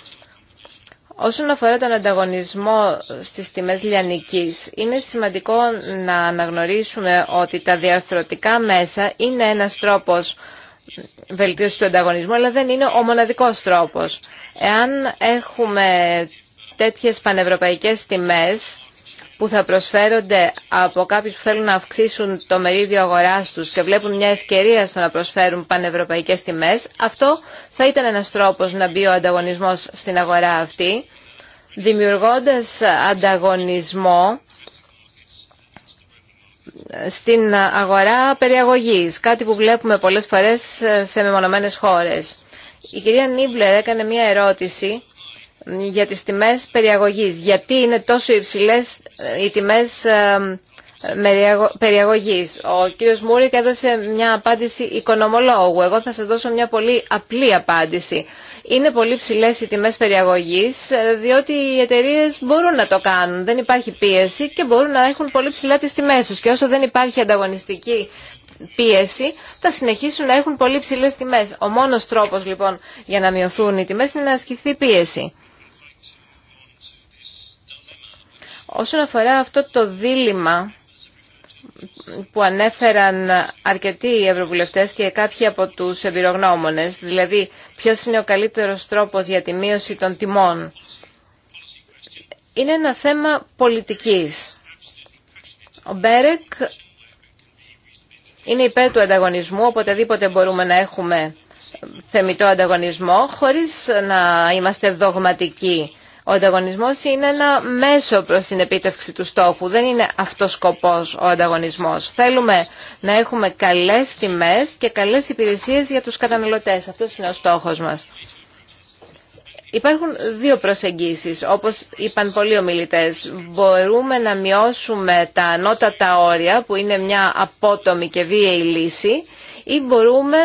Όσον αφορά τον ανταγωνισμό στις τιμές λιανικής, είναι σημαντικό να αναγνωρίσουμε ότι τα διαρθρωτικά μέσα είναι ένας τρόπος βελτίωσης του ανταγωνισμού, αλλά δεν είναι ο μοναδικός τρόπος. Εάν έχουμε τέτοιες πανευρωπαϊκές τιμές, που θα προσφέρονται από κάποιους που θέλουν να αυξήσουν το μερίδιο αγοράς τους και βλέπουν μια ευκαιρία στο να προσφέρουν πανευρωπαϊκές τιμές, αυτό θα ήταν ένας τρόπος να μπει ο ανταγωνισμός στην αγορά αυτή, δημιουργώντας ανταγωνισμό στην αγορά περιαγωγής, κάτι που βλέπουμε πολλές φορές σε μεμονωμένες χώρες. Η κυρία Νίμπλερ έκανε μια ερώτηση για τις τιμές περιαγωγής. Γιατί είναι τόσο υψηλές ε, οι τιμές ε, περιαγωγής. Ο κύριος Μούρικ έδωσε μια απάντηση οικονομολόγου. Εγώ θα σας δώσω μια πολύ απλή απάντηση. Είναι πολύ ψηλέ οι τιμές περιαγωγής, ε, διότι οι εταιρείε μπορούν να το κάνουν. Δεν υπάρχει πίεση και μπορούν να έχουν πολύ ψηλά τις τιμές τους. Και όσο δεν υπάρχει ανταγωνιστική πίεση, θα συνεχίσουν να έχουν πολύ ψηλέ τιμές. Ο μόνος τρόπος λοιπόν για να μειωθούν οι τιμές είναι να ασκηθεί πίεση. Όσον αφορά αυτό το δίλημα που ανέφεραν αρκετοί οι ευρωβουλευτές και κάποιοι από τους εμπειρογνώμονες, δηλαδή ποιος είναι ο καλύτερος τρόπος για τη μείωση των τιμών, είναι ένα θέμα πολιτικής. Ο Μπέρεκ είναι υπέρ του ανταγωνισμού, οποτεδήποτε μπορούμε να έχουμε θεμητό ανταγωνισμό, χωρίς να είμαστε δογματικοί ο ανταγωνισμός είναι ένα μέσο προς την επίτευξη του στόχου. Δεν είναι αυτός σκοπός ο ανταγωνισμός. Θέλουμε να έχουμε καλές τιμές και καλές υπηρεσίες για τους καταναλωτές. Αυτός είναι ο στόχος μας. Υπάρχουν δύο προσεγγίσεις, όπως είπαν πολλοί ομιλητές. Μπορούμε να μειώσουμε τα ανώτατα όρια, που είναι μια απότομη και βίαιη λύση, ή μπορούμε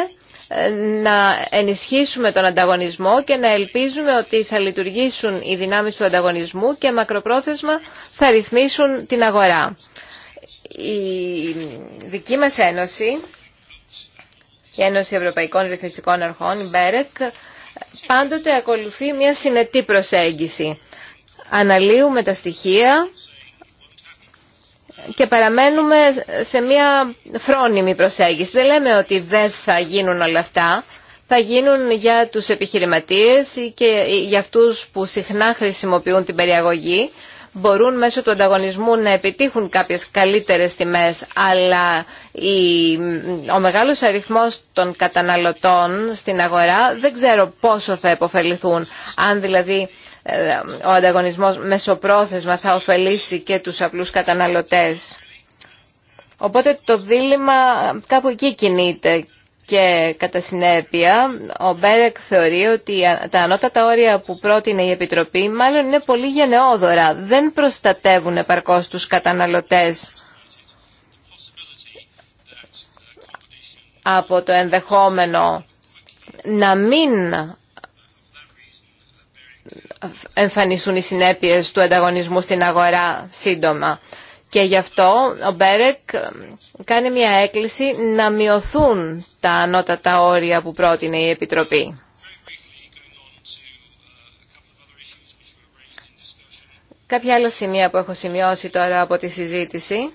να ενισχύσουμε τον ανταγωνισμό και να ελπίζουμε ότι θα λειτουργήσουν οι δυνάμεις του ανταγωνισμού και μακροπρόθεσμα θα ρυθμίσουν την αγορά. Η δική μας ένωση, η Ένωση Ευρωπαϊκών Ρυθμιστικών Αρχών, η BEREC, πάντοτε ακολουθεί μια συνετή προσέγγιση. Αναλύουμε τα στοιχεία και παραμένουμε σε μια φρόνιμη προσέγγιση. Δεν λέμε ότι δεν θα γίνουν όλα αυτά. Θα γίνουν για τους επιχειρηματίες και για αυτούς που συχνά χρησιμοποιούν την περιαγωγή. Μπορούν μέσω του ανταγωνισμού να επιτύχουν κάποιες καλύτερες τιμές, αλλά ο μεγάλος αριθμός των καταναλωτών στην αγορά δεν ξέρω πόσο θα επωφεληθούν. Αν δηλαδή ο ανταγωνισμός μεσοπρόθεσμα θα ωφελήσει και τους απλούς καταναλωτές. Οπότε το δίλημα κάπου εκεί κινείται και κατά συνέπεια ο Μπέρεκ θεωρεί ότι τα ανώτατα όρια που πρότεινε η Επιτροπή μάλλον είναι πολύ γενναιόδωρα. Δεν προστατεύουν επαρκώς τους καταναλωτές από το ενδεχόμενο να μην εμφανιστούν οι συνέπειες του ανταγωνισμού στην αγορά σύντομα. Και γι' αυτό ο Μπέρεκ ε, κάνει μια έκκληση να μειωθούν τα ανώτατα όρια που πρότεινε η Επιτροπή. Κάποια άλλα σημεία που έχω σημειώσει τώρα από τη συζήτηση.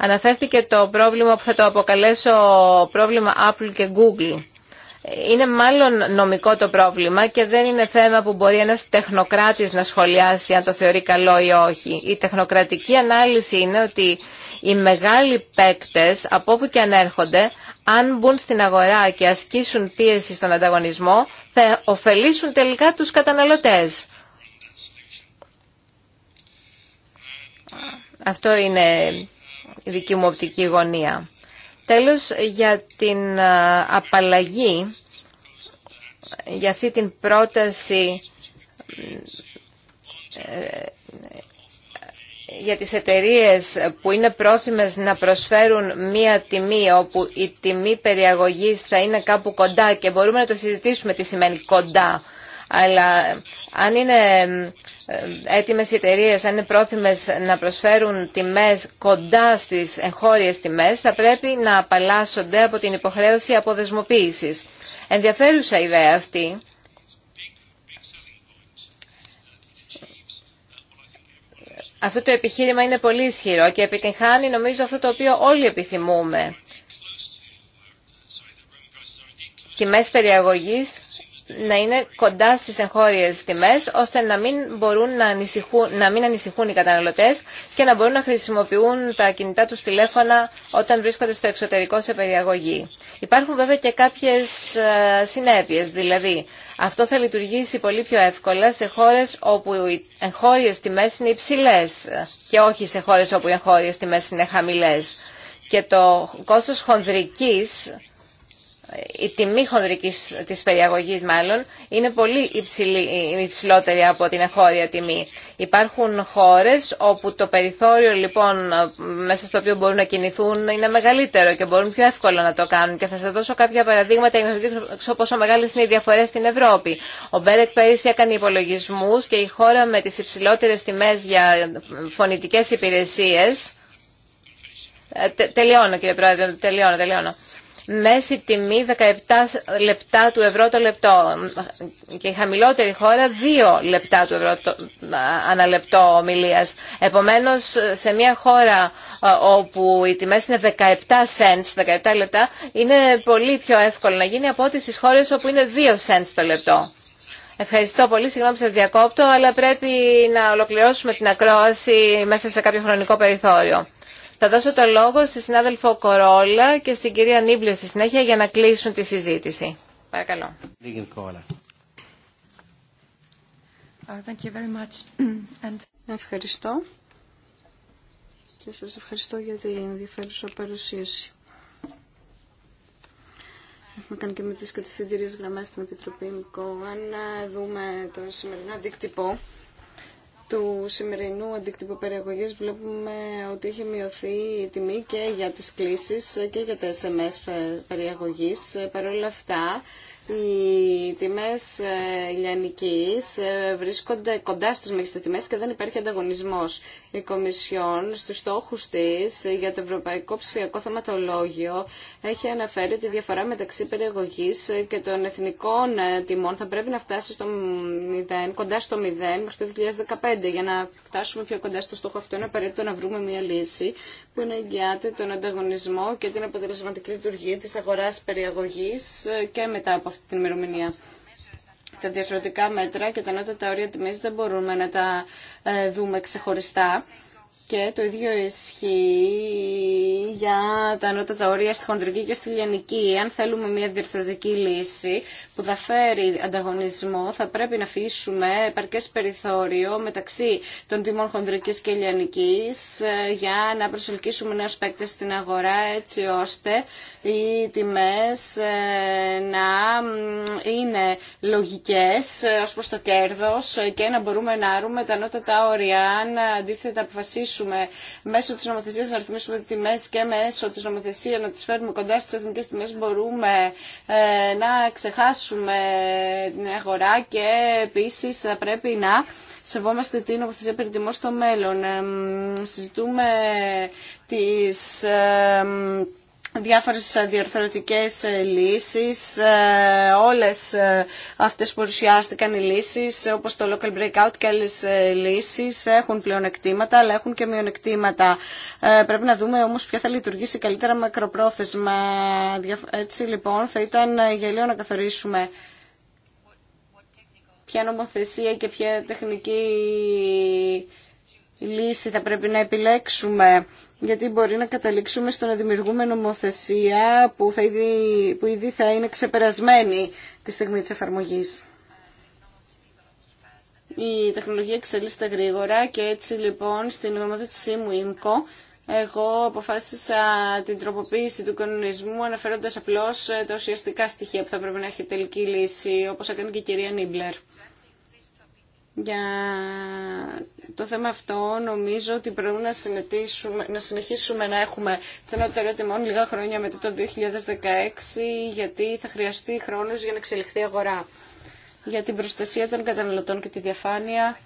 Αναφέρθηκε το πρόβλημα που θα το αποκαλέσω πρόβλημα Apple και Google. Είναι μάλλον νομικό το πρόβλημα και δεν είναι θέμα που μπορεί ένας τεχνοκράτης να σχολιάσει αν το θεωρεί καλό ή όχι. Η τεχνοκρατική ανάλυση είναι ότι οι μεγάλοι παίκτες από όπου και αν έρχονται, αν μπουν στην αγορά και ασκήσουν πίεση στον ανταγωνισμό, θα ωφελήσουν τελικά τους καταναλωτές. Αυτό είναι η δική μου γωνία. Τέλος, για την ε, απαλλαγή, για αυτή την πρόταση ε, για τις εταιρείες που είναι πρόθυμες να προσφέρουν μία τιμή όπου η τιμή περιαγωγής θα είναι κάπου κοντά και μπορούμε να το συζητήσουμε τι σημαίνει κοντά αλλά αν είναι έτοιμες οι εταιρείε, αν είναι πρόθυμες να προσφέρουν τιμές κοντά στις εγχώριες τιμές, θα πρέπει να απαλλάσσονται από την υποχρέωση αποδεσμοποίησης. Ενδιαφέρουσα ιδέα αυτή. Αυτό το επιχείρημα είναι πολύ ισχυρό και επιτυγχάνει νομίζω αυτό το οποίο όλοι επιθυμούμε. Τιμές περιαγωγής να είναι κοντά στι εγχώριε τιμέ, ώστε να μην, μπορούν να, ανησυχούν, να μην ανησυχούν οι καταναλωτέ και να μπορούν να χρησιμοποιούν τα κινητά του τηλέφωνα όταν βρίσκονται στο εξωτερικό σε περιαγωγή. Υπάρχουν βέβαια και κάποιε συνέπειε. δηλαδή αυτό θα λειτουργήσει πολύ πιο εύκολα σε χώρε όπου οι εγχώριε τιμέ είναι υψηλέ, και όχι σε χώρε όπου οι εγχώριε τιμές είναι χαμηλέ. Και το κόστος χονδρικής η τιμή χονδρικής της περιαγωγής μάλλον είναι πολύ υψηλή, υψηλότερη από την εγχώρια τιμή. Υπάρχουν χώρες όπου το περιθώριο λοιπόν μέσα στο οποίο μπορούν να κινηθούν είναι μεγαλύτερο και μπορούν πιο εύκολο να το κάνουν και θα σας δώσω κάποια παραδείγματα για να σας δείξω πόσο μεγάλες είναι οι διαφορές στην Ευρώπη. Ο Μπέρεκ πέρυσι έκανε υπολογισμού και η χώρα με τις υψηλότερες τιμές για φωνητικές υπηρεσίες ε, Τε, τελειώνω κύριε Πρόεδρε, τελειώνω, τελειώνω μέση τιμή 17 λεπτά του ευρώ το λεπτό και η χαμηλότερη χώρα 2 λεπτά του ευρώ το, αναλεπτό ομιλίας. Επομένως, σε μια χώρα όπου οι τιμές είναι 17 cents, 17 λεπτά, είναι πολύ πιο εύκολο να γίνει από ό,τι στις χώρες όπου είναι 2 cents το λεπτό. Ευχαριστώ πολύ. Συγγνώμη που σας διακόπτω, αλλά πρέπει να ολοκληρώσουμε την ακρόαση μέσα σε κάποιο χρονικό περιθώριο. Θα δώσω το λόγο στη συνάδελφο Κορόλα και στην κυρία Νίμπλιο στη συνέχεια για να κλείσουν τη συζήτηση.
Παρακαλώ. Uh, ευχαριστώ
και σας ευχαριστώ για την ενδιαφέρουσα παρουσίαση. Έχουμε κάνει και με τις κατευθυντήριες γραμμές στην Επιτροπή Μικό. Αν δούμε το σημερινό αντίκτυπο του σημερινού αντίκτυπου βλέπουμε ότι έχει μειωθεί η τιμή και για τις κλήσεις και για τα SMS περιεγωγής. Παρ' όλα αυτά, οι τιμές ε, λιανικής ε, βρίσκονται κοντά στι μέγιστε τιμέ και δεν υπάρχει ανταγωνισμός η Κομισιόν στους στόχους της για το Ευρωπαϊκό Ψηφιακό Θεματολόγιο έχει αναφέρει ότι η διαφορά μεταξύ περιεγωγής και των εθνικών ε, τιμών θα πρέπει να φτάσει στο 0, κοντά στο 0 μέχρι το 2015. Για να φτάσουμε πιο κοντά στο στόχο αυτό είναι απαραίτητο να βρούμε μια λύση που να εγγυάται τον ανταγωνισμό και την αποτελεσματική λειτουργία της αγοράς περιεγωγής ε, και μετά από αυτή την ημερομηνία τα διαφορετικά μέτρα και τα νότα τα όρια τιμής δεν μπορούμε να τα ε, δούμε ξεχωριστά και το ίδιο ισχύει για τα ανώτατα όρια στη χοντρική και στη λιανική. Αν θέλουμε μια διερθωτική λύση που θα φέρει ανταγωνισμό, θα πρέπει να αφήσουμε επαρκές περιθώριο μεταξύ των τιμών χοντρική και λιανικής ε, για να προσελκύσουμε νέους παίκτες στην αγορά έτσι ώστε οι τιμές ε, να είναι λογικές ε, ως προς το κέρδος και να μπορούμε να άρουμε τα ανώτατα όρια αν αντίθετα αποφασίσουμε μέσω τη νομοθεσία, να ρυθμίσουμε τιμέ και μέσω τη νομοθεσία, να τι φέρουμε κοντά στι εθνικέ τιμέ μπορούμε ε, να ξεχάσουμε την αγορά και επίση θα πρέπει να σεβόμαστε την νομοθεσία τιμών στο μέλλον. συζητούμε τις διάφορες διορθωτικές ε, λύσεις, ε, όλες ε, αυτές που παρουσιάστηκαν οι λύσεις, όπως το local breakout και άλλες λύσεις, έχουν πλεονεκτήματα, αλλά έχουν και μειονεκτήματα. Πρέπει να δούμε όμως ποια θα λειτουργήσει καλύτερα μακροπρόθεσμα. Έτσι λοιπόν θα ήταν γελίο να καθορίσουμε ποια νομοθεσία και ποια τεχνική λύση θα πρέπει να επιλέξουμε γιατί μπορεί να καταλήξουμε στο να δημιουργούμε νομοθεσία που, θα ήδη, που ήδη θα είναι ξεπερασμένη τη στιγμή της εφαρμογής. Η τεχνολογία εξελίσσεται γρήγορα και έτσι λοιπόν στην νομοθεσία μου ΙΜΚΟ εγώ αποφάσισα την τροποποίηση του κανονισμού αναφέροντας απλώς τα ουσιαστικά στοιχεία που θα πρέπει να έχει τελική λύση όπως έκανε και η κυρία Νίμπλερ για το θέμα αυτό νομίζω ότι πρέπει να, να συνεχίσουμε να έχουμε θέμα τιμών λίγα χρόνια μετά το 2016 γιατί θα χρειαστεί χρόνος για να εξελιχθεί η αγορά. Για την προστασία των καταναλωτών και τη διαφάνεια.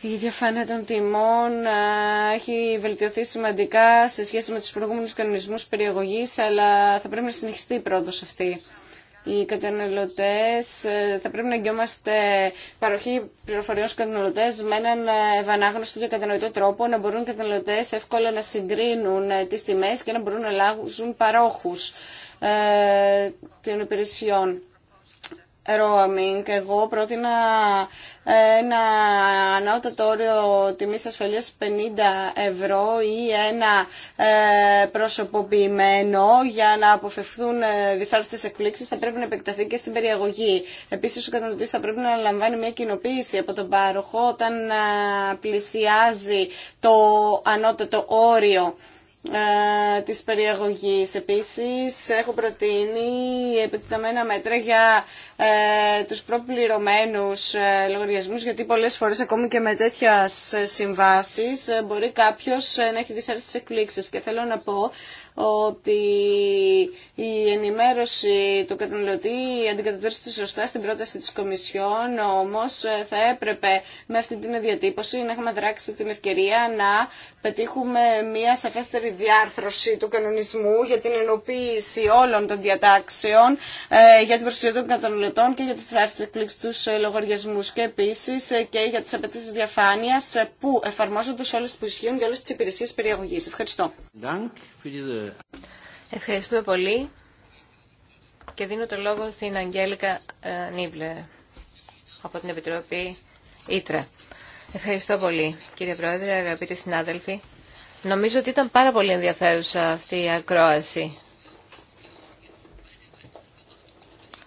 Η διαφάνεια των τιμών ε, έχει βελτιωθεί σημαντικά σε σχέση με τους προηγούμενους κανονισμούς περιεγωγής, αλλά θα πρέπει να συνεχιστεί η πρόοδος αυτή οι καταναλωτέ, ε, θα πρέπει να εγγυόμαστε παροχή πληροφοριών στους καταναλωτέ με έναν ε, ευανάγνωστο και κατανοητό τρόπο, να μπορούν οι καταναλωτέ εύκολα να συγκρίνουν ε, τι τιμέ και να μπορούν να αλλάζουν παρόχους των υπηρεσιών roaming, εγώ πρότεινα ε, ένα ανώτατο όριο τιμής ασφαλείας 50 ευρώ ή ένα ε, προσωποποιημένο για να αποφευθούν ε, δυσάρεστες εκπλήξεις θα πρέπει να επεκταθεί και στην περιαγωγή. Επίσης ο καταναλωτής θα πρέπει να λαμβάνει μια κοινοποίηση από τον πάροχο όταν πλησιάζει το ανώτατο όριο ε, της περιαγωγής. Επίσης, έχω προτείνει επιτεταμένα μέτρα για ε, τους προπληρωμένους ε, γιατί πολλές φορές ακόμη και με τέτοια συμβάσεις ε, μπορεί κάποιος ε, να έχει δυσάρεστες εκπλήξεις. Και θέλω να πω ότι η ενημέρωση του καταναλωτή αντικατοπτρίζεται σωστά στην πρόταση της Κομισιόν, όμως ε, θα έπρεπε με αυτή την διατύπωση να έχουμε δράξει την ευκαιρία να πετύχουμε μια σαφέστερη διάρθρωση του κανονισμού για την ενοποίηση όλων των διατάξεων ε, για την προστασία των καταναλωτών και για τις άρθρες εκπλήξης τους ε, λογαριασμούς και επίσης και για τις απαιτήσεις διαφάνειας που εφαρμόζονται σε όλες τις που ισχύουν για όλες τις υπηρεσίες περιαγωγής. Ευχαριστώ.
Ευχαριστούμε πολύ και δίνω το λόγο στην Αγγέλικα ε, Νίβλε από την Επιτροπή Ήτρα. Ευχαριστώ πολύ κύριε Πρόεδρε, αγαπητοί συνάδελφοι. Νομίζω ότι ήταν πάρα πολύ ενδιαφέρουσα αυτή η ακρόαση.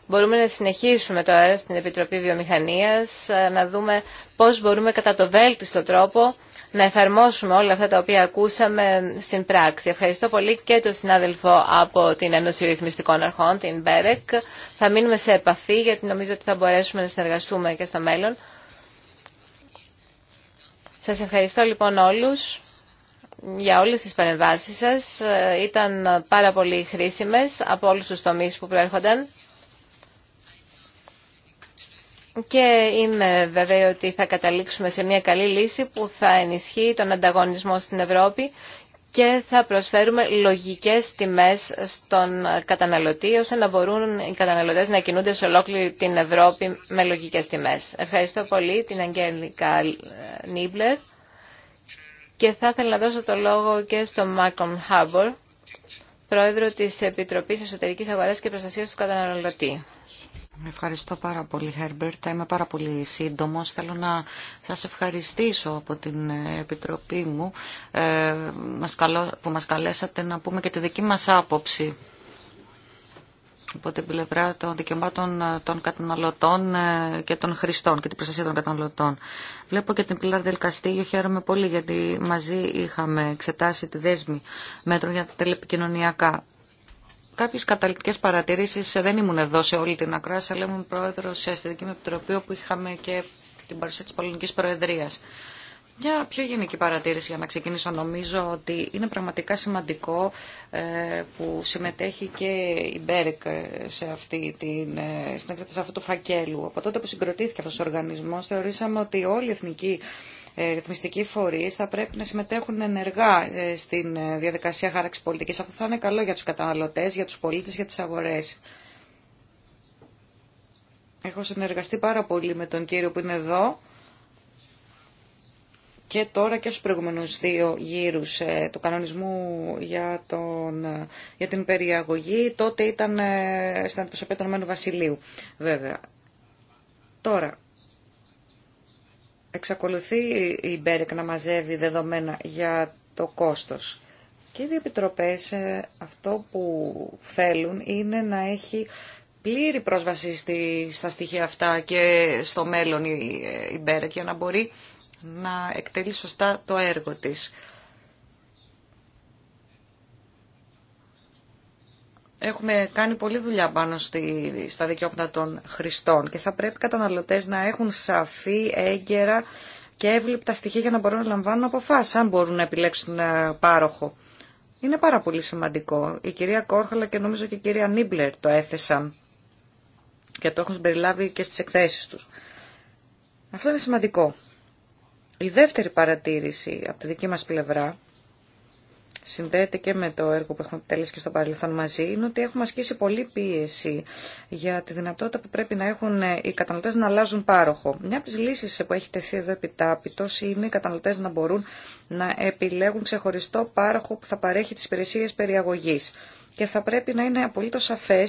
Μπορούμε να συνεχίσουμε τώρα στην Επιτροπή Βιομηχανίας ε, να δούμε πώς μπορούμε κατά το βέλτιστο τρόπο να εφαρμόσουμε όλα αυτά τα οποία ακούσαμε στην πράξη. Ευχαριστώ πολύ και τον συνάδελφο από την Ένωση Ρυθμιστικών Αρχών, την ΜΠΕΡΕΚ. Θα μείνουμε σε επαφή γιατί νομίζω ότι θα μπορέσουμε να συνεργαστούμε και στο μέλλον. Σας ευχαριστώ λοιπόν όλους για όλες τις παρεμβάσεις σας. Ε, ήταν πάρα πολύ χρήσιμες από όλους τους τομείς που προέρχονταν και είμαι βέβαιη ότι θα καταλήξουμε σε μια καλή λύση που θα ενισχύει τον ανταγωνισμό στην Ευρώπη και θα προσφέρουμε λογικές τιμές στον καταναλωτή ώστε να μπορούν οι καταναλωτές να κινούνται σε ολόκληρη την Ευρώπη με λογικές τιμές. Ευχαριστώ πολύ την Αγγέλικα Νίμπλερ και θα ήθελα να δώσω το λόγο και στον Μάρκομ Χάμπορ, πρόεδρο της Επιτροπής Εσωτερικής Αγοράς και Προστασίας του Καταναλωτή.
Ευχαριστώ πάρα πολύ, Χέρμπερτ. Είμαι πάρα πολύ σύντομο. Θέλω να σας ευχαριστήσω από την Επιτροπή μου ε, που μας καλέσατε να πούμε και τη δική μας άποψη από την πλευρά των δικαιωμάτων των καταναλωτών ε, και των χρηστών και την προστασία των καταναλωτών. Βλέπω και την Πιλάρ Καστίγιο. χαίρομαι πολύ γιατί μαζί είχαμε εξετάσει τη δέσμη μέτρων για τα τελεπικοινωνιακά. Κάποιε καταληκτικέ παρατηρήσει. Ε, δεν ήμουν εδώ σε όλη την ακρόαση, αλλά ήμουν πρόεδρο σε αστυνομική επιτροπή όπου είχαμε και την παρουσία τη Πολωνική Προεδρία. Μια πιο γενική παρατήρηση για να ξεκινήσω. Νομίζω ότι είναι πραγματικά σημαντικό ε, που συμμετέχει και η Μπέρεκ ε, σε, αυτή την, αυτού του φακέλου. Από τότε που συγκροτήθηκε αυτός ο οργανισμός θεωρήσαμε ότι όλοι οι εθνική. Ε, ρυθμιστικοί φορείς θα πρέπει να συμμετέχουν ενεργά ε, στην ε, διαδικασία χάραξης πολιτικής. Αυτό θα είναι καλό για τους καταναλωτές, για τους πολίτες, για τι αγορέ. Έχω συνεργαστεί πάρα πολύ με τον κύριο που είναι εδώ και τώρα και στους προηγούμενους δύο γύρους του κανονισμού για, τον, για την περιαγωγή. Τότε ήταν στην αντιπροσωπεία του Βασιλείου, βέβαια. Τώρα, εξακολουθεί η Μπέρεκ να μαζεύει δεδομένα για το κόστος. Και οι δύο ε, αυτό που θέλουν είναι να έχει πλήρη πρόσβαση στη, στα στοιχεία αυτά και στο μέλλον η, ε, η Μπέρεκ για να μπορεί να εκτελεί σωστά το έργο της. Έχουμε κάνει πολλή δουλειά πάνω στη, στα δικαιώματα των χρηστών και θα πρέπει οι καταναλωτές να έχουν σαφή, έγκαιρα και εύληπτα στοιχεία για να μπορούν να λαμβάνουν αποφάσεις, αν μπορούν να επιλέξουν πάροχο. Είναι πάρα πολύ σημαντικό. Η κυρία Κόρχαλα και νομίζω και η κυρία Νίμπλερ το έθεσαν και το έχουν περιλάβει και στις εκθέσεις τους. Αυτό είναι σημαντικό. Η δεύτερη παρατήρηση από τη δική μας πλευρά συνδέεται και με το έργο που έχουμε επιτελέσει και στο παρελθόν μαζί, είναι ότι έχουμε ασκήσει πολλή πίεση για τη δυνατότητα που πρέπει να έχουν ε, οι καταναλωτέ να αλλάζουν πάροχο. Μια από τι λύσει που έχει τεθεί εδώ επιτάπητο είναι οι καταναλωτέ να μπορούν να επιλέγουν ξεχωριστό πάροχο που θα παρέχει τι υπηρεσίε περιαγωγή. Και θα πρέπει να είναι απολύτω σαφέ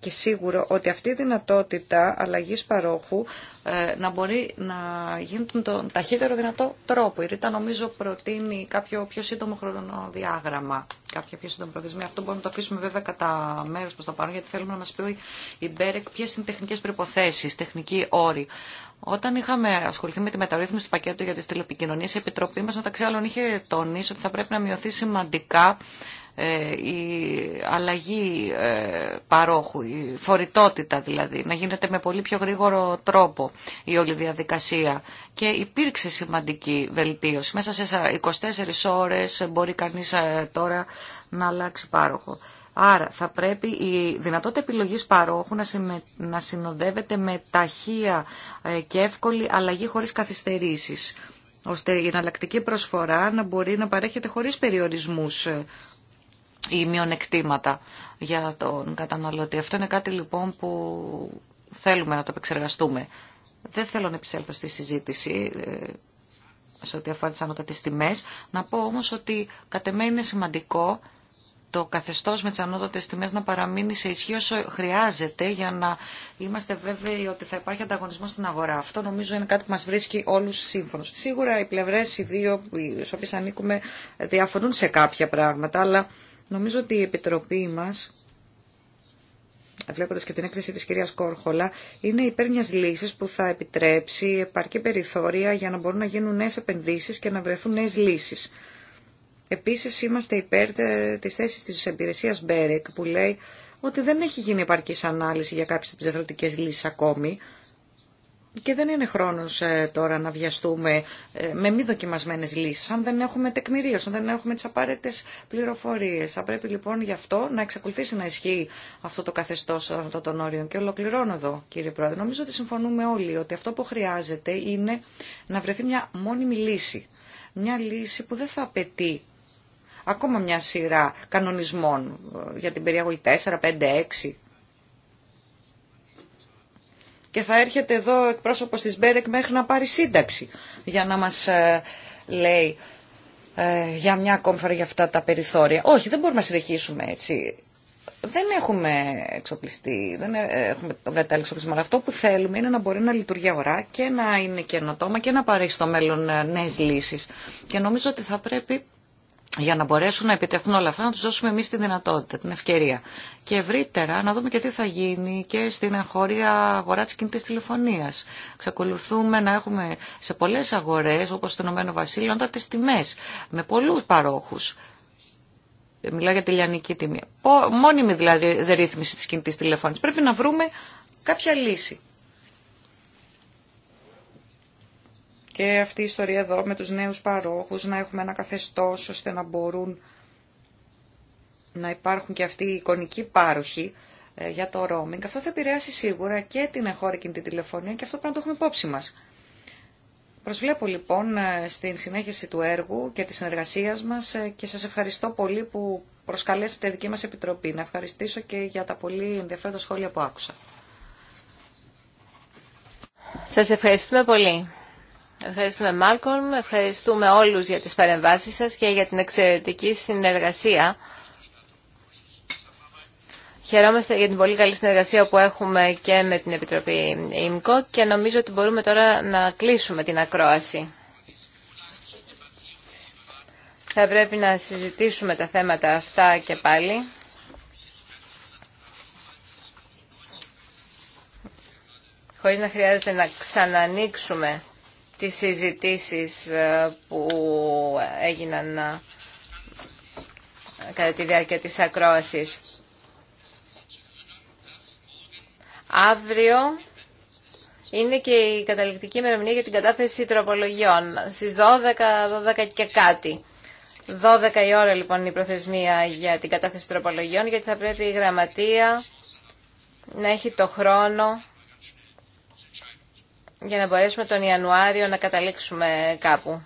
και σίγουρο ότι αυτή η δυνατότητα αλλαγής παρόχου ε, να μπορεί να γίνει τον ταχύτερο δυνατό τρόπο. Η Ρίτα νομίζω προτείνει κάποιο πιο σύντομο χρονοδιάγραμμα, κάποια πιο σύντομη προθεσμία. Αυτό μπορούμε να το αφήσουμε βέβαια κατά μέρο προς το παρόν, γιατί θέλουμε να μας πει η Μπέρεκ ποιες είναι οι τεχνικές προϋποθέσεις, τεχνικοί όροι. Όταν είχαμε ασχοληθεί με τη μεταρρύθμιση του πακέτου για τις τηλεπικοινωνίες, η Επιτροπή μα μεταξύ άλλων είχε τονίσει ότι θα πρέπει να μειωθεί σημαντικά ε, η αλλαγή ε, παρόχου, η φορητότητα δηλαδή, να γίνεται με πολύ πιο γρήγορο τρόπο η όλη διαδικασία. Και υπήρξε σημαντική βελτίωση. Μέσα σε 24 ώρες μπορεί κανείς ε, τώρα να αλλάξει πάροχο. Άρα θα πρέπει η δυνατότητα επιλογής παρόχου να συνοδεύεται με ταχεία και εύκολη αλλαγή χωρίς καθυστερήσεις ώστε η εναλλακτική προσφορά να μπορεί να παρέχεται χωρίς περιορισμούς ή μειονεκτήματα για τον καταναλωτή. Αυτό είναι κάτι λοιπόν που θέλουμε να το επεξεργαστούμε. Δεν θέλω να επισέλθω στη συζήτηση ε, σε ό,τι αφορά τις ανώτατες τιμές. Να πω όμως ότι κατ' εμέ είναι σημαντικό το καθεστώς με τις ανώτατες τιμές να παραμείνει σε ισχύ όσο χρειάζεται για να είμαστε βέβαιοι ότι θα υπάρχει ανταγωνισμό στην αγορά. Αυτό νομίζω είναι κάτι που μας βρίσκει όλους σύμφωνος. Σίγουρα οι πλευρές οι δύο στις οποίες ανήκουμε διαφωνούν σε κάποια πράγματα, αλλά Νομίζω ότι η Επιτροπή μας, βλέποντας και την έκθεση της κυρίας Κόρχολα, είναι υπέρ μιας λύσης που θα επιτρέψει επαρκή περιθώρια για να μπορούν να γίνουν νέες επενδύσεις και να βρεθούν νέες λύσεις. Επίσης είμαστε υπέρ της θέσης της υπηρεσία Μπέρεκ που λέει ότι δεν έχει γίνει επαρκής ανάλυση για κάποιες τις λύσεις ακόμη και δεν είναι χρόνος ε, τώρα να βιαστούμε ε, με μη δοκιμασμένες λύσεις, αν δεν έχουμε τεκμηρίωση, αν δεν έχουμε τις απαραίτητες πληροφορίες. Θα πρέπει λοιπόν γι' αυτό να εξακολουθήσει να ισχύει αυτό το καθεστώς αυτών των όριων. Και ολοκληρώνω εδώ, κύριε Πρόεδρε. Νομίζω ότι συμφωνούμε όλοι ότι αυτό που χρειάζεται είναι να βρεθεί μια μόνιμη λύση. Μια λύση που δεν θα απαιτεί ακόμα μια σειρά κανονισμών ε, για την περίοδο 4, 5, 6 και θα έρχεται εδώ εκπρόσωπος της Μπέρεκ μέχρι να πάρει σύνταξη για να μας ε, λέει ε, για μια ακόμη για αυτά τα περιθώρια. Όχι, δεν μπορούμε να συνεχίσουμε έτσι. Δεν έχουμε εξοπλιστεί, δεν ε, έχουμε τον κατάλληλο εξοπλισμό. Αλλά αυτό που θέλουμε είναι να μπορεί να λειτουργεί αγορά και να είναι καινοτόμα και να παρέχει στο μέλλον νέε λύσει. Και νομίζω ότι θα πρέπει για να μπορέσουν να επιτευχθούν όλα αυτά, να του δώσουμε εμείς τη δυνατότητα, την ευκαιρία. Και ευρύτερα να δούμε και τι θα γίνει και στην εγχώρια αγορά της κινητής τηλεφωνίας. Ξεκολουθούμε να έχουμε σε πολλές αγορές, όπως το Ηνωμένο Βασίλειο, τις τιμές με πολλούς παρόχους. Μιλάω για τη λιανική τιμή. Μόνιμη δηλαδή ρύθμιση τη κινητή τηλεφωνία. Πρέπει να βρούμε κάποια λύση. και αυτή η ιστορία εδώ με τους νέους παρόχους, να έχουμε ένα καθεστώς ώστε να μπορούν να υπάρχουν και αυτοί οι εικονικοί πάροχοι ε, για το roaming. Αυτό θα επηρεάσει σίγουρα και την και την τηλεφωνία και αυτό πρέπει να το έχουμε υπόψη μας. Προσβλέπω λοιπόν ε, στην συνέχιση του έργου και της συνεργασίας μας ε, και σας ευχαριστώ πολύ που προσκαλέσετε δική μας επιτροπή. Να ευχαριστήσω και για τα πολύ ενδιαφέροντα σχόλια που άκουσα.
Σας ευχαριστούμε πολύ. Ευχαριστούμε Μάλκολμ, ευχαριστούμε όλους για τις παρεμβάσεις σας και για την εξαιρετική συνεργασία. Χαιρόμαστε για την πολύ καλή συνεργασία που έχουμε και με την Επιτροπή ΙΜΚΟ και νομίζω ότι μπορούμε τώρα να κλείσουμε την ακρόαση. Θα πρέπει να συζητήσουμε τα θέματα αυτά και πάλι. χωρίς να χρειάζεται να ξανανοίξουμε τις συζητήσεις ε, που έγιναν ε, κατά τη διάρκεια της ακρόασης. Αύριο είναι και η καταληκτική ημερομηνία για την κατάθεση τροπολογιών στις 12, 12 και κάτι. 12 η ώρα λοιπόν η προθεσμία για την κατάθεση τροπολογιών γιατί θα πρέπει η γραμματεία να έχει το χρόνο για να μπορέσουμε τον Ιανουάριο να καταλήξουμε κάπου.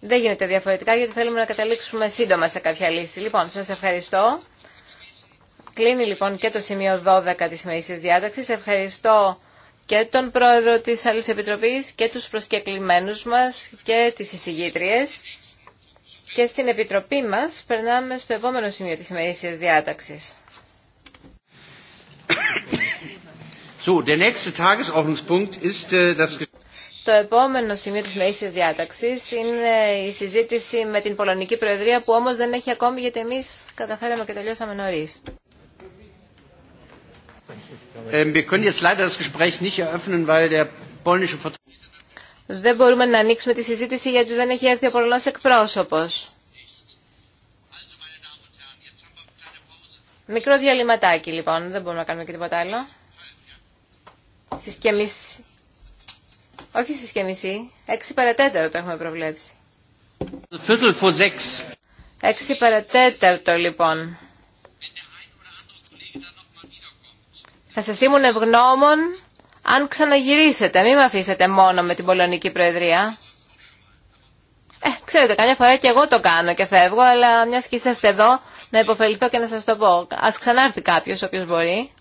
Δεν γίνεται διαφορετικά γιατί θέλουμε να καταλήξουμε σύντομα σε κάποια λύση. Λοιπόν, σας ευχαριστώ. Κλείνει λοιπόν και το σημείο 12 της σημερινής διάταξης. Ευχαριστώ και τον πρόεδρο της άλλης επιτροπής και τους προσκεκλημένους μας και τις εισηγήτριες. Και στην επιτροπή μας περνάμε στο επόμενο σημείο της σημερινής
διάταξης. Äh,
Το επόμενο σημείο της μείσης διάταξης είναι η συζήτηση με την Πολωνική Προεδρία που όμως δεν έχει ακόμη γιατί εμείς καταφέραμε και τελειώσαμε νωρίς. Ähm, δεν μπορούμε να ανοίξουμε τη συζήτηση γιατί δεν έχει έρθει ο Πολωνός εκπρόσωπος. Μικρό διαλυματάκι λοιπόν, δεν μπορούμε να κάνουμε και τίποτα άλλο. Στις και μισή. Όχι στις και μισή. Έξι παρατέταρτο το έχουμε προβλέψει. Έξι παρατέταρτο λοιπόν. Θα σας ήμουν ευγνώμων αν ξαναγυρίσετε. Μην με αφήσετε μόνο με την Πολωνική Προεδρία. Ε, ξέρετε, καμιά φορά και εγώ το κάνω και φεύγω, αλλά μια και είσαστε εδώ, να υποφεληθώ και να σας το πω. Ας ξανάρθει κάποιος, όποιος μπορεί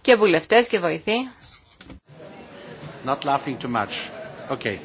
και βουλευτές και βοηθοί.
Not laughing too much. Okay.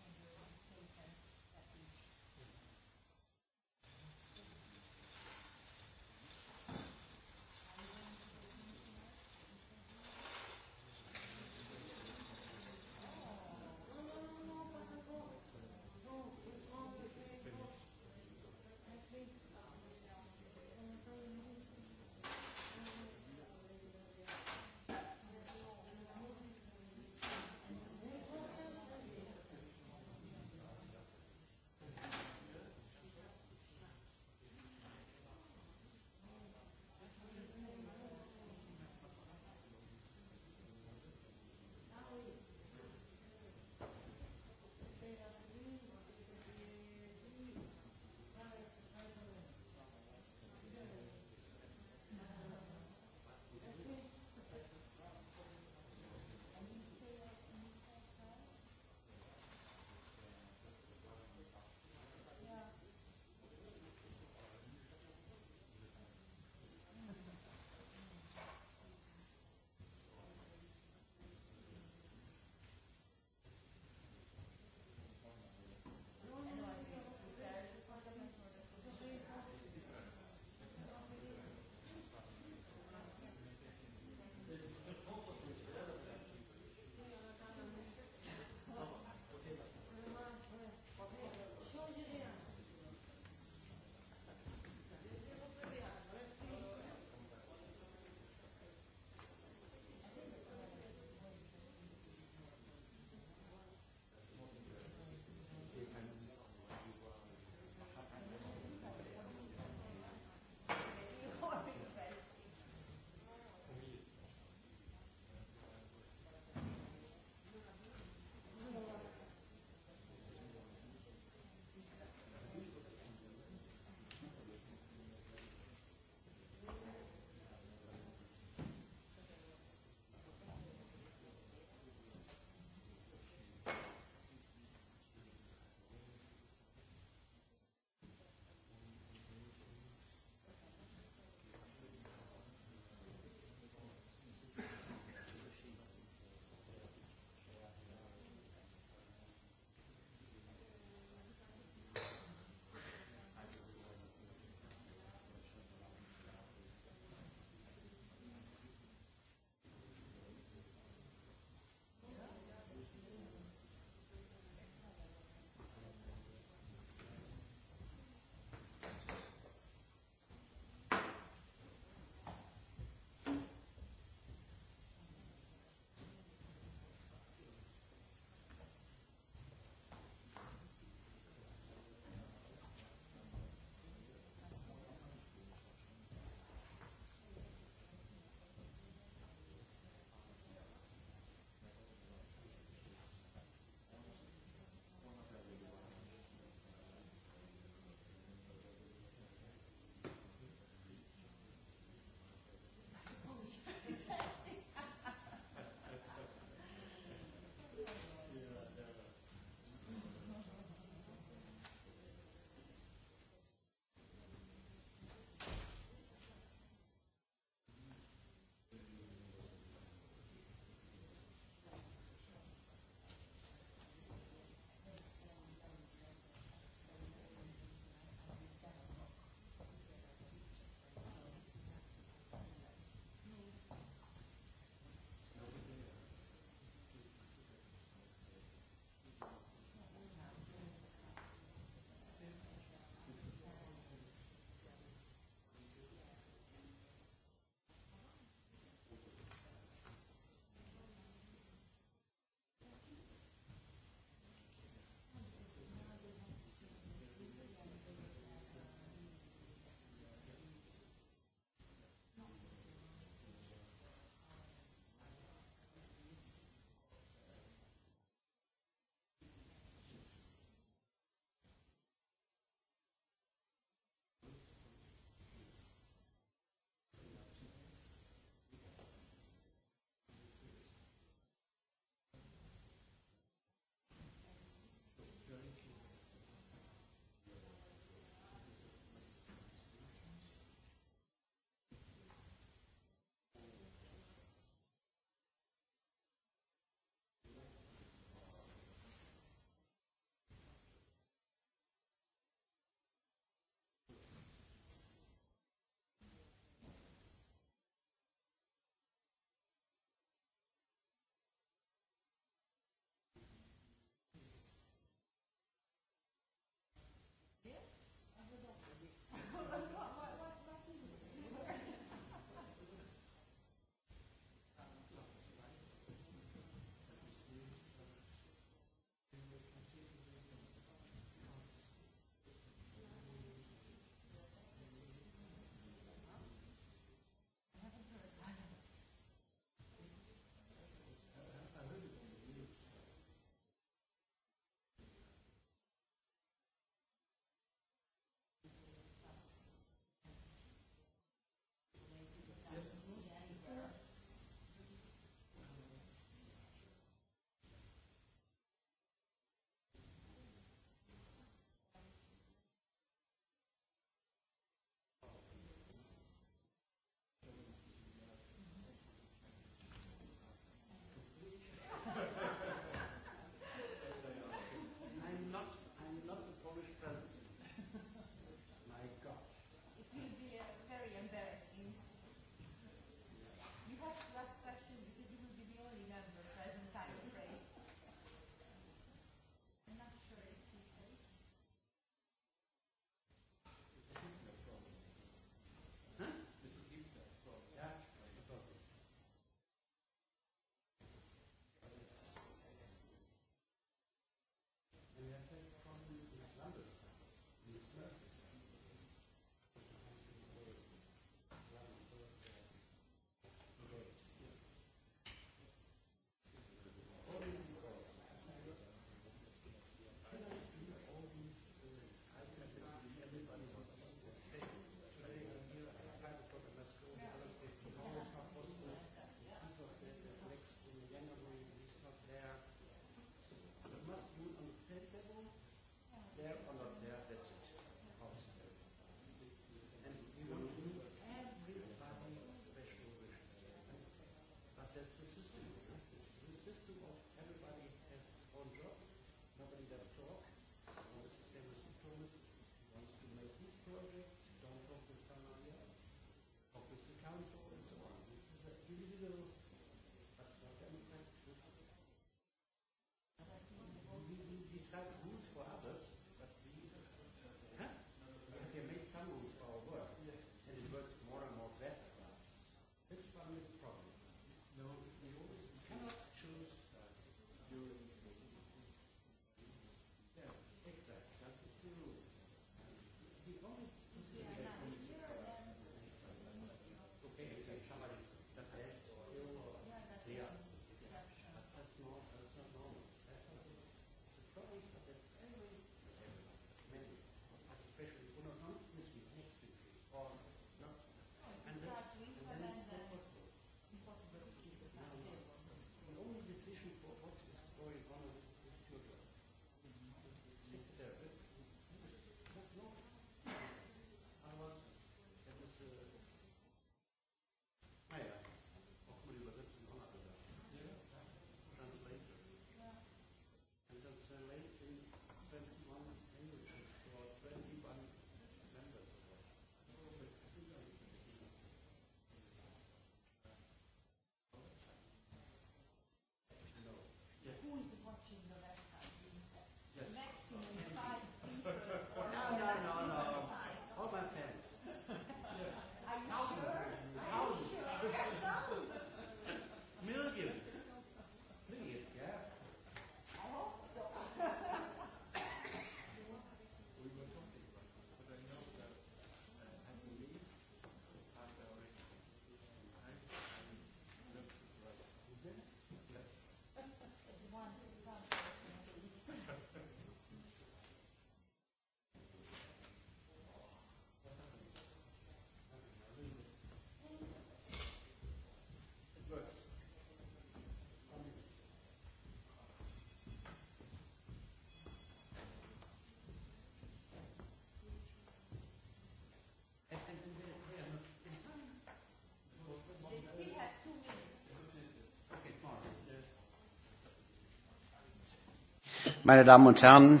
Θα
κάνω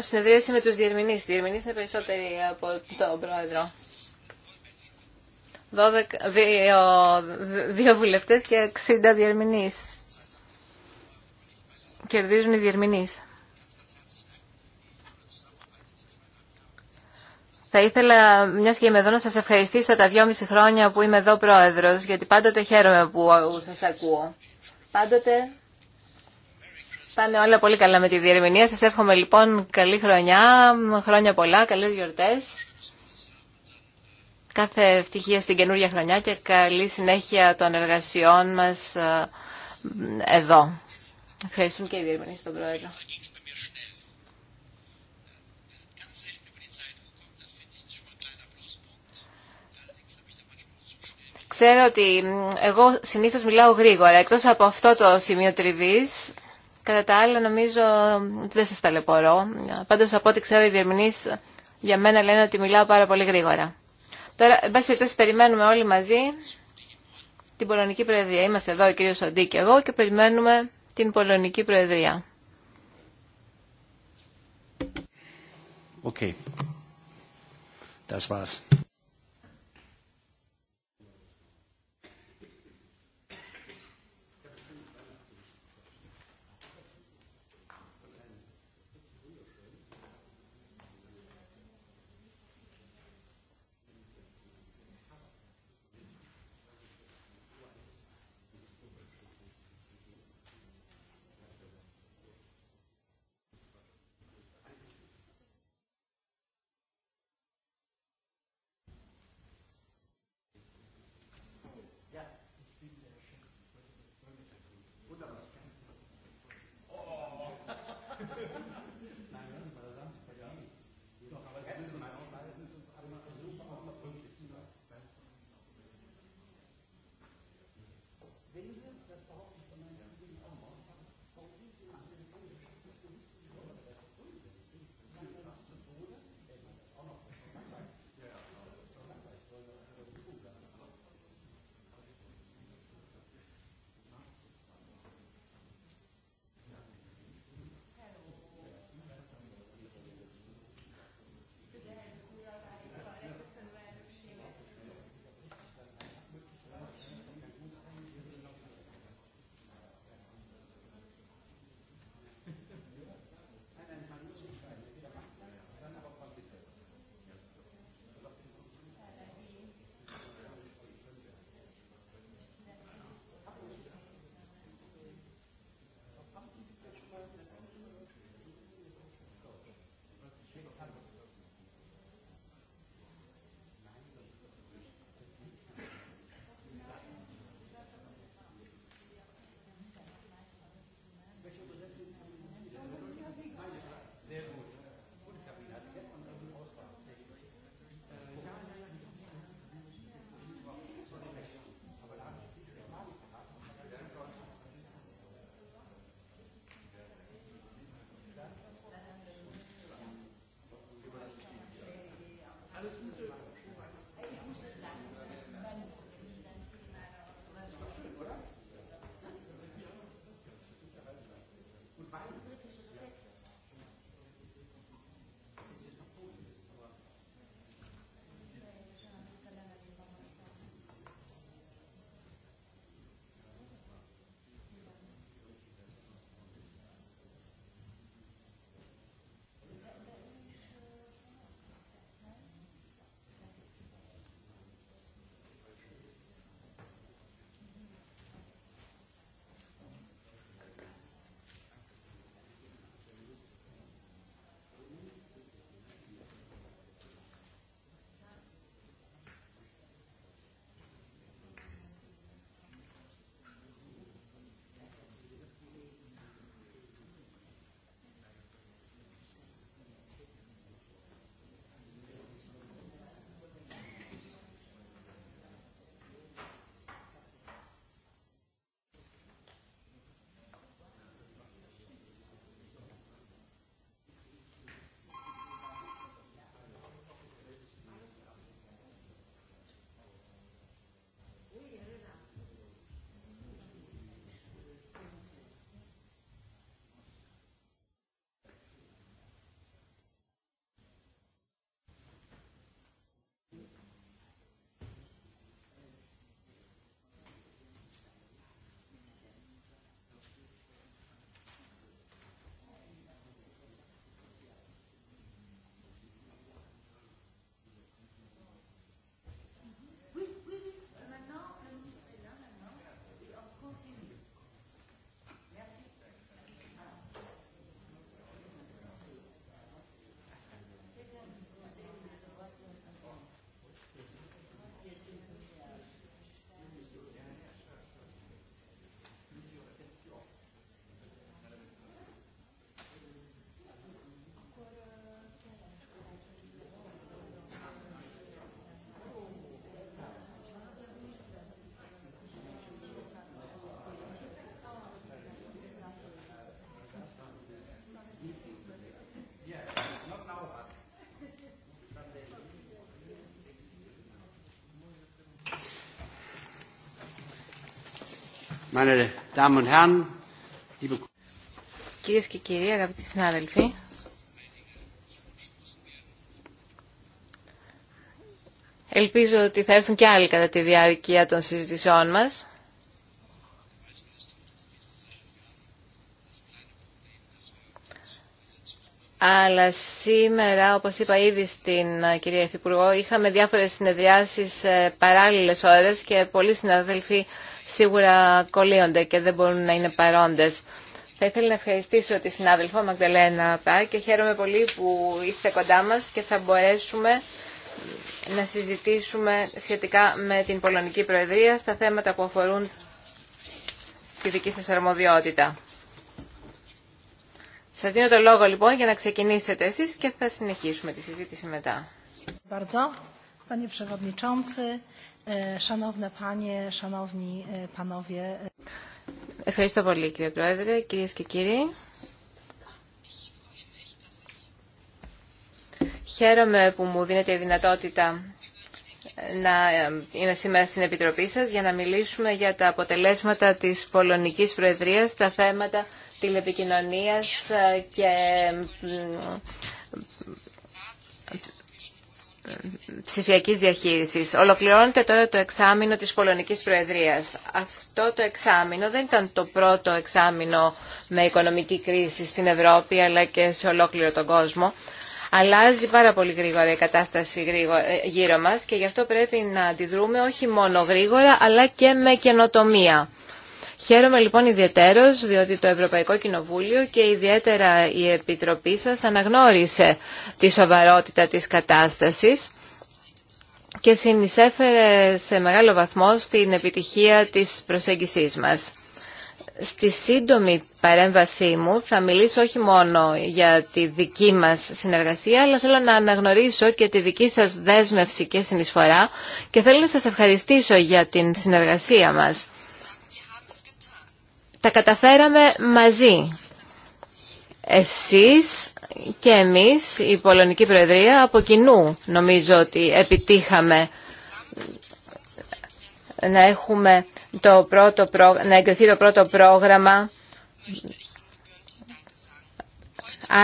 συνεδρίαση με τους διερμηνείς. Διερμηνείς είναι περισσότεροι από τον πρόεδρο. Δύο, δύο βουλευτές και 60 διερμηνείς. Κερδίζουν οι διερμηνείς. Θα ήθελα, μια και είμαι εδώ, να σα ευχαριστήσω τα δυόμιση χρόνια που είμαι εδώ πρόεδρος, γιατί πάντοτε χαίρομαι που σας ακούω. Πάντοτε πάνε όλα πολύ καλά με τη διερμηνία. Σας εύχομαι λοιπόν καλή χρονιά, χρόνια πολλά, καλές γιορτές. Κάθε ευτυχία στην καινούργια χρονιά και καλή συνέχεια των εργασιών μας ε, εδώ. Ευχαριστούμε και οι διερμηνείς στον Πρόεδρο. Ξέρω ότι εγώ συνήθως μιλάω γρήγορα, εκτός από αυτό το σημείο τριβής, κατά τα άλλα νομίζω ότι δεν σας ταλαιπωρώ. Πάντως από ό,τι ξέρω οι διερμηνείς για μένα λένε ότι μιλάω πάρα πολύ γρήγορα. Τώρα, εν πάση περιπτώσει, περιμένουμε όλοι μαζί την Πολωνική Προεδρία. Είμαστε εδώ ο κύριος Σοντή και εγώ και περιμένουμε την Πολωνική Προεδρία.
Okay. Das war's. Κυρίε
Κυρίες και κύριοι, αγαπητοί συνάδελφοι, ελπίζω ότι θα έρθουν και άλλοι κατά τη διάρκεια των συζητησιών μας. Αλλά σήμερα, όπως είπα ήδη στην ε, κυρία Υφυπουργό, είχαμε διάφορες συνεδριάσεις παράλληλες ώρες και πολλοί συναδέλφοι σίγουρα κολλείονται και δεν μπορούν να είναι παρόντες. Θα ήθελα να ευχαριστήσω τη συνάδελφο Μαγδελένα Πά και χαίρομαι πολύ που είστε κοντά μας και θα μπορέσουμε να συζητήσουμε σχετικά με την Πολωνική Προεδρία στα θέματα που αφορούν τη δική σας αρμοδιότητα. Σα δίνω το λόγο λοιπόν για να ξεκινήσετε εσεί και θα συνεχίσουμε τη συζήτηση μετά.
E, e,
Ευχαριστώ πολύ κύριε Πρόεδρε, κυρίες και κύριοι. Χαίρομαι που μου δίνετε η δυνατότητα ε, να ε, είμαι σήμερα στην Επιτροπή σας για να μιλήσουμε για τα αποτελέσματα της Πολωνικής Προεδρίας τα θέματα τηλεπικοινωνίας ε, και ε, ψηφιακής διαχείρισης. Ολοκληρώνεται τώρα το εξάμεινο της Πολωνικής Προεδρίας. Αυτό το εξάμεινο δεν ήταν το πρώτο εξάμεινο με οικονομική κρίση στην Ευρώπη αλλά και σε ολόκληρο τον κόσμο. Αλλάζει πάρα πολύ γρήγορα η κατάσταση ε, γύρω μας και γι' αυτό πρέπει να αντιδρούμε όχι μόνο γρήγορα αλλά και με καινοτομία. Χαίρομαι λοιπόν ιδιαίτερος διότι το Ευρωπαϊκό Κοινοβούλιο και ιδιαίτερα η Επιτροπή σας αναγνώρισε τη σοβαρότητα της κατάστασης και συνεισέφερε σε μεγάλο βαθμό στην επιτυχία της προσέγγισής μας. Στη σύντομη παρέμβασή μου θα μιλήσω όχι μόνο για τη δική μας συνεργασία, αλλά θέλω να αναγνωρίσω και τη δική σας δέσμευση και συνεισφορά και θέλω να σας ευχαριστήσω για την συνεργασία μας. Τα καταφέραμε μαζί. Εσείς και εμείς, η Πολωνική Προεδρία, από κοινού νομίζω ότι επιτύχαμε να, έχουμε το πρώτο να εγκριθεί το πρώτο πρόγραμμα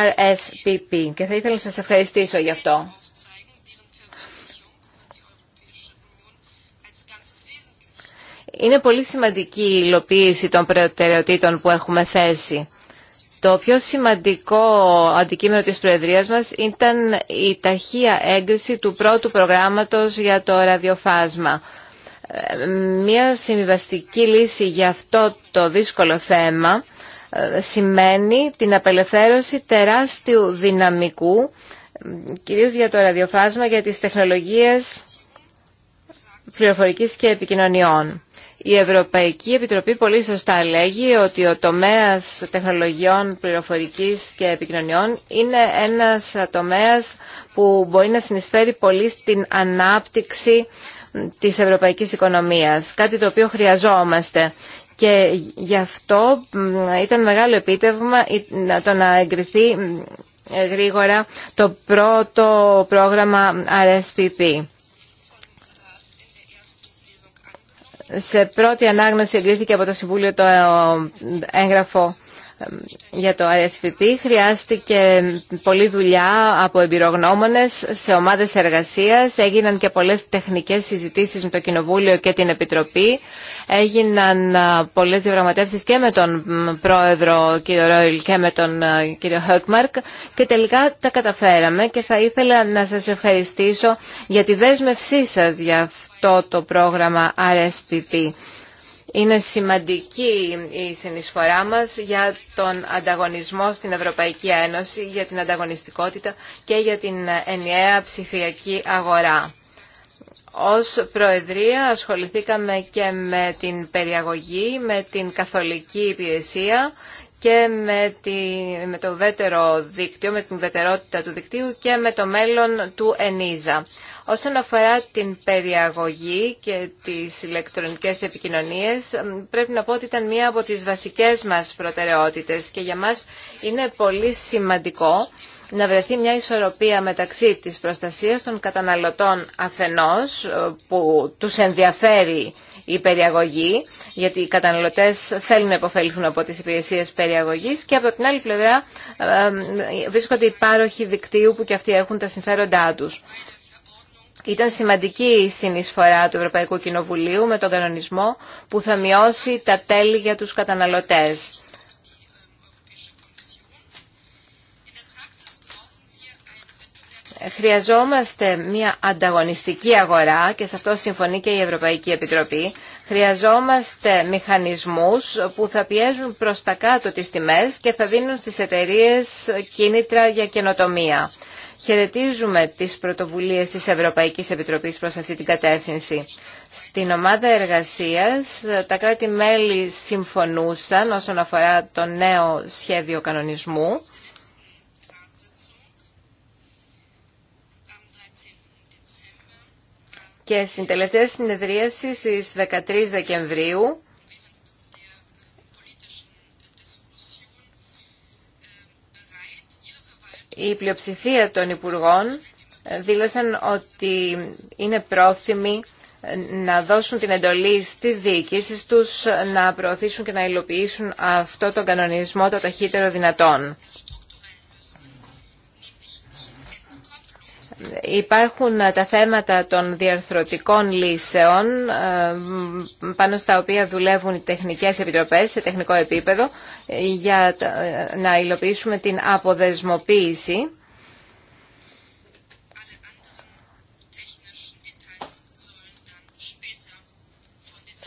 RSPP και θα ήθελα να σας ευχαριστήσω γι' αυτό. Είναι πολύ σημαντική η υλοποίηση των προτεραιοτήτων που έχουμε θέσει. Το πιο σημαντικό αντικείμενο της Προεδρίας μας ήταν η ταχεία έγκριση του πρώτου προγράμματος για το ραδιοφάσμα. Μία συμβιβαστική λύση για αυτό το δύσκολο θέμα ε, σημαίνει την απελευθέρωση τεράστιου δυναμικού, κυρίως για το ραδιοφάσμα, για τις τεχνολογίες πληροφορικής και επικοινωνιών. Η Ευρωπαϊκή Επιτροπή πολύ σωστά λέγει ότι ο τομέας τεχνολογιών πληροφορικής και επικοινωνιών είναι ένας τομέας που μπορεί να συνεισφέρει πολύ στην ανάπτυξη της ευρωπαϊκής οικονομίας, κάτι το οποίο χρειαζόμαστε. Και γι' αυτό ήταν μεγάλο επίτευγμα το να εγκριθεί γρήγορα το πρώτο πρόγραμμα RSPP. Σε πρώτη ανάγνωση εγκρίθηκε από το Συμβούλιο το έγγραφο για το RSVP. Χρειάστηκε πολλή δουλειά από εμπειρογνώμονες σε ομάδες εργασίας. Έγιναν και πολλές τεχνικές συζητήσεις με το Κοινοβούλιο και την Επιτροπή. Έγιναν ε, πολλές διαπραγματεύσεις και με τον Πρόεδρο κ. Ρόιλ και με τον ε, κ. Χόκμαρκ και τελικά τα καταφέραμε και θα ήθελα να σας ευχαριστήσω για τη δέσμευσή σας για αυτό το πρόγραμμα RSPP. Είναι σημαντική η συνεισφορά μας για τον ανταγωνισμό στην Ευρωπαϊκή Ένωση, για την ανταγωνιστικότητα και για την ενιαία ψηφιακή αγορά. Ως Προεδρία ασχοληθήκαμε και με την περιαγωγή, με την καθολική υπηρεσία και με, τη, με το δεύτερο δίκτυο, με την ουδετερότητα του δικτύου και με το μέλλον του ΕΝΙΖΑ. Όσον αφορά την περιαγωγή και τις ηλεκτρονικές επικοινωνίες, πρέπει να πω ότι ήταν μία από τις βασικές μας προτεραιότητες και για μας είναι πολύ σημαντικό να βρεθεί μια ισορροπία μεταξύ της προστασίας των καταναλωτών αφενός ε, που τους ενδιαφέρει η περιαγωγή, γιατί οι καταναλωτές θέλουν να υποφεληθούν από τις υπηρεσίες περιαγωγής και από την άλλη πλευρά ε, ε, βρίσκονται οι πάροχοι δικτύου που και αυτοί έχουν τα συμφέροντά τους. Ήταν σημαντική η συνεισφορά του Ευρωπαϊκού Κοινοβουλίου με τον κανονισμό που θα μειώσει τα τέλη για τους καταναλωτές. Χρειαζόμαστε μια ανταγωνιστική αγορά και σε αυτό συμφωνεί και η Ευρωπαϊκή Επιτροπή. Χρειαζόμαστε μηχανισμούς που θα πιέζουν προς τα κάτω τις τιμές και θα δίνουν στις εταιρείες κίνητρα για καινοτομία. Χαιρετίζουμε τις πρωτοβουλίες της Ευρωπαϊκής Επιτροπής προς αυτή την κατεύθυνση. Στην ομάδα εργασίας τα κράτη-μέλη συμφωνούσαν όσον αφορά το νέο σχέδιο κανονισμού. Και στην τελευταία συνεδρίαση στις 13 Δεκεμβρίου η πλειοψηφία των Υπουργών δήλωσαν ότι είναι πρόθυμοι να δώσουν την εντολή στις διοικήσεις τους να προωθήσουν και να υλοποιήσουν αυτό τον κανονισμό το ταχύτερο δυνατόν. υπάρχουν ε, τα θέματα των διαρθρωτικών λύσεων ε, πάνω στα οποία δουλεύουν οι τεχνικές επιτροπές σε τεχνικό επίπεδο ε, για να υλοποιήσουμε την αποδεσμοποίηση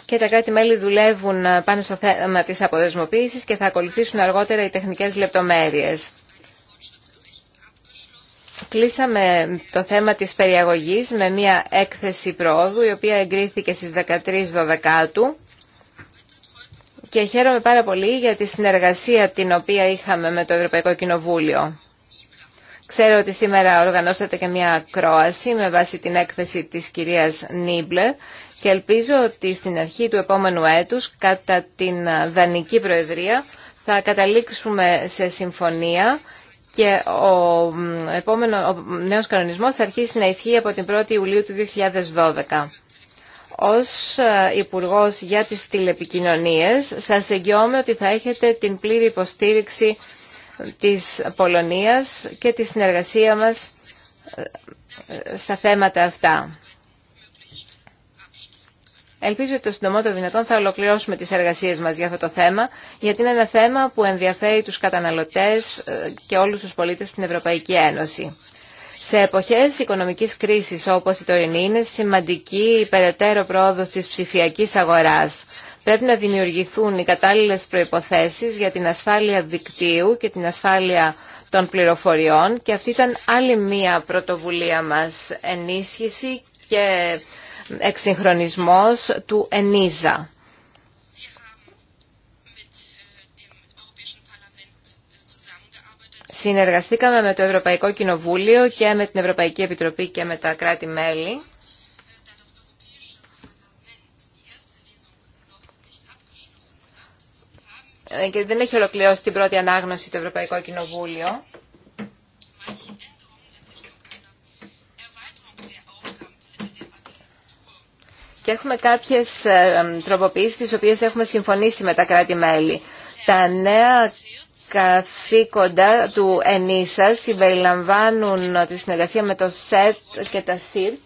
και τα κράτη-μέλη δουλεύουν πάνω στο θέμα της αποδεσμοποίησης και θα ακολουθήσουν αργότερα οι τεχνικές λεπτομέρειες. Κλείσαμε το θέμα της περιαγωγής με μια έκθεση προόδου η οποία εγκρίθηκε στις 13 Δοδεκάτου και χαίρομαι πάρα πολύ για τη συνεργασία την οποία είχαμε με το Ευρωπαϊκό Κοινοβούλιο. Ξέρω ότι σήμερα οργανώσατε και μια κρόαση με βάση την έκθεση της κυρίας Νίμπλε και ελπίζω ότι στην αρχή του επόμενου έτους, κατά την Δανική Προεδρία, θα καταλήξουμε σε συμφωνία και ο, επόμενο, ο νέος κανονισμός θα αρχίσει να ισχύει από την 1η Ιουλίου του 2012. Ως ε, υπουργό για τις τηλεπικοινωνίες σας εγγυώμαι ότι θα έχετε την πλήρη υποστήριξη της Πολωνίας και τη συνεργασία μας ε, ε, στα θέματα αυτά. Ελπίζω ότι το συντομότερο δυνατόν θα ολοκληρώσουμε τις εργασίες μας για αυτό το θέμα, γιατί είναι ένα θέμα που ενδιαφέρει τους καταναλωτές ε, και όλους τους πολίτες στην Ευρωπαϊκή Ένωση. Σε εποχές οικονομικής κρίσης όπως η τωρινή είναι σημαντική η περαιτέρω πρόοδος της ψηφιακής αγοράς. Πρέπει να δημιουργηθούν οι κατάλληλες προϋποθέσεις για την ασφάλεια δικτύου και την ασφάλεια των πληροφοριών και αυτή ήταν άλλη μία πρωτοβουλία μας ενίσχυση και εξυγχρονισμός του ΕΝΙΖΑ. Συνεργαστήκαμε με το Ευρωπαϊκό Κοινοβούλιο και με την Ευρωπαϊκή Επιτροπή και με τα κράτη-μέλη. Ε, και δεν έχει ολοκληρώσει την πρώτη ανάγνωση το Ευρωπαϊκό Κοινοβούλιο. Και έχουμε κάποιες ε, τροποποιήσεις τις οποίες έχουμε συμφωνήσει με τα κράτη-μέλη. Τα νέα καθήκοντα του ΕΝΙΣΑ συμπεριλαμβάνουν τη συνεργασία με το ΣΕΤ και τα ΣΥΡΤ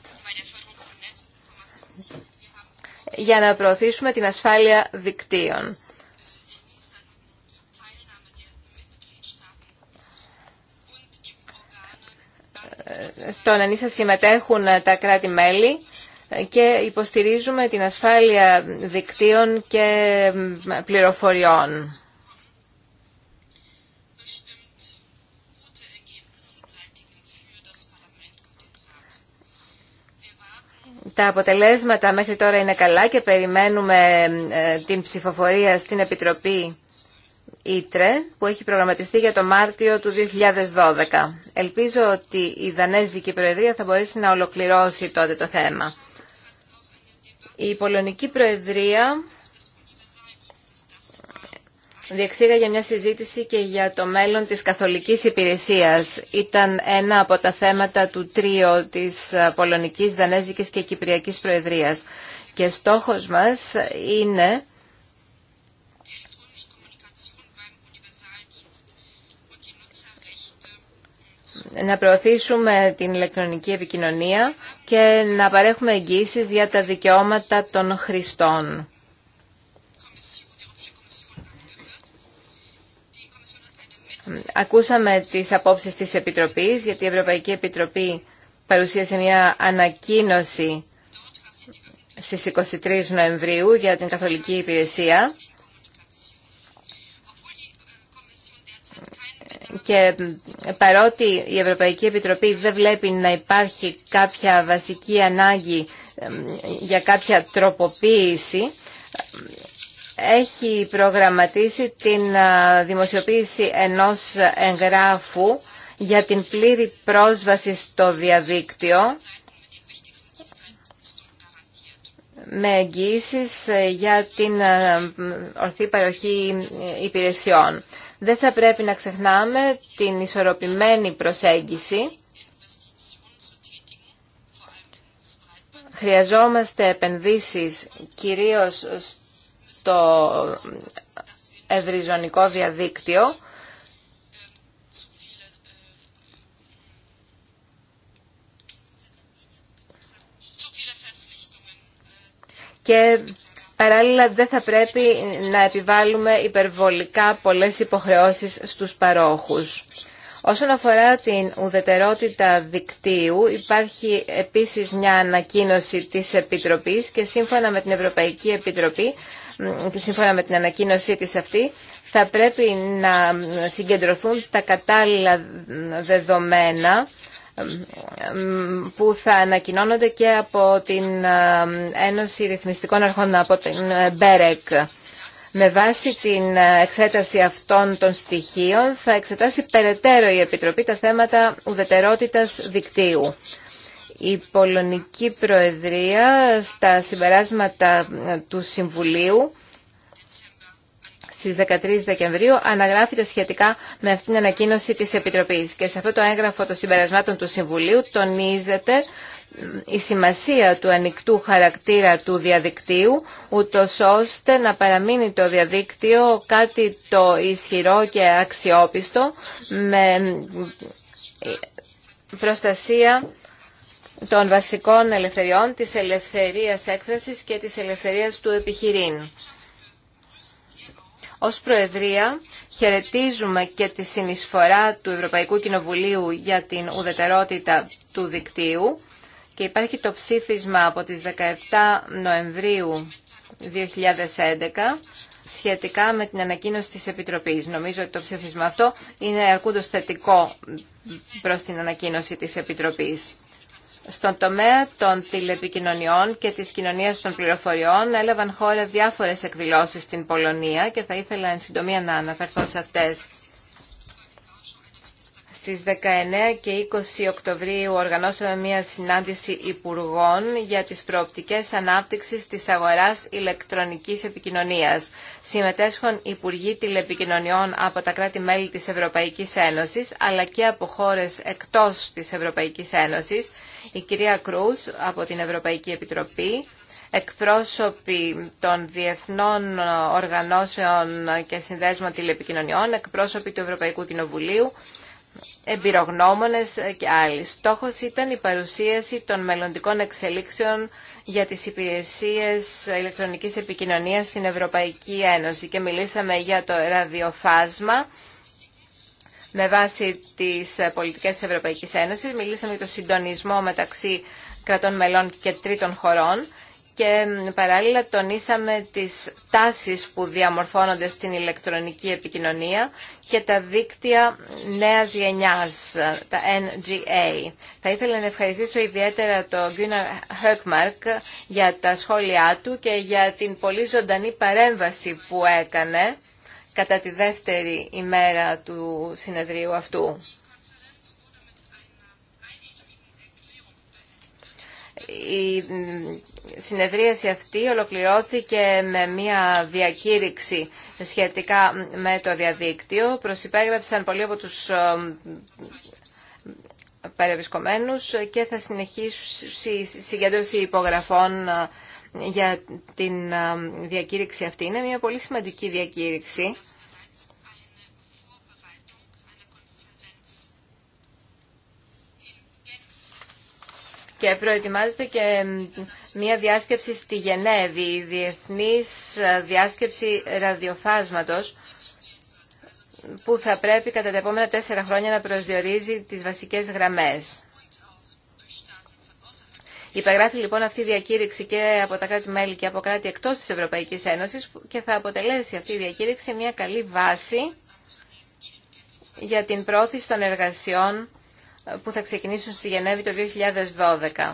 για να προωθήσουμε την ασφάλεια δικτύων. Ε, στον ΕΝΗΣΑ συμμετέχουν τα κράτη-μέλη και υποστηρίζουμε την ασφάλεια δικτύων και πληροφοριών. Τα αποτελέσματα μέχρι τώρα είναι καλά και περιμένουμε ε, την ψηφοφορία στην Επιτροπή Ήτρε που έχει προγραμματιστεί για το Μάρτιο του 2012. Ελπίζω ότι η Δανέζικη Προεδρία θα μπορέσει να ολοκληρώσει τότε το θέμα. Η Πολωνική Προεδρία διεξήγαγε μια συζήτηση και για το μέλλον της καθολικής υπηρεσίας. Ήταν ένα από τα θέματα του τρίο της Πολωνικής, Δανέζικης και Κυπριακής Προεδρίας. Και στόχος μας είναι να προωθήσουμε την ηλεκτρονική επικοινωνία και να παρέχουμε εγγύσεις για τα δικαιώματα των χρηστών. Ακούσαμε τις απόψεις της Επιτροπής, γιατί η Ευρωπαϊκή Επιτροπή παρουσίασε μια ανακοίνωση στις 23 Νοεμβρίου για την Καθολική Υπηρεσία και παρότι η Ευρωπαϊκή Επιτροπή δεν βλέπει να υπάρχει κάποια βασική ανάγκη για κάποια τροποποίηση, έχει προγραμματίσει την δημοσιοποίηση ενός εγγράφου για την πλήρη πρόσβαση στο διαδίκτυο με εγγύησεις ε, για την ε, ορθή παροχή ε, υπηρεσιών. Δεν θα πρέπει να ξεχνάμε την ισορροπημένη προσέγγιση. Χρειαζόμαστε επενδύσεις κυρίως στο ευρυζωνικό διαδίκτυο. και Παράλληλα, δεν θα πρέπει να επιβάλλουμε υπερβολικά πολλές υποχρεώσεις στους παρόχους. Όσον αφορά την ουδετερότητα δικτύου, υπάρχει επίσης μια ανακοίνωση της Επιτροπής και σύμφωνα με την Ευρωπαϊκή Επιτροπή και σύμφωνα με την ανακοίνωσή της αυτή, θα πρέπει να συγκεντρωθούν τα κατάλληλα δεδομένα που θα ανακοινώνονται και από την ε, Ένωση Ρυθμιστικών Αρχών, από την ε, Μπέρεκ. Με βάση την ε, εξέταση αυτών των στοιχείων θα εξετάσει περαιτέρω η Επιτροπή τα θέματα ουδετερότητας δικτύου. Η Πολωνική Προεδρία στα συμπεράσματα του Συμβουλίου στις 13 Δεκεμβρίου αναγράφεται σχετικά με αυτήν την ανακοίνωση της Επιτροπής. Και σε αυτό το έγγραφο των συμπερασμάτων του Συμβουλίου τονίζεται η σημασία του ανοιχτού χαρακτήρα του διαδικτύου, ούτω ώστε να παραμείνει το διαδίκτυο κάτι το ισχυρό και αξιόπιστο με προστασία των βασικών ελευθεριών, της ελευθερίας έκφρασης και της ελευθερίας του επιχειρήν. Ως Προεδρία χαιρετίζουμε και τη συνεισφορά του Ευρωπαϊκού Κοινοβουλίου για την ουδετερότητα του δικτύου και υπάρχει το ψήφισμα από τις 17 Νοεμβρίου 2011 σχετικά με την ανακοίνωση της Επιτροπής. Νομίζω ότι το ψήφισμα αυτό είναι αρκούντος θετικό προς την ανακοίνωση της Επιτροπής. Στον τομέα των τηλεπικοινωνιών και της κοινωνίας των πληροφοριών έλαβαν χώρα διάφορες εκδηλώσεις στην Πολωνία και θα ήθελα εν συντομία να αναφερθώ σε αυτές. Στις 19 και 20 Οκτωβρίου οργανώσαμε μια συνάντηση υπουργών για τις προοπτικές ανάπτυξης της αγοράς ηλεκτρονικής επικοινωνίας. Συμμετέσχουν υπουργοί τηλεπικοινωνιών από τα κράτη-μέλη της Ευρωπαϊκής Ένωσης, αλλά και από χώρες εκτός της Ευρωπαϊκής Ένωσης, η κυρία Κρούς από την Ευρωπαϊκή Επιτροπή, εκπρόσωποι των διεθνών οργανώσεων και συνδέσμων τηλεπικοινωνιών, εκπρόσωποι του Ευρωπαϊκού Κοινοβουλίου, εμπειρογνώμονες και άλλοι. Στόχος ήταν η παρουσίαση των μελλοντικών εξελίξεων για τις υπηρεσίες ηλεκτρονικής επικοινωνίας στην Ευρωπαϊκή Ένωση και μιλήσαμε για το ραδιοφάσμα με βάση τις πολιτικές της Ευρωπαϊκής Ένωσης. Μιλήσαμε για το συντονισμό μεταξύ κρατών μελών και τρίτων χωρών και παράλληλα τονίσαμε τις τάσεις που διαμορφώνονται στην ηλεκτρονική επικοινωνία και τα δίκτυα νέας γενιάς, τα NGA. Θα ήθελα να ευχαριστήσω ιδιαίτερα τον Γκίναρ Χέκμαρκ για τα σχόλιά του και για την πολύ ζωντανή παρέμβαση που έκανε κατά τη δεύτερη ημέρα του συνεδρίου αυτού. Η συνεδρίαση αυτή ολοκληρώθηκε με μια διακήρυξη σχετικά με το διαδίκτυο. Προσυπέγραψαν πολλοί από τους ε, παρευρισκομένους και θα συνεχίσει η συγκέντρωση υπογραφών ε, για την ε, διακήρυξη αυτή. Είναι μια πολύ σημαντική διακήρυξη και προετοιμάζεται και μια διάσκεψη στη Γενέβη, η Διεθνής Διάσκεψη Ραδιοφάσματος, που θα πρέπει κατά τα επόμενα τέσσερα χρόνια να προσδιορίζει τις βασικές γραμμές. Υπεγράφει λοιπόν αυτή η διακήρυξη και από τα κράτη-μέλη και από κράτη εκτός της Ευρωπαϊκής Ένωσης και θα αποτελέσει αυτή η διακήρυξη μια καλή βάση για την πρόθεση των εργασιών που θα ξεκινήσουν στη Γενέβη το 2012.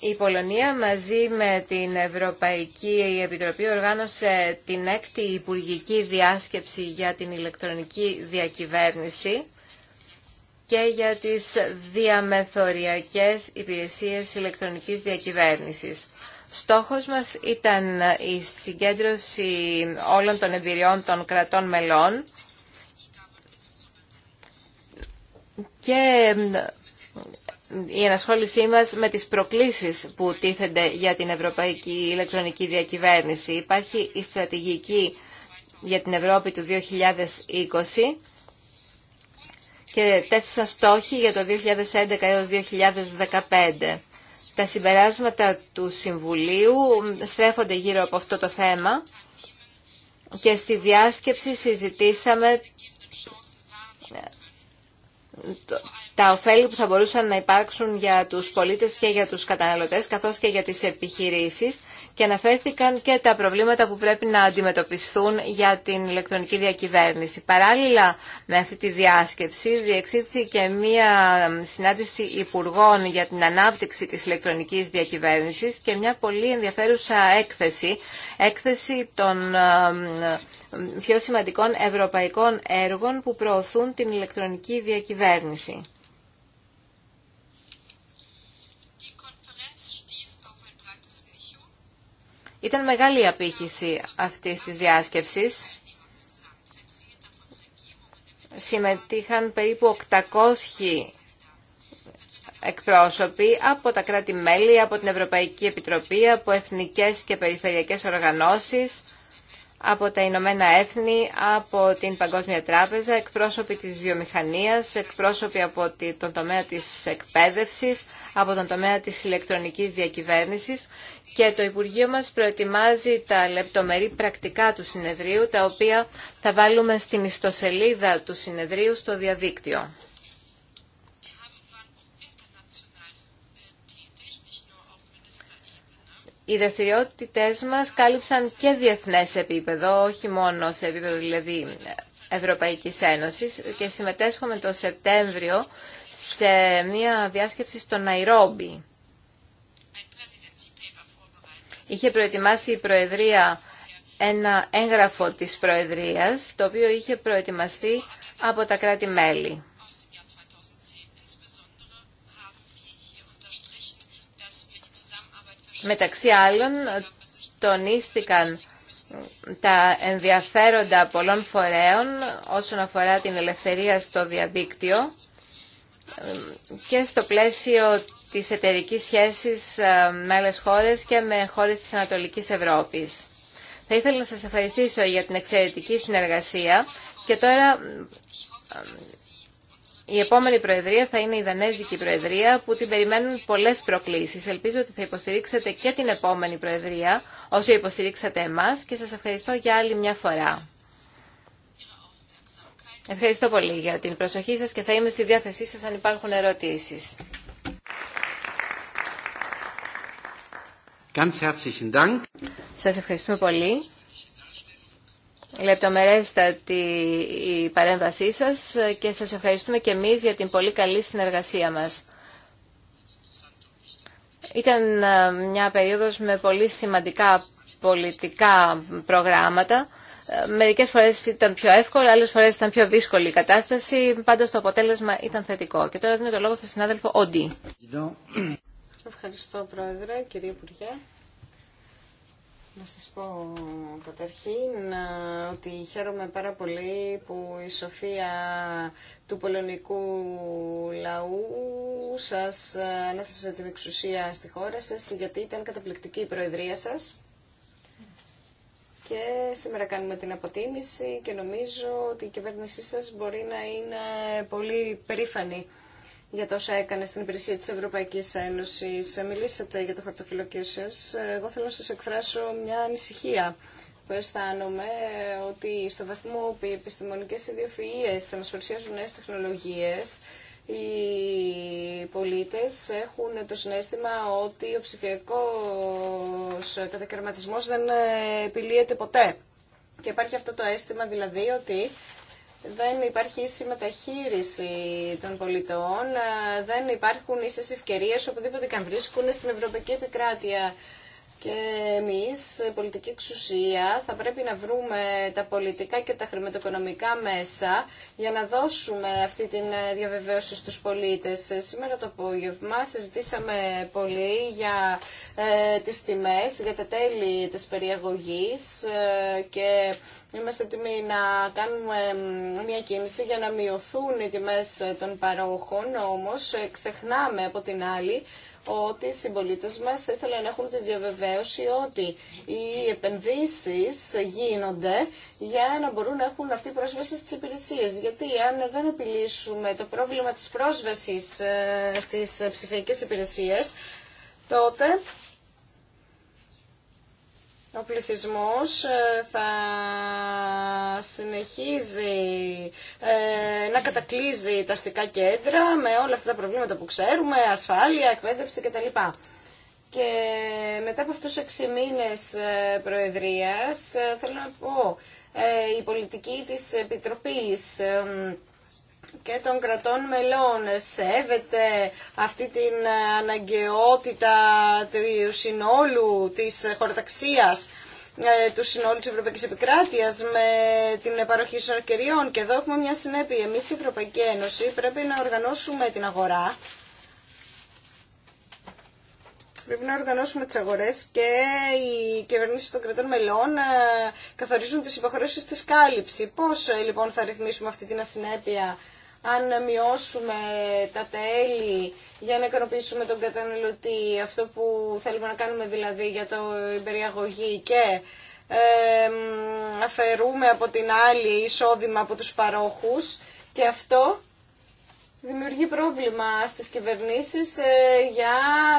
Η Πολωνία μαζί με την Ευρωπαϊκή Επιτροπή οργάνωσε την έκτη Υπουργική Διάσκεψη για την ηλεκτρονική διακυβέρνηση και για τις διαμεθοριακές υπηρεσίες ηλεκτρονικής διακυβέρνησης. Στόχος μας ήταν η συγκέντρωση όλων των εμπειριών των κρατών μελών και η ενασχόλησή μας με τις προκλήσεις που τίθενται για την Ευρωπαϊκή Ηλεκτρονική Διακυβέρνηση. Υπάρχει η στρατηγική για την Ευρώπη του 2020 και τέθησαν στόχοι για το 2011 έως 2015. Τα συμπεράσματα του Συμβουλίου στρέφονται γύρω από αυτό το θέμα και στη διάσκεψη συζητήσαμε τα ωφέλη που θα μπορούσαν να υπάρξουν για τους πολίτες και για τους καταναλωτές καθώς και για τις επιχειρήσεις και αναφέρθηκαν και τα προβλήματα που πρέπει να αντιμετωπιστούν για την ηλεκτρονική διακυβέρνηση. Παράλληλα με αυτή τη διάσκεψη διεξήχθη και μία συνάντηση υπουργών για την ανάπτυξη της ηλεκτρονικής διακυβέρνησης και μια πολύ ενδιαφέρουσα έκθεση, έκθεση των πιο σημαντικών ευρωπαϊκών έργων που προωθούν την ηλεκτρονική διακυβέρνηση. Ήταν μεγάλη η απήχηση αυτής της διάσκεψης. Συμμετείχαν περίπου 800 εκπρόσωποι από τα κράτη-μέλη, από την Ευρωπαϊκή Επιτροπή, από εθνικές και περιφερειακές οργανώσεις, από τα Ηνωμένα Έθνη, από την Παγκόσμια Τράπεζα, εκπρόσωποι της βιομηχανίας, εκπρόσωποι από τον τομέα της εκπαίδευσης, από τον τομέα της ηλεκτρονικής διακυβέρνησης και το Υπουργείο μας προετοιμάζει τα λεπτομερή πρακτικά του συνεδρίου, τα οποία θα βάλουμε στην ιστοσελίδα του συνεδρίου στο διαδίκτυο. οι δραστηριότητε μας κάλυψαν και διεθνές επίπεδο, όχι μόνο σε επίπεδο δηλαδή Ευρωπαϊκής Ένωσης και συμμετέσχομαι το Σεπτέμβριο σε μια διάσκεψη στο Ναϊρόμπι. Είχε προετοιμάσει η Προεδρία ένα έγγραφο της Προεδρίας, το οποίο είχε προετοιμαστεί από τα κράτη-μέλη. Μεταξύ άλλων, τονίστηκαν τα ενδιαφέροντα πολλών φορέων όσον αφορά την ελευθερία στο διαδίκτυο και στο πλαίσιο της εταιρικής σχέσης ε, με άλλες χώρες και με χώρες της Ανατολικής Ευρώπης. Θα ήθελα να σας ευχαριστήσω για την εξαιρετική συνεργασία και τώρα η επόμενη Προεδρία θα είναι η Δανέζικη Προεδρία που την περιμένουν πολλές προκλήσεις. Ελπίζω ότι θα υποστηρίξετε και την επόμενη Προεδρία όσο υποστηρίξατε εμάς και σας ευχαριστώ για άλλη μια φορά. Ευχαριστώ πολύ για την προσοχή σας και θα είμαι στη διάθεσή σας αν υπάρχουν ερωτήσεις.
Ganz
Σας ευχαριστούμε πολύ λεπτομερέστατη η παρέμβασή σας και σας ευχαριστούμε και εμείς για την πολύ καλή συνεργασία μας. Ήταν ε, μια περίοδος με πολύ σημαντικά πολιτικά προγράμματα. Ε, μερικές φορές ήταν πιο εύκολο, άλλες φορές ήταν πιο δύσκολη η κατάσταση. Πάντως το αποτέλεσμα ήταν θετικό. Και τώρα δίνω το λόγο στον συνάδελφο Όντι.
Ευχαριστώ Πρόεδρε, κύριε Υπουργέ. Να σας πω καταρχήν ε, ότι χαίρομαι πάρα πολύ που η σοφία του πολωνικού λαού σας ε, ανέθεσε την εξουσία στη χώρα σας γιατί ήταν καταπληκτική η προεδρία σας και σήμερα κάνουμε την αποτίμηση και νομίζω ότι η κυβέρνησή σας μπορεί να είναι πολύ περήφανη για το έκανε στην υπηρεσία της Ευρωπαϊκής Ένωσης. Μιλήσατε για το χαρτοφυλακείο Εγώ θέλω να σας εκφράσω μια ανησυχία που αισθάνομαι ότι στο βαθμό που οι επιστημονικές ιδιοφυΐες μας παρουσιάζουν νέες τεχνολογίες, οι πολίτες έχουν το συνέστημα ότι ο ψηφιακός κατακαιρματισμός δεν επιλύεται ποτέ. Και υπάρχει αυτό το αίσθημα δηλαδή ότι δεν υπάρχει μεταχείριση των πολιτών, ε, δεν υπάρχουν ίσες ευκαιρίες οπουδήποτε καν βρίσκουν στην Ευρωπαϊκή Επικράτεια. Και εμείς, πολιτική εξουσία, θα πρέπει να βρούμε τα πολιτικά και τα χρηματοοικονομικά μέσα για να δώσουμε αυτή την ε, διαβεβαίωση στους πολίτες. Ε, σήμερα το απόγευμα συζητήσαμε πολύ για ε, τις τιμές, για τα τέλη της περιαγωγής ε, και είμαστε έτοιμοι να κάνουμε μια κίνηση για να μειωθούν οι τιμές των παρόχων, όμως ξεχνάμε από την άλλη ότι οι συμπολίτε μα θα ήθελαν να έχουν τη διαβεβαίωση ότι οι επενδύσει γίνονται για να μπορούν να έχουν αυτή πρόσβαση στι υπηρεσίε. Γιατί αν δεν επιλύσουμε το πρόβλημα τη πρόσβαση ε, στι ψηφιακέ υπηρεσίε, τότε ο πληθυσμός ε, θα συνεχίζει ε, να κατακλείζει τα αστικά κέντρα με όλα αυτά τα προβλήματα που ξέρουμε, ασφάλεια, εκπαίδευση κτλ. Και μετά από αυτούς τους 6 μήνες ε, προεδρίας, θέλω να πω, η πολιτική της Επιτροπής και των κρατών μελών. Σέβεται αυτή την αναγκαιότητα του συνόλου της χορταξίας ε, του συνόλου της Ευρωπαϊκής Επικράτειας με την παροχή ευκαιριών και εδώ έχουμε μια συνέπεια. Εμείς η Ευρωπαϊκή Ένωση πρέπει να οργανώσουμε την αγορά Πρέπει να οργανώσουμε τις αγορές. και οι κυβερνήσει των κρατών μελών ε, καθορίζουν τι υποχρεώσεις τη κάλυψη. Πώ ε, λοιπόν θα ρυθμίσουμε αυτή την ασυνέπεια αν μειώσουμε τα τέλη για να ικανοποιήσουμε τον καταναλωτή, αυτό που θέλουμε να κάνουμε δηλαδή για το περιαγωγή και αφαιρούμε από την άλλη εισόδημα από τους παρόχους και αυτό δημιουργεί πρόβλημα στις κυβερνήσεις ε, για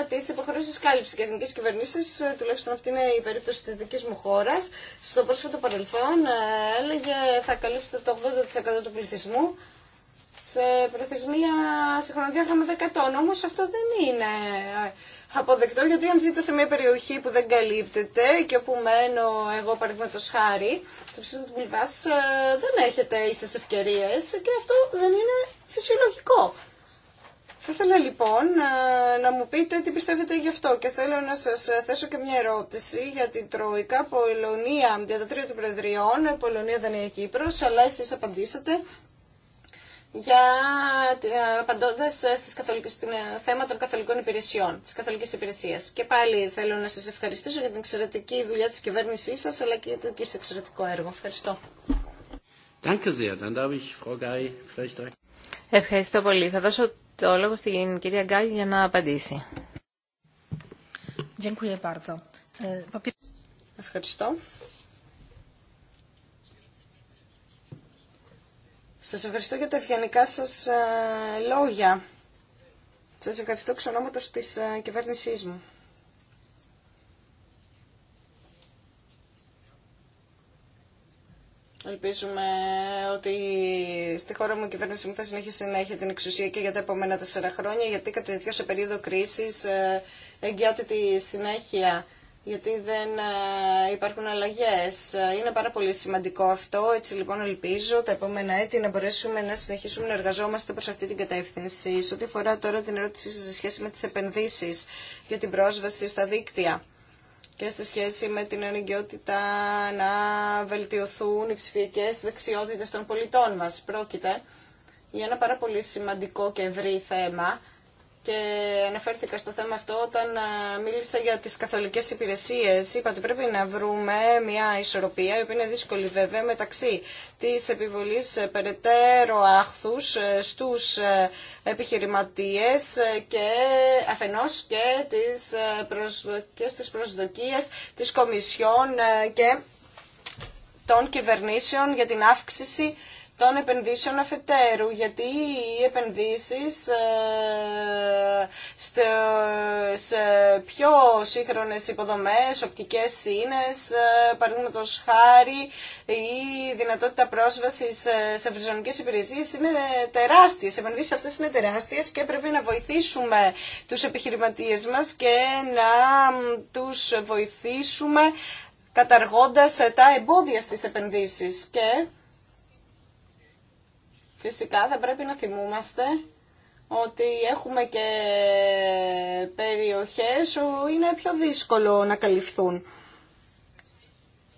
τις υποχρεώσεις κάλυψης και εθνικές κυβερνήσεις, ε, τουλάχιστον αυτή είναι η περίπτωση της δικής μου χώρας. Στο πρόσφατο παρελθόν ε, έλεγε θα καλύψετε το 80% του πληθυσμού, σε προθεσμία σε χρονοδιάγραμμα 100. Όμω αυτό δεν είναι ε, αποδεκτό, γιατί αν ζείτε σε μια περιοχή που δεν καλύπτεται και όπου μένω εγώ παραδείγματο χάρη, στο ψήφο του Μπουλβά, ε, δεν έχετε ίσες ευκαιρίε και αυτό δεν είναι φυσιολογικό. Θα ήθελα λοιπόν ε, να μου πείτε τι πιστεύετε γι' αυτό και θέλω να σας θέσω και μια ερώτηση για την Τρόικα, Πολωνία, για το τρίο των Προεδριών, Πολωνία, Δανία, Κύπρος, αλλά εσείς απαντήσατε για ε, απαντώντα στο ε, θέμα των καθολικών υπηρεσιών, τη καθολική υπηρεσία. Και πάλι θέλω να σα ευχαριστήσω για την εξαιρετική δουλειά τη κυβέρνησή σα, αλλά και το εκεί εξαιρετικό έργο. Ευχαριστώ.
Ευχαριστώ πολύ. Θα δώσω το λόγο στην κυρία Γκάι για να απαντήσει. Ε,
Ευχαριστώ. Σας ευχαριστώ για τα ευγενικά σας ε, λόγια. Σας ευχαριστώ εξ ονόματος της ε, κυβέρνησής μου. Ελπίζουμε ότι στη χώρα μου η κυβέρνηση μου θα συνεχίσει να έχει την εξουσία και για τα επόμενα τέσσερα χρόνια, γιατί κατά τέτοιο σε περίοδο κρίσης ε, εγγυάται τη συνέχεια γιατί δεν ε, υπάρχουν αλλαγές. Είναι πάρα πολύ σημαντικό αυτό, έτσι λοιπόν ελπίζω τα επόμενα έτη να μπορέσουμε να συνεχίσουμε να εργαζόμαστε προς αυτή την κατεύθυνση. Σε ό,τι αφορά τώρα την ερώτησή σα σε σχέση με τις επενδύσεις για την πρόσβαση στα δίκτυα και σε σχέση με την αναγκαιότητα να βελτιωθούν οι ψηφιακές δεξιότητες των πολιτών μας. Πρόκειται για ένα πάρα πολύ σημαντικό και ευρύ θέμα και αναφέρθηκα στο θέμα αυτό όταν ε, μίλησα για τις καθολικές υπηρεσίες. Είπα ότι πρέπει να βρούμε μια ισορροπία, η οποία είναι δύσκολη βέβαια, μεταξύ της επιβολής ε, περαιτέρω άχθους ε, στους επιχειρηματίες και αφενός και τις, προσδοκίες, τις προσδοκίες της Κομισιόν και των κυβερνήσεων για την αύξηση των επενδύσεων αφετέρου, γιατί οι επενδύσεις ε, σε πιο σύγχρονες υποδομές, οπτικές σύνες, ε, παραδείγματος χάρη, η δυνατότητα πρόσβασης σε βριζονικές υπηρεσίες είναι τεράστιες. Οι επενδύσεις αυτές είναι τεράστιες και πρέπει να βοηθήσουμε τους επιχειρηματίες μας και να τους βοηθήσουμε καταργώντας τα εμπόδια στις επενδύσεις. Και Φυσικά θα πρέπει να θυμούμαστε ότι έχουμε και περιοχές όπου είναι πιο δύσκολο να καλυφθούν.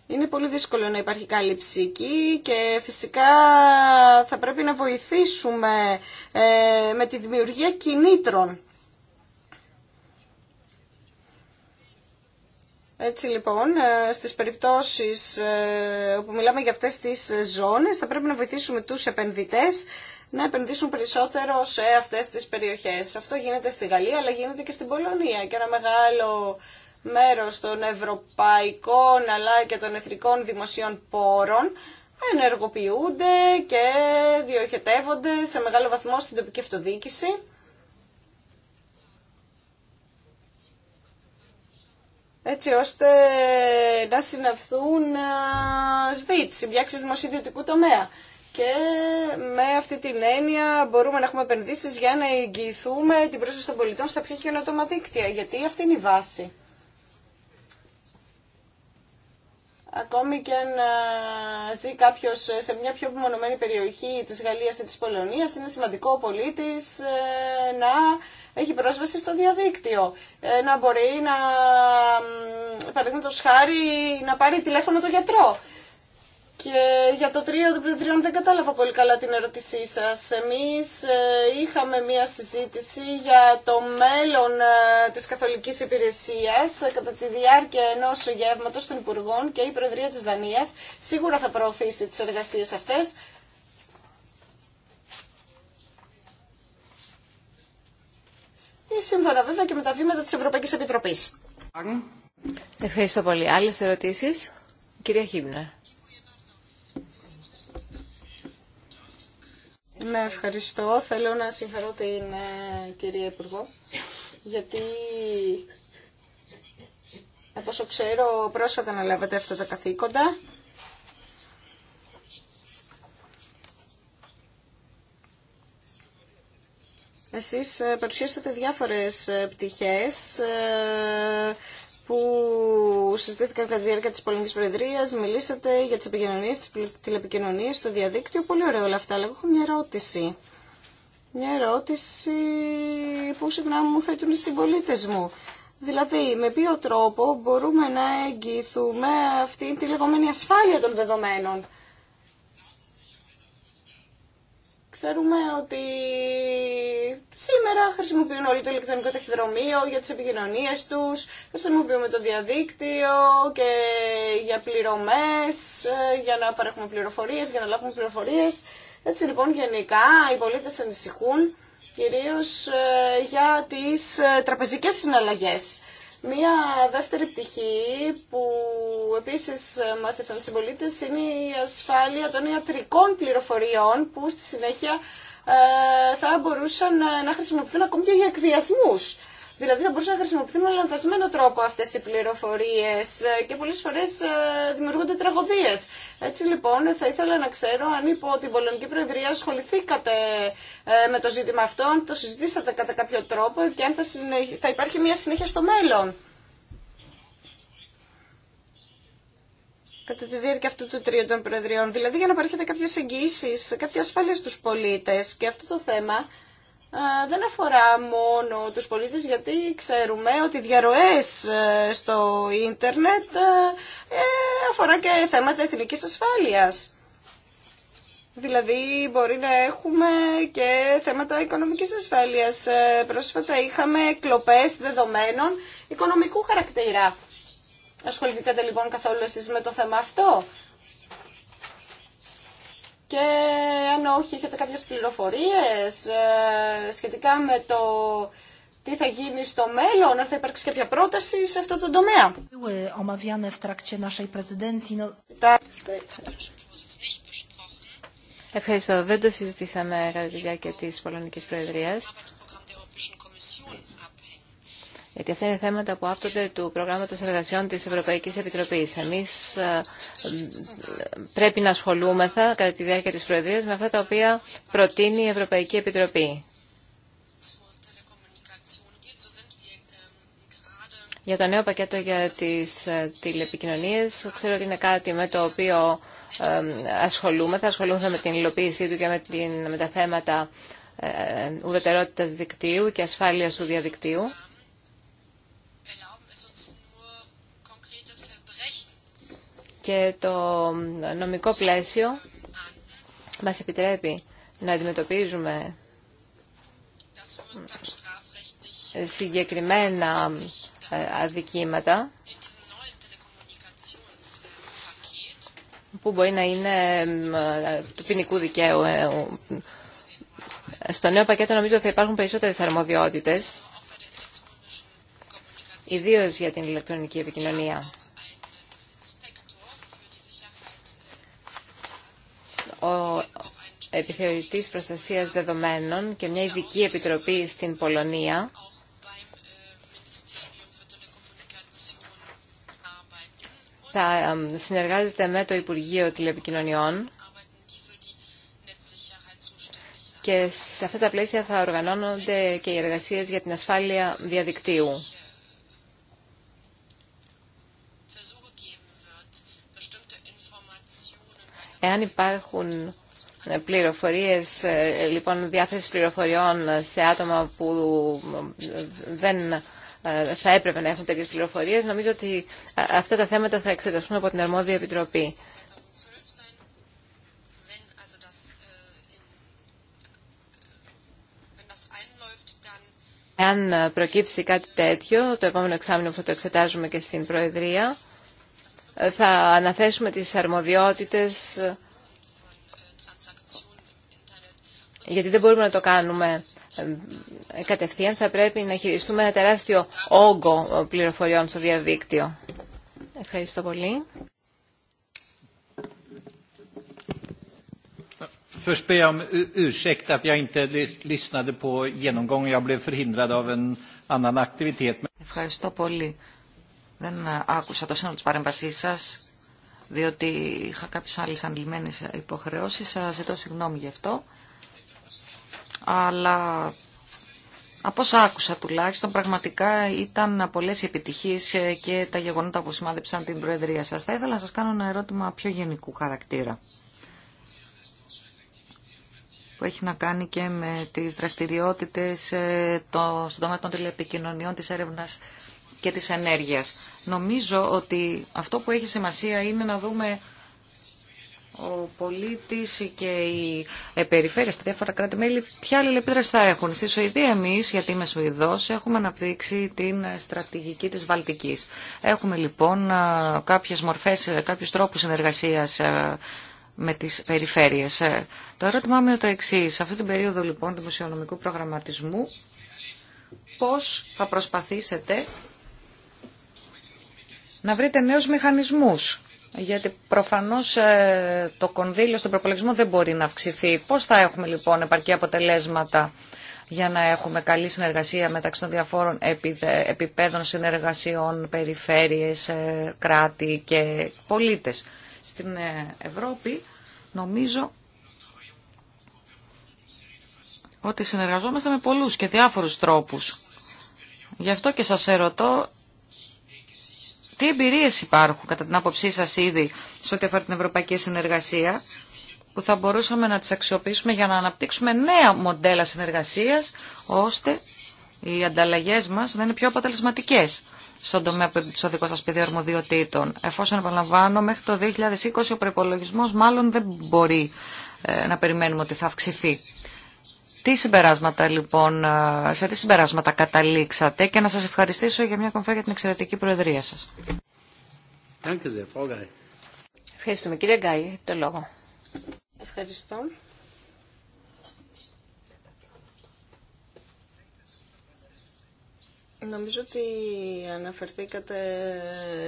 Είναι πολύ δύσκολο να υπάρχει κάλυψη εκεί και φυσικά θα πρέπει να βοηθήσουμε ε, με τη δημιουργία κινήτρων Έτσι λοιπόν, ε, στις περιπτώσεις ε, που μιλάμε για αυτές τις ε, ζώνες, θα πρέπει να βοηθήσουμε τους επενδυτές να επενδύσουν περισσότερο σε αυτές τις περιοχές. Αυτό γίνεται στη Γαλλία, αλλά γίνεται και στην Πολωνία. Και ένα μεγάλο μέρος των ευρωπαϊκών αλλά και των εθνικών δημοσίων πόρων ενεργοποιούνται και διοχετεύονται σε μεγάλο βαθμό στην τοπική αυτοδιοίκηση έτσι ώστε να συναυθούν ΣΔΙΤ, συμπιάξεις δημοσιοδιωτικού τομέα. Και με αυτή την έννοια μπορούμε να έχουμε επενδύσει για να εγγυηθούμε την πρόσβαση των πολιτών στα πιο καινοτόμα δίκτυα, γιατί αυτή είναι η βάση. Ακόμη και αν ζει κάποιο σε μια πιο απομονωμένη περιοχή της Γαλλίας ή της Πολωνίας, είναι σημαντικό ο πολίτης ε, να έχει πρόσβαση στο διαδίκτυο. Ε, να μπορεί να, χάρη, να πάρει τηλέφωνο το γιατρό. Και για το τρίο των δεν κατάλαβα πολύ καλά την ερώτησή σας. Εμείς ε, είχαμε μία συζήτηση για το μέλλον ε, της καθολικής υπηρεσίας κατά τη διάρκεια ενός γεύματος των Υπουργών και η Προεδρία της Δανίας σίγουρα θα προωθήσει τις εργασίες αυτές Ε, σύμφωνα βέβαια και με τα βήματα της Ευρωπαϊκής Επιτροπής.
Ευχαριστώ πολύ. Άλλες ερωτήσεις. Κυρία Χίμνα.
Ναι, με ευχαριστώ. Θέλω να συγχαρώ την ε, κυρία Υπουργό, γιατί από ξέρω πρόσφατα να αναλάβατε αυτά τα καθήκοντα Εσείς ε, παρουσιάσατε διάφορες ε, πτυχές ε, που συζητήθηκαν κατά τη διάρκεια της Πολωνικής Προεδρίας, μιλήσατε για τις επικοινωνίες, τις τηλεπικοινωνίες, το διαδίκτυο, πολύ ωραία όλα αυτά, αλλά έχω μια ερώτηση. Μια ερώτηση που συχνά μου θέτουν οι συμπολίτε μου. Δηλαδή, με ποιο τρόπο μπορούμε να εγγυηθούμε αυτή τη λεγόμενη ασφάλεια των δεδομένων. Ξέρουμε ότι σήμερα χρησιμοποιούν όλοι το ηλεκτρονικό ταχυδρομείο για τις επικοινωνίες τους, χρησιμοποιούμε το διαδίκτυο και για πληρωμές, για να παρέχουμε πληροφορίες, για να λάβουμε πληροφορίες. Έτσι λοιπόν γενικά οι πολίτες ανησυχούν κυρίως ε, για τις ε, τραπεζικές συναλλαγές Μία δεύτερη πτυχή που επίσης μάθησαν οι συμπολίτε είναι η ασφάλεια των ιατρικών πληροφοριών που στη συνέχεια ε, θα μπορούσαν να χρησιμοποιηθούν ακόμη και για εκβιασμούς. Δηλαδή θα μπορούσαν να χρησιμοποιηθούν με λανθασμένο τρόπο αυτέ οι πληροφορίε. Ε, και πολλέ φορέ ε, δημιουργούνται τραγωδίες. Έτσι λοιπόν θα ήθελα να ξέρω αν υπό την Πολωνική Προεδρία ασχοληθήκατε ε, με το ζήτημα αυτό, αν το συζητήσατε κατά κάποιο τρόπο και αν θα, συνεχ... θα υπάρχει μια συνέχεια στο μέλλον. κατά τη διάρκεια αυτού του τρίου των προεδριών. Δηλαδή για να παρέχετε κάποιες εγγυήσεις, κάποια ασφάλεια στους πολίτες. Και αυτό το θέμα δεν αφορά μόνο τους πολίτες γιατί ξέρουμε ότι διαρροές ε, στο ίντερνετ ε, ε, αφορά και θέματα εθνικής ασφάλειας. Δηλαδή μπορεί να έχουμε και θέματα οικονομικής ασφάλειας. Πρόσφατα είχαμε κλοπές δεδομένων οικονομικού χαρακτήρα. Ασχοληθήκατε λοιπόν καθόλου εσείς με το θέμα αυτό. Και αν όχι, έχετε κάποιες πληροφορίες ε, σχετικά με το τι θα γίνει στο μέλλον, αν θα υπάρξει κάποια πρόταση σε αυτό το τομέα.
Ευχαριστώ.
Δεν το συζητήσαμε κατά τη διάρκεια της Πολωνικής Προεδρίας γιατί αυτά είναι θέματα που άπτονται του προγράμματος εργασιών της Ευρωπαϊκής Επιτροπής. Εμείς ε, πρέπει να ασχολούμεθα κατά τη διάρκεια της Προεδρίας με αυτά τα οποία προτείνει η Ευρωπαϊκή Επιτροπή. Για το νέο πακέτο για τις ε, τηλεπικοινωνίες, ξέρω ότι είναι κάτι με το οποίο ε, ασχολούμεθα. Ασχολούμεθα με την υλοποίησή του και με, με τα θέματα ουδετερότητας δικτύου και ασφάλειας του διαδικτύου. και το νομικό πλαίσιο μας επιτρέπει να αντιμετωπίζουμε συγκεκριμένα ε, αδικήματα που μπορεί να είναι ε, του ποινικού δικαίου. Ε, στο νέο πακέτο νομίζω θα υπάρχουν περισσότερες αρμοδιότητες, ιδίως για την ηλεκτρονική επικοινωνία. ο επιθεωρητής προστασίας δεδομένων και μια ειδική επιτροπή στην Πολωνία θα συνεργάζεται με το Υπουργείο Τηλεπικοινωνιών και σε αυτά τα πλαίσια θα οργανώνονται και οι εργασίες για την ασφάλεια διαδικτύου. Εάν υπάρχουν ε, πληροφορίες, ε, λοιπόν διάθεση πληροφοριών σε άτομα που ε, δεν θα έπρεπε να έχουν τέτοιες πληροφορίες, νομίζω ότι αυτά τα θέματα θα εξεταστούν από την αρμόδια επιτροπή. Εάν προκύψει κάτι τέτοιο, το επόμενο εξάμεινο που θα το εξετάζουμε και στην Προεδρία, θα αναθέσουμε τις αρμοδιότητες γιατί δεν μπορούμε να το κάνουμε κατευθείαν, θα πρέπει να χειριστούμε ένα τεράστιο όγκο πληροφοριών στο διαδίκτυο. Ευχαριστώ πολύ.
Först ber jag om ursäkt att jag inte lyssnade på genomgången. Jag blev förhindrad av en
annan aktivitet. Ευχαριστώ πολύ. Δεν ε, άκουσα το σύνολο της παρέμβασής σας, διότι είχα κάποιες άλλες αντλημένες υποχρεώσεις. Σας ζητώ συγγνώμη γι' αυτό. Αλλά από όσα άκουσα τουλάχιστον, πραγματικά ήταν πολλέ επιτυχίες επιτυχίε και τα γεγονότα που σημάδεψαν την Προεδρία σα. Θα ήθελα να σα κάνω ένα ερώτημα πιο γενικού χαρακτήρα. Που έχει να κάνει και με τις δραστηριότητες ε, στον τομέα των τηλεπικοινωνιών, τη έρευνα και της ενέργειας. Νομίζω ότι αυτό που έχει σημασία είναι να δούμε ο πολίτης και οι περιφέρειες τα διάφορα κράτη-μέλη ποια άλλη επίδραση θα έχουν. Στη Σουηδία εμείς, γιατί είμαι Σουηδός, έχουμε αναπτύξει την στρατηγική της Βαλτικής. Έχουμε λοιπόν κάποιες μορφές, ε, κάποιους τρόπους συνεργασίας ε, με τις περιφέρειες. Ε, το ερώτημά μου είναι το εξή. Σε αυτή την περίοδο λοιπόν του μουσιονομικού προγραμματισμού πώς θα προσπαθήσετε να βρείτε νέους μηχανισμούς. Γιατί προφανώς ε, το κονδύλιο στον προπολογισμό δεν μπορεί να αυξηθεί. Πώς θα έχουμε λοιπόν επαρκή αποτελέσματα για να έχουμε καλή συνεργασία μεταξύ των διαφόρων επιπέδων συνεργασιών, περιφέρειες, ε, κράτη και πολίτες. Στην ε, Ευρώπη νομίζω ότι συνεργαζόμαστε με πολλούς και διάφορους τρόπους. Γι' αυτό και σας ερωτώ τι εμπειρίε υπάρχουν κατά την άποψή σα ήδη σε ό,τι αφορά την ευρωπαϊκή συνεργασία που θα μπορούσαμε να τις αξιοποιήσουμε για να αναπτύξουμε νέα μοντέλα συνεργασίας ώστε οι ανταλλαγές μας να είναι πιο αποτελεσματικές στον τομέα τη δικό σας πεδίου αρμοδιοτήτων. Εφόσον επαναλαμβάνω, μέχρι το 2020 ο προπολογισμό μάλλον δεν μπορεί ε, να περιμένουμε ότι θα αυξηθεί. Τι συμπεράσματα λοιπόν, σε τι συμπεράσματα καταλήξατε και να σας ευχαριστήσω για μια κομφέρα για την εξαιρετική προεδρία σας.
Ευχαριστούμε κύριε Γκάι, το λόγο. Ευχαριστώ.
Νομίζω ότι αναφερθήκατε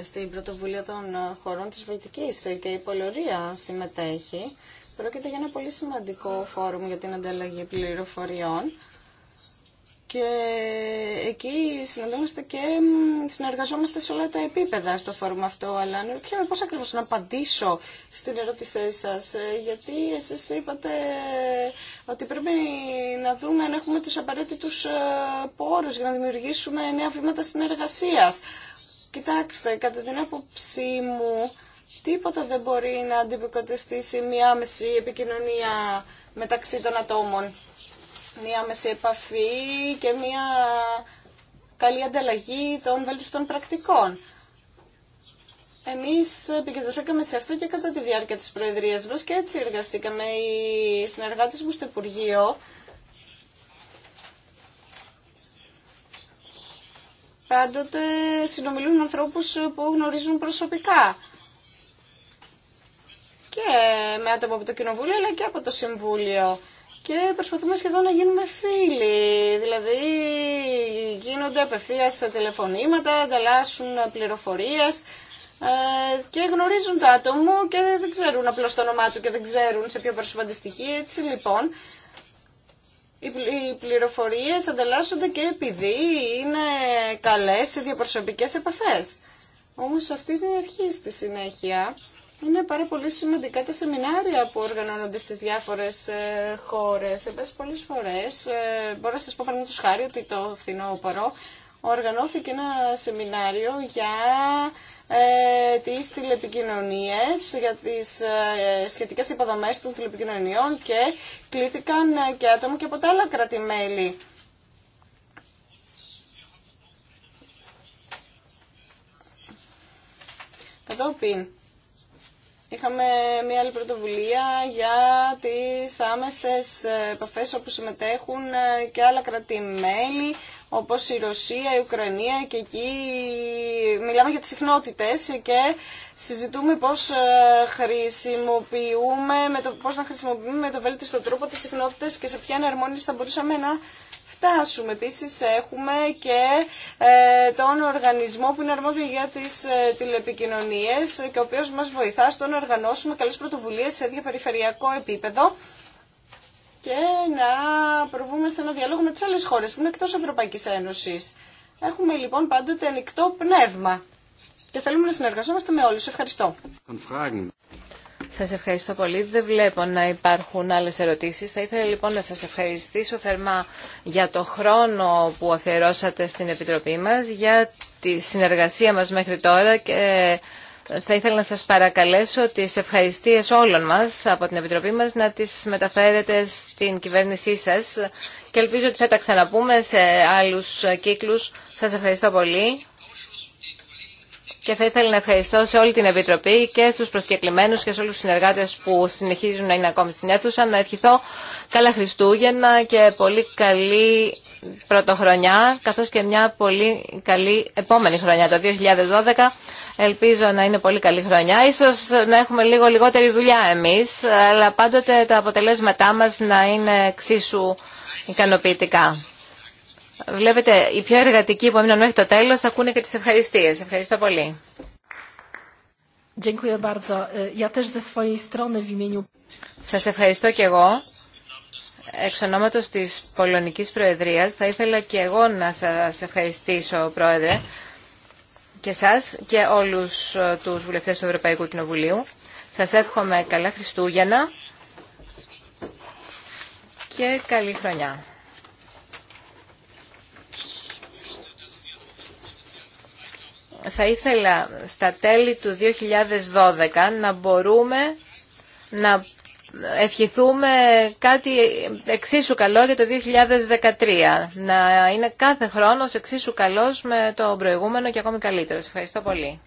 στην πρωτοβουλία των χωρών της Βαλτικής και η Πολωρία συμμετέχει Πρόκειται για ένα πολύ σημαντικό φόρουμ για την ανταλλαγή πληροφοριών και εκεί συναντούμαστε και συνεργαζόμαστε σε όλα τα επίπεδα στο φόρουμ αυτό, αλλά αναρωτιέμαι πώς
ακριβώς να απαντήσω
στην ερώτησή σας, ε, γιατί εσείς είπατε ε, ότι πρέπει να δούμε αν έχουμε τους απαραίτητους ε, πόρους για να δημιουργήσουμε νέα βήματα συνεργασίας. Κοιτάξτε, κατά την άποψή μου, Τίποτα δεν μπορεί να αντιποκατεστήσει μια άμεση επικοινωνία μεταξύ των ατόμων. Μια άμεση επαφή και μια καλή ανταλλαγή των βέλτιστων πρακτικών. Εμείς επικεντρωθήκαμε σε αυτό και κατά τη διάρκεια της Προεδρίας μας και έτσι εργαστήκαμε. Οι συνεργάτες μου στο Υπουργείο πάντοτε συνομιλούν με ανθρώπους που γνωρίζουν προσωπικά και με άτομα από το Κοινοβούλιο αλλά και από το Συμβούλιο. Και προσπαθούμε σχεδόν να γίνουμε φίλοι. Δηλαδή γίνονται απευθεία τηλεφωνήματα, ανταλλάσσουν πληροφορίε ε, και γνωρίζουν το άτομο και δεν ξέρουν απλώ το όνομά του και δεν ξέρουν σε ποιο πρόσωπο αντιστοιχεί. Έτσι λοιπόν οι πληροφορίες ανταλλάσσονται και επειδή είναι καλέ σε διαπροσωπικές επαφές. Όμω αυτή είναι η αρχή στη συνέχεια. Είναι πάρα πολύ σημαντικά τα σεμινάρια που οργανώνονται στις διάφορες ε, χώρες. Επίσης, πολλές φορές, ε, μπορώ να σας πω τους χάρη ότι το παρό, οργανώθηκε ένα σεμινάριο για ε, τις τηλεπικοινωνίες, για τις ε, σχετικές υποδομές των τηλεπικοινωνιών και κλήθηκαν και άτομα και από τα άλλα Κατόπιν, Είχαμε μια άλλη πρωτοβουλία για τις άμεσες επαφές όπου συμμετέχουν ε, και άλλα κρατή-μέλη όπως η Ρωσία, η Ουκρανία και εκεί μιλάμε για τις συχνότητες και συζητούμε πώς ε, χρησιμοποιούμε, με το, πώς να χρησιμοποιούμε με το βέλτιστο τρόπο τις συχνότητες και σε ποια εναρμόνιση θα μπορούσαμε να φτάσουμε. Επίσης έχουμε και ε, τον οργανισμό που είναι αρμόδιο για τις ε, τηλεπικοινωνίες και ο οποίος μας βοηθά στο να οργανώσουμε καλές πρωτοβουλίες σε διαπεριφερειακό επίπεδο και να προβούμε σε ένα διάλογο με τις άλλες χώρες που είναι εκτός Ευρωπαϊκής Ένωσης. Έχουμε λοιπόν πάντοτε ανοιχτό πνεύμα και θέλουμε να συνεργαζόμαστε με όλους. Ευχαριστώ.
Σας ευχαριστώ πολύ. Δεν βλέπω να υπάρχουν άλλες ερωτήσεις. Θα ήθελα λοιπόν να σας ευχαριστήσω θερμά για το χρόνο που αφιερώσατε στην Επιτροπή μας, για τη συνεργασία μας μέχρι τώρα και θα ήθελα να σας παρακαλέσω τις ευχαριστίες όλων μας από την Επιτροπή μας να τις μεταφέρετε στην κυβέρνησή σας και ελπίζω ότι θα τα ξαναπούμε σε άλλους κύκλους. Σας ευχαριστώ πολύ. Και θα ήθελα να ευχαριστώ σε όλη την Επιτροπή και στους προσκεκλημένους και σε όλους τους συνεργάτες που συνεχίζουν να είναι ακόμη στην αίθουσα. Να ευχηθώ καλά Χριστούγεννα και πολύ καλή πρωτοχρονιά, καθώς και μια πολύ καλή επόμενη χρονιά, το 2012. Ελπίζω να είναι πολύ καλή χρονιά. Ίσως να έχουμε λίγο λιγότερη δουλειά εμείς, αλλά πάντοτε τα αποτελέσματά μας να είναι εξίσου ικανοποιητικά. Βλέπετε, οι πιο εργατικοί που έμειναν μέχρι το τέλος ακούνε και τι ευχαριστίες. Ευχαριστώ πολύ. Σα ευχαριστώ και εγώ. Εξ ονόματο της Πολωνικής Προεδρίας θα ήθελα και εγώ να σα ευχαριστήσω, Πρόεδρε, και σας και όλου του βουλευτέ του Ευρωπαϊκού Κοινοβουλίου. Σα εύχομαι καλά Χριστούγεννα και καλή χρονιά. θα ήθελα στα τέλη του 2012 να μπορούμε να ευχηθούμε κάτι εξίσου καλό για το 2013. Να είναι κάθε χρόνος εξίσου καλός με το προηγούμενο και ακόμη καλύτερο. Σας ευχαριστώ πολύ.